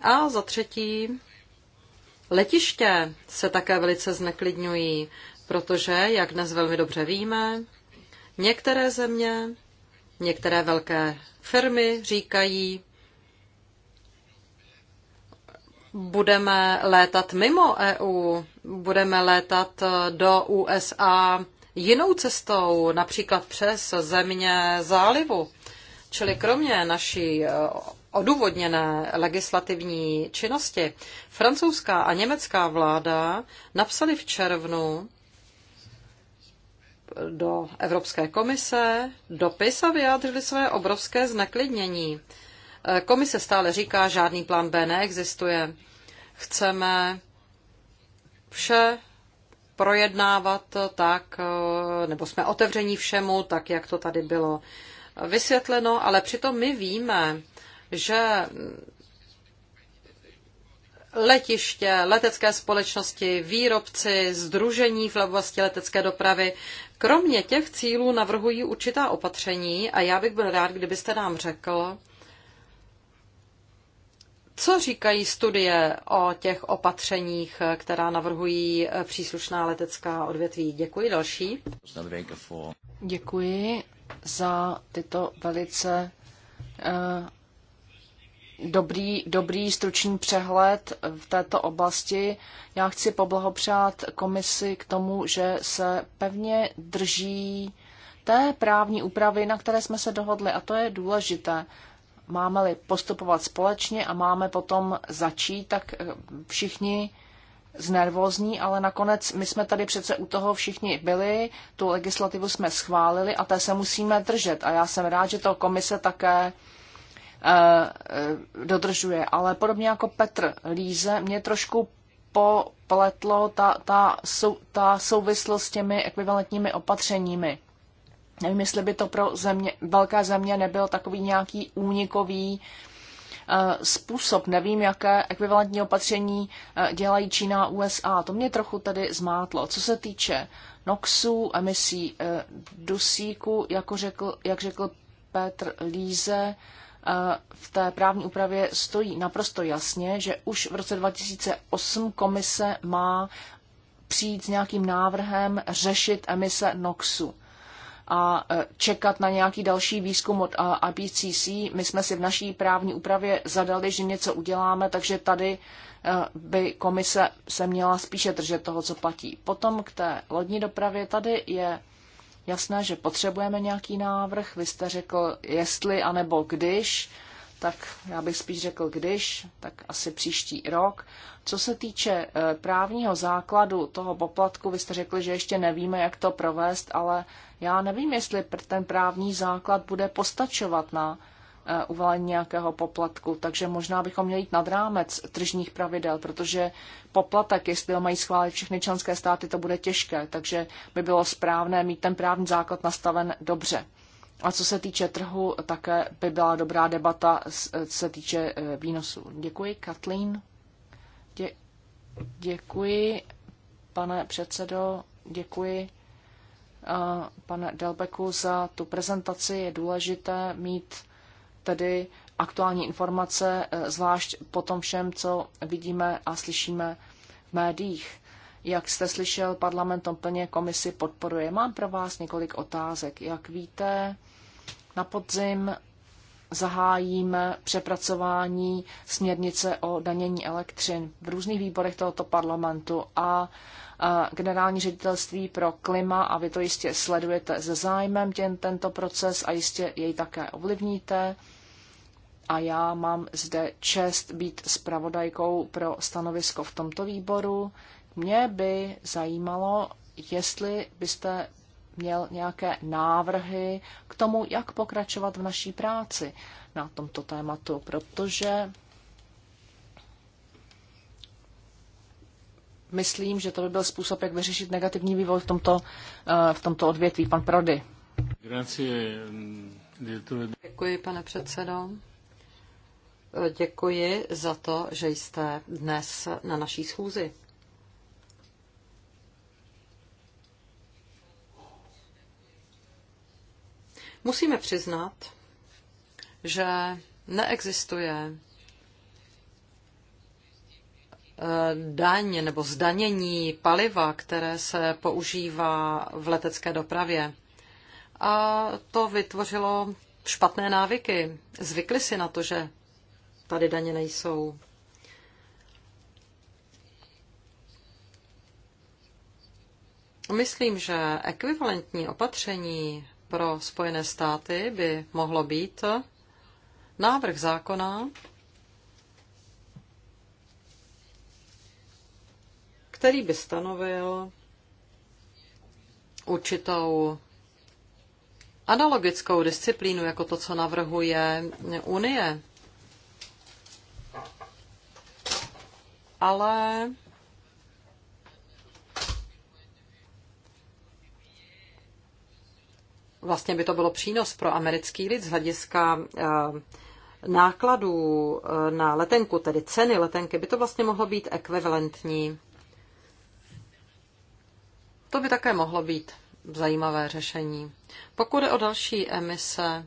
A za třetí, Letiště se také velice zneklidňují, protože, jak dnes velmi dobře víme, některé země, některé velké firmy říkají, budeme létat mimo EU, budeme létat do USA jinou cestou, například přes země zálivu. Čili kromě naší odůvodněné legislativní činnosti. Francouzská a německá vláda napsali v červnu do Evropské komise dopis a vyjádřili své obrovské zneklidnění. Komise stále říká, žádný plán B neexistuje. Chceme vše projednávat tak, nebo jsme otevření všemu, tak jak to tady bylo vysvětleno, ale přitom my víme, že letiště, letecké společnosti, výrobci, združení v oblasti letecké dopravy. Kromě těch cílů navrhují určitá opatření a já bych byl rád, kdybyste nám řekl, co říkají studie o těch opatřeních, která navrhují příslušná letecká odvětví? Děkuji. Další. Děkuji za tyto velice eh, dobrý, dobrý stručný přehled v této oblasti. Já chci poblahopřát komisi k tomu, že se pevně drží té právní úpravy, na které jsme se dohodli, a to je důležité. Máme-li postupovat společně a máme potom začít, tak eh, všichni znervózní, ale nakonec my jsme tady přece u toho všichni byli, tu legislativu jsme schválili a té se musíme držet. A já jsem rád, že to komise také Eh, eh, dodržuje. Ale podobně jako Petr Líze, mě trošku popletlo ta, ta, sou, ta souvislost s těmi ekvivalentními opatřeními. Nevím, jestli by to pro země, velké země nebyl takový nějaký únikový eh, způsob. Nevím, jaké ekvivalentní opatření dělají Čína a USA. To mě trochu tady zmátlo. Co se týče NOXu, emisí dusíku, jako řekl, jak řekl Petr Líze, v té právní úpravě stojí naprosto jasně, že už v roce 2008 komise má přijít s nějakým návrhem řešit emise NOXu a e, čekat na nějaký další výzkum od IPCC. My jsme si v naší právní úpravě zadali, že něco uděláme, takže tady e, by komise se měla spíše držet toho, co platí. Potom k té lodní dopravě tady je jasné, že potřebujeme nějaký návrh. Vy jste řekl, jestli anebo když, tak já bych spíš řekl když, tak asi příští rok. Co se týče eh, právního základu toho poplatku, vy jste řekli, že ještě nevíme, jak to provést, ale já nevím, jestli ten právní základ bude postačovat na Eh, uvalení nějakého poplatku. Takže možná bychom měli jít nad rámec tržních pravidel, protože poplatek, jestli ho mají schválit všechny členské státy, to bude těžké. Takže by bylo správné mít ten právní základ nastaven dobře. A co se týče trhu, také by byla dobrá debata, co eh, se týče eh, výnosů. Děkuji, Katlín. Dě- děkuji, pane předsedo, děkuji pane Delbeku za tu prezentaci. Je důležité mít tedy aktuální informace, eh, zvlášť po tom všem, co vidíme a slyšíme v médiích. Jak jste slyšel, parlament plně komisi podporuje. Mám pro vás několik otázek. Jak víte, na podzim zahájíme přepracování směrnice o danění elektřin v různých výborech tohoto parlamentu a generální ředitelství pro klima a vy to jistě sledujete se zájmem těn, tento proces a jistě jej také ovlivníte a já mám zde čest být zpravodajkou pro stanovisko v tomto výboru. Mě by zajímalo, jestli byste měl nějaké návrhy k tomu, jak pokračovat v naší práci na tomto tématu, protože myslím, že to by byl způsob, jak vyřešit negativní vývoj v tomto, eh, v tomto odvětví. Pan Prody. Mm, Děkuji, pane předsedo. Děkuji za to, že jste dnes na naší schůzi. Musíme přiznat, že neexistuje eh, daň nebo zdanění paliva, které se používá v letecké dopravě. A to vytvořilo špatné návyky. Zvykli si na to, že Tady daně nejsou. Myslím, že ekvivalentní opatření pro Spojené státy by mohlo být návrh zákona, který by stanovil určitou analogickou disciplínu, jako to, co navrhuje Unie ale vlastně by to bylo přínos pro americký lid z hlediska eh, nákladů eh, na letenku, tedy ceny letenky, by to vlastně mohlo být ekvivalentní. To by také mohlo být zajímavé řešení. Pokud je o další emise,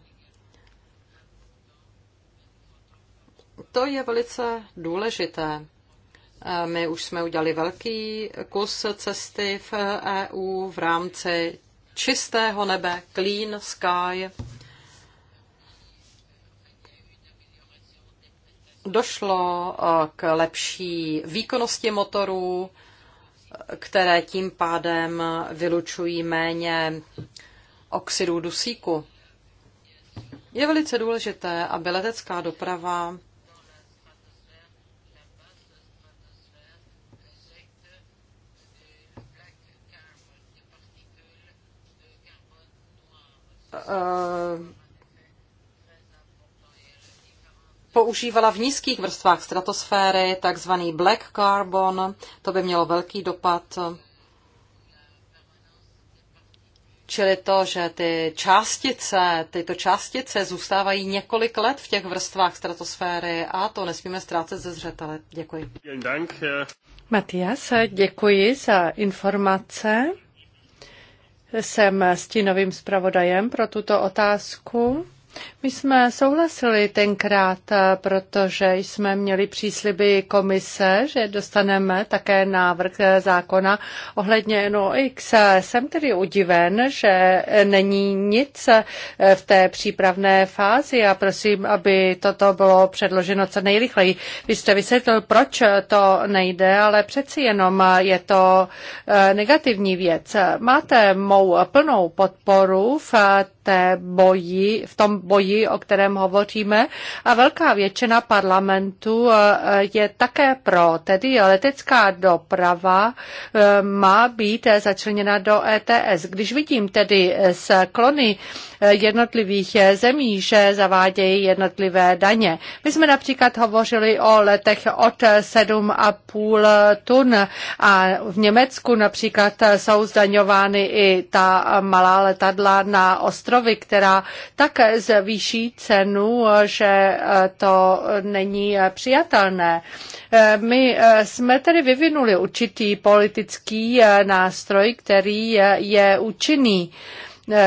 to je velice důležité. My už jsme udělali velký kus cesty v EU v rámci čistého nebe, clean sky. Došlo eh, k lepší výkonnosti motorů, které tím pádem vylučují méně oxidu dusíku. Je velice důležité, aby letecká doprava Eh, používala v nízkých vrstvách stratosféry, takzvaný black carbon, to by mělo velký dopad. Čili to, že ty částice, tyto částice zůstávají několik let v těch vrstvách stratosféry a to nesmíme ztrácet ze zřetele. Děkuji. Matias, děkuji za informace. Jsem stínovým zpravodajem pro tuto otázku. My jsme souhlasili tenkrát, eh, protože jsme měli přísliby komise, že dostaneme také návrh eh, zákona ohledně NOX. Jsem tedy udiven, že není nic eh, v té přípravné fázi a prosím, aby toto bylo předloženo co nejrychleji. Vy jste vysvětlil, proč to nejde, ale přeci jenom je to negativní věc. Máte mou plnou podporu v té boji, v tom boji, o kterém hovoříme. A velká většina parlamentu eh, je také pro, tedy letecká doprava eh, má být eh, začleněna do ETS. Když vidím tedy sklony jednotlivých zemí, že zavádějí jednotlivé daně. My jsme například hovořili o letech od 7,5 tun a v Německu například jsou zdaňovány i ta malá letadla na ostrovy, která tak z zvýší cenu, že eh, to není eh, přijatelné. Eh, my jsme tedy vyvinuli určitý politický nástroj, který je účinný.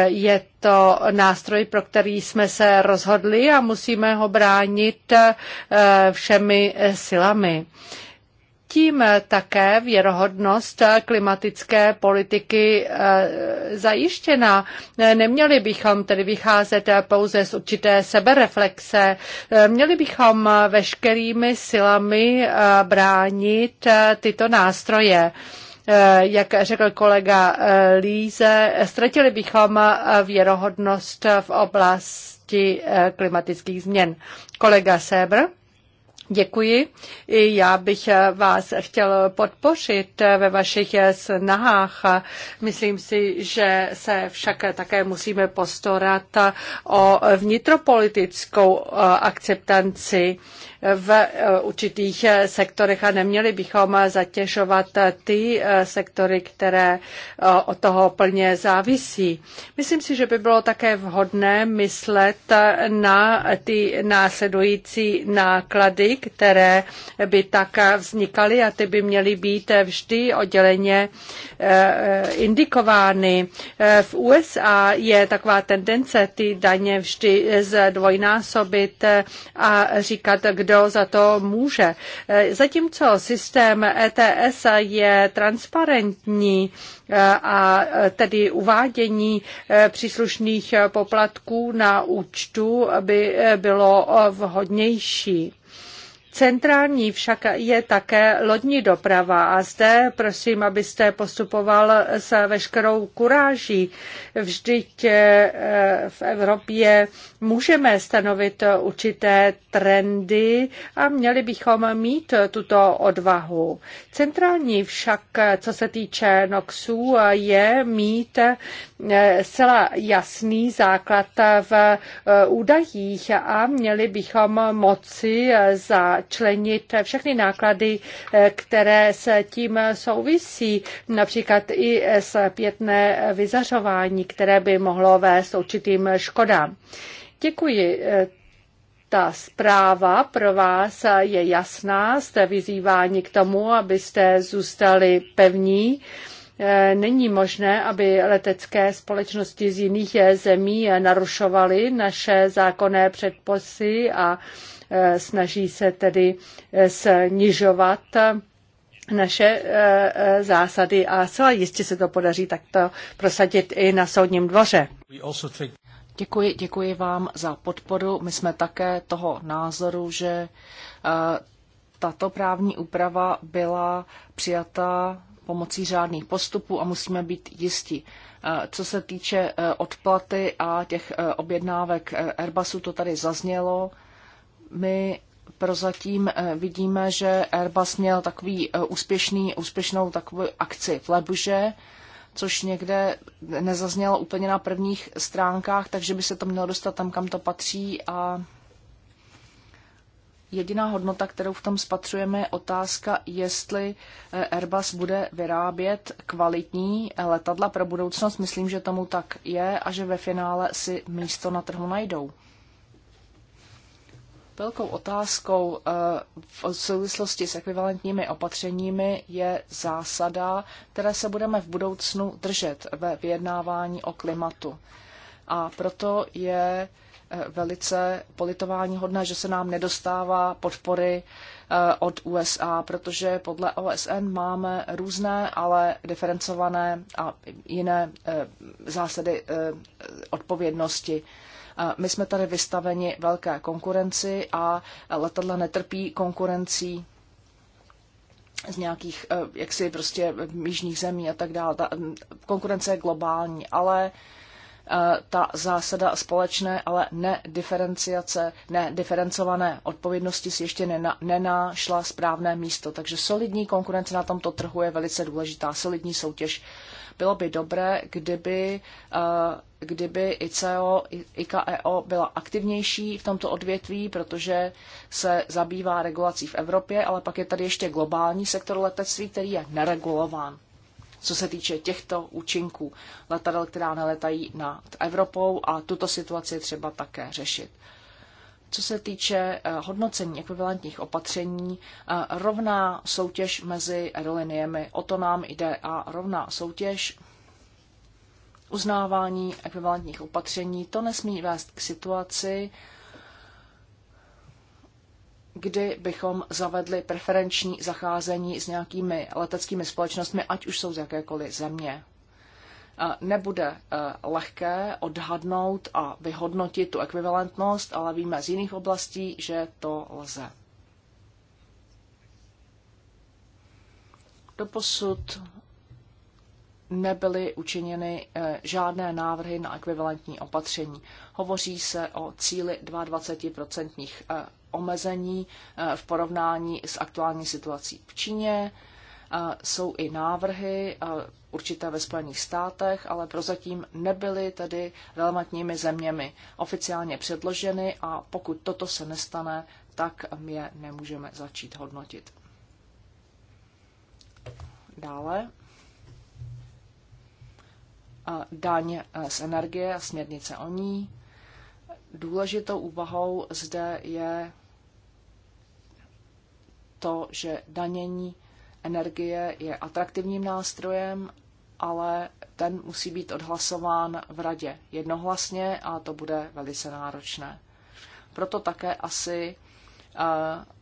Je to nástroj, pro který jsme se rozhodli a musíme ho bránit všemi silami tím eh, také věrohodnost eh, klimatické politiky eh, zajištěna. Neměli bychom tedy vycházet pouze z určité sebereflexe. Měli bychom veškerými silami bránit tyto nástroje jak řekl kolega Líze, ztratili bychom věrohodnost v oblasti klimatických změn. Kolega Sebr. Děkuji. Já bych eh, vás chtěl podpořit eh, ve vašich eh, snahách. Myslím si, že se však také musíme postarat o vnitropolitickou akceptanci v eh, určitých eh, sektorech a neměli bychom eh, zatěžovat ty sektory, které od toho plně závisí. Myslím si, že by bylo také vhodné myslet na ty následující náklady, které by tak vznikaly a ty by měly být vždy odděleně indikovány. V USA je taková tendence ty daně vždy zdvojnásobit a říkat, kdo kdo za to může. Eh, zatímco systém ETS je transparentní eh, a eh, tedy uvádění příslušných poplatků na účtu by bylo vhodnější. Centrální však je také lodní doprava a zde prosím, abyste postupoval s veškerou kuráží. Vždyť eh, v Evropě můžeme stanovit určité trendy a měli bychom mít tuto odvahu. Centrální však, co se týče NOXů, je mít E, zcela jasný základ v e, údajích a měli bychom moci e, začlenit všechny náklady, které se tím souvisí, například i zpětné vyzařování, které by mohlo vést určitým škodám. Děkuji ta zpráva pro vás je jasná, jste vyzýváni k tomu, abyste zůstali pevní E, není možné, aby letecké společnosti z jiných e, zemí e, narušovaly naše zákonné předpisy a snaží se tedy snižovat naše zásady a celá jistě se to podaří takto prosadit i na soudním dvoře. Děkuji, děkuji vám za podporu. My jsme také toho názoru, že tato právní úprava byla přijatá pomocí řádných postupů a musíme být jisti. Eh, co se týče eh, odplaty a těch eh, objednávek Airbusu, to tady zaznělo. My prozatím vidíme, že Airbus měl takový úspěšný, úspěšnou takovou akci v Lebuže, což někde nezaznělo úplně na prvních stránkách, takže by se to mělo dostat tam, kam to patří a jediná hodnota, kterou v tom spatřujeme, je otázka, jestli eh, Airbus bude vyrábět kvalitní eh, letadla pro budoucnost. Myslím, že tomu tak je a že ve finále si místo na trhu najdou. Velkou otázkou eh, v souvislosti s ekvivalentními opatřeními je zásada, které se budeme v budoucnu držet ve vyjednávání o klimatu. A proto je velice politování že se nám nedostává podpory eh, od USA, protože podle OSN máme různé, ale diferencované a jiné eh, zásady eh, odpovědnosti. My jsme tady vystaveni velké konkurenci a letadla netrpí konkurencí z nějakých, jaksi prostě jižních zemí a tak dále. Mm, konkurence je globální, ale uh, Eh, ta zásada společné, ale ne diferenciace, ne diferencované odpovědnosti si ještě nena, nenášla správné místo. Takže solidní konkurence na tomto trhu je velice důležitá, solidní soutěž. Bylo by dobré, kdyby, eh, kdyby ICO, IKEO byla aktivnější v tomto odvětví, protože se zabývá regulací v Evropě, ale pak je tady ještě globální sektor letectví, který je neregulován co se týče těchto účinků letadel, která neletají nad Evropou a tuto situaci je třeba také řešit. Co se týče eh, hodnocení ekvivalentních opatření, eh, rovná soutěž mezi aeroliniemi, o to nám jde a rovná soutěž uznávání ekvivalentních opatření, to nesmí vést k situaci, kdy bychom zavedli preferenční zacházení s nějakými leteckými společnostmi, ať už jsou z jakékoliv země. Nebude e, lehké odhadnout a vyhodnotit tu ekvivalentnost, ale víme z jiných oblastí, že to lze. Doposud nebyly učiněny e, žádné návrhy na ekvivalentní opatření. Hovoří se o cíli 22% omezení eh, v porovnání s aktuální situací v Číně. Eh, jsou i návrhy eh, určité ve Spojených státech, ale prozatím nebyly tedy relevantními zeměmi oficiálně předloženy a pokud toto se nestane, tak je nemůžeme začít hodnotit. Dále. Daň z energie a směrnice o ní. Důležitou úvahou zde je to, že danění energie je atraktivním nástrojem, ale ten musí být odhlasován v radě jednohlasně a to bude velice náročné. Proto také asi eh,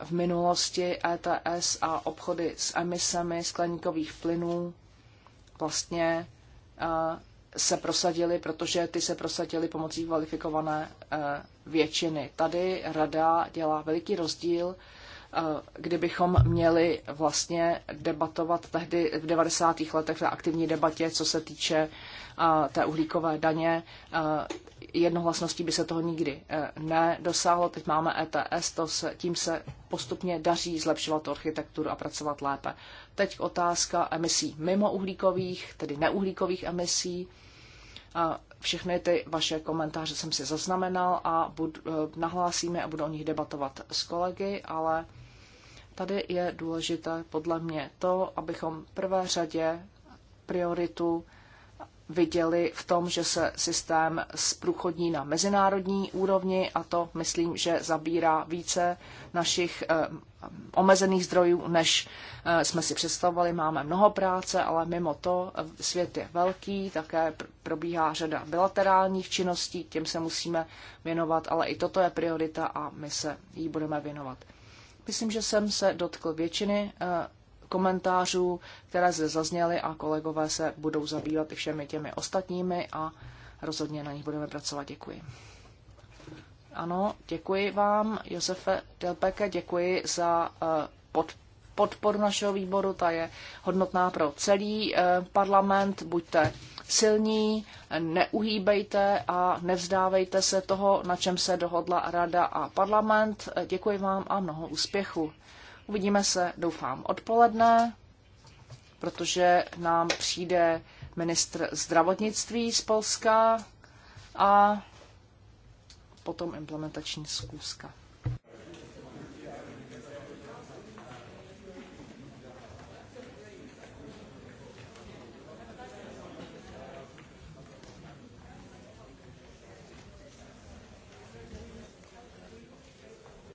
v minulosti ETS a obchody s emisemi skleníkových plynů vlastně eh, se prosadily, protože ty se prosadily pomocí kvalifikované eh, většiny. Tady rada dělá veliký rozdíl Eh, kdybychom měli vlastně debatovat tehdy v 90. letech v aktivní debatě, co se týče eh, té uhlíkové daně. Eh, jednohlasností by se toho nikdy nedosáhlo. Teď máme ETS, to se, tím se postupně daří zlepšovat architekturu a pracovat lépe. Teď otázka emisí mimo uhlíkových, tedy neuhlíkových emisí. Všechny ty vaše komentáře jsem si zaznamenal a bud, nahlásíme a budu o nich debatovat s kolegy, ale Tady je důležité podle mě to, abychom v prvé řadě prioritu viděli v tom, že se systém zprůchodní na mezinárodní úrovni a to myslím, že zabírá více našich eh, omezených zdrojů, než eh, jsme si představovali. Máme mnoho práce, ale mimo to eh, svět je velký, také probíhá řada bilaterálních činností, těm se musíme věnovat, ale i toto je priorita a my se jí budeme věnovat. Myslím, že jsem se dotkl většiny eh, komentářů, které zde zazněly a kolegové se budou zabývat i všemi těmi ostatními a rozhodně na nich budeme pracovat. Děkuji. Ano, děkuji vám, Josefe Delpeke, děkuji za eh, pod, podporu našeho výboru, ta je hodnotná pro celý eh, parlament. Buďte silní, neuhýbejte a nevzdávejte se toho, na čem se dohodla Rada a parlament. Děkuji vám a mnoho úspěchu. Uvidíme se, doufám, odpoledne, protože nám přijde ministr zdravotnictví z Polska a potom implementační zkuska.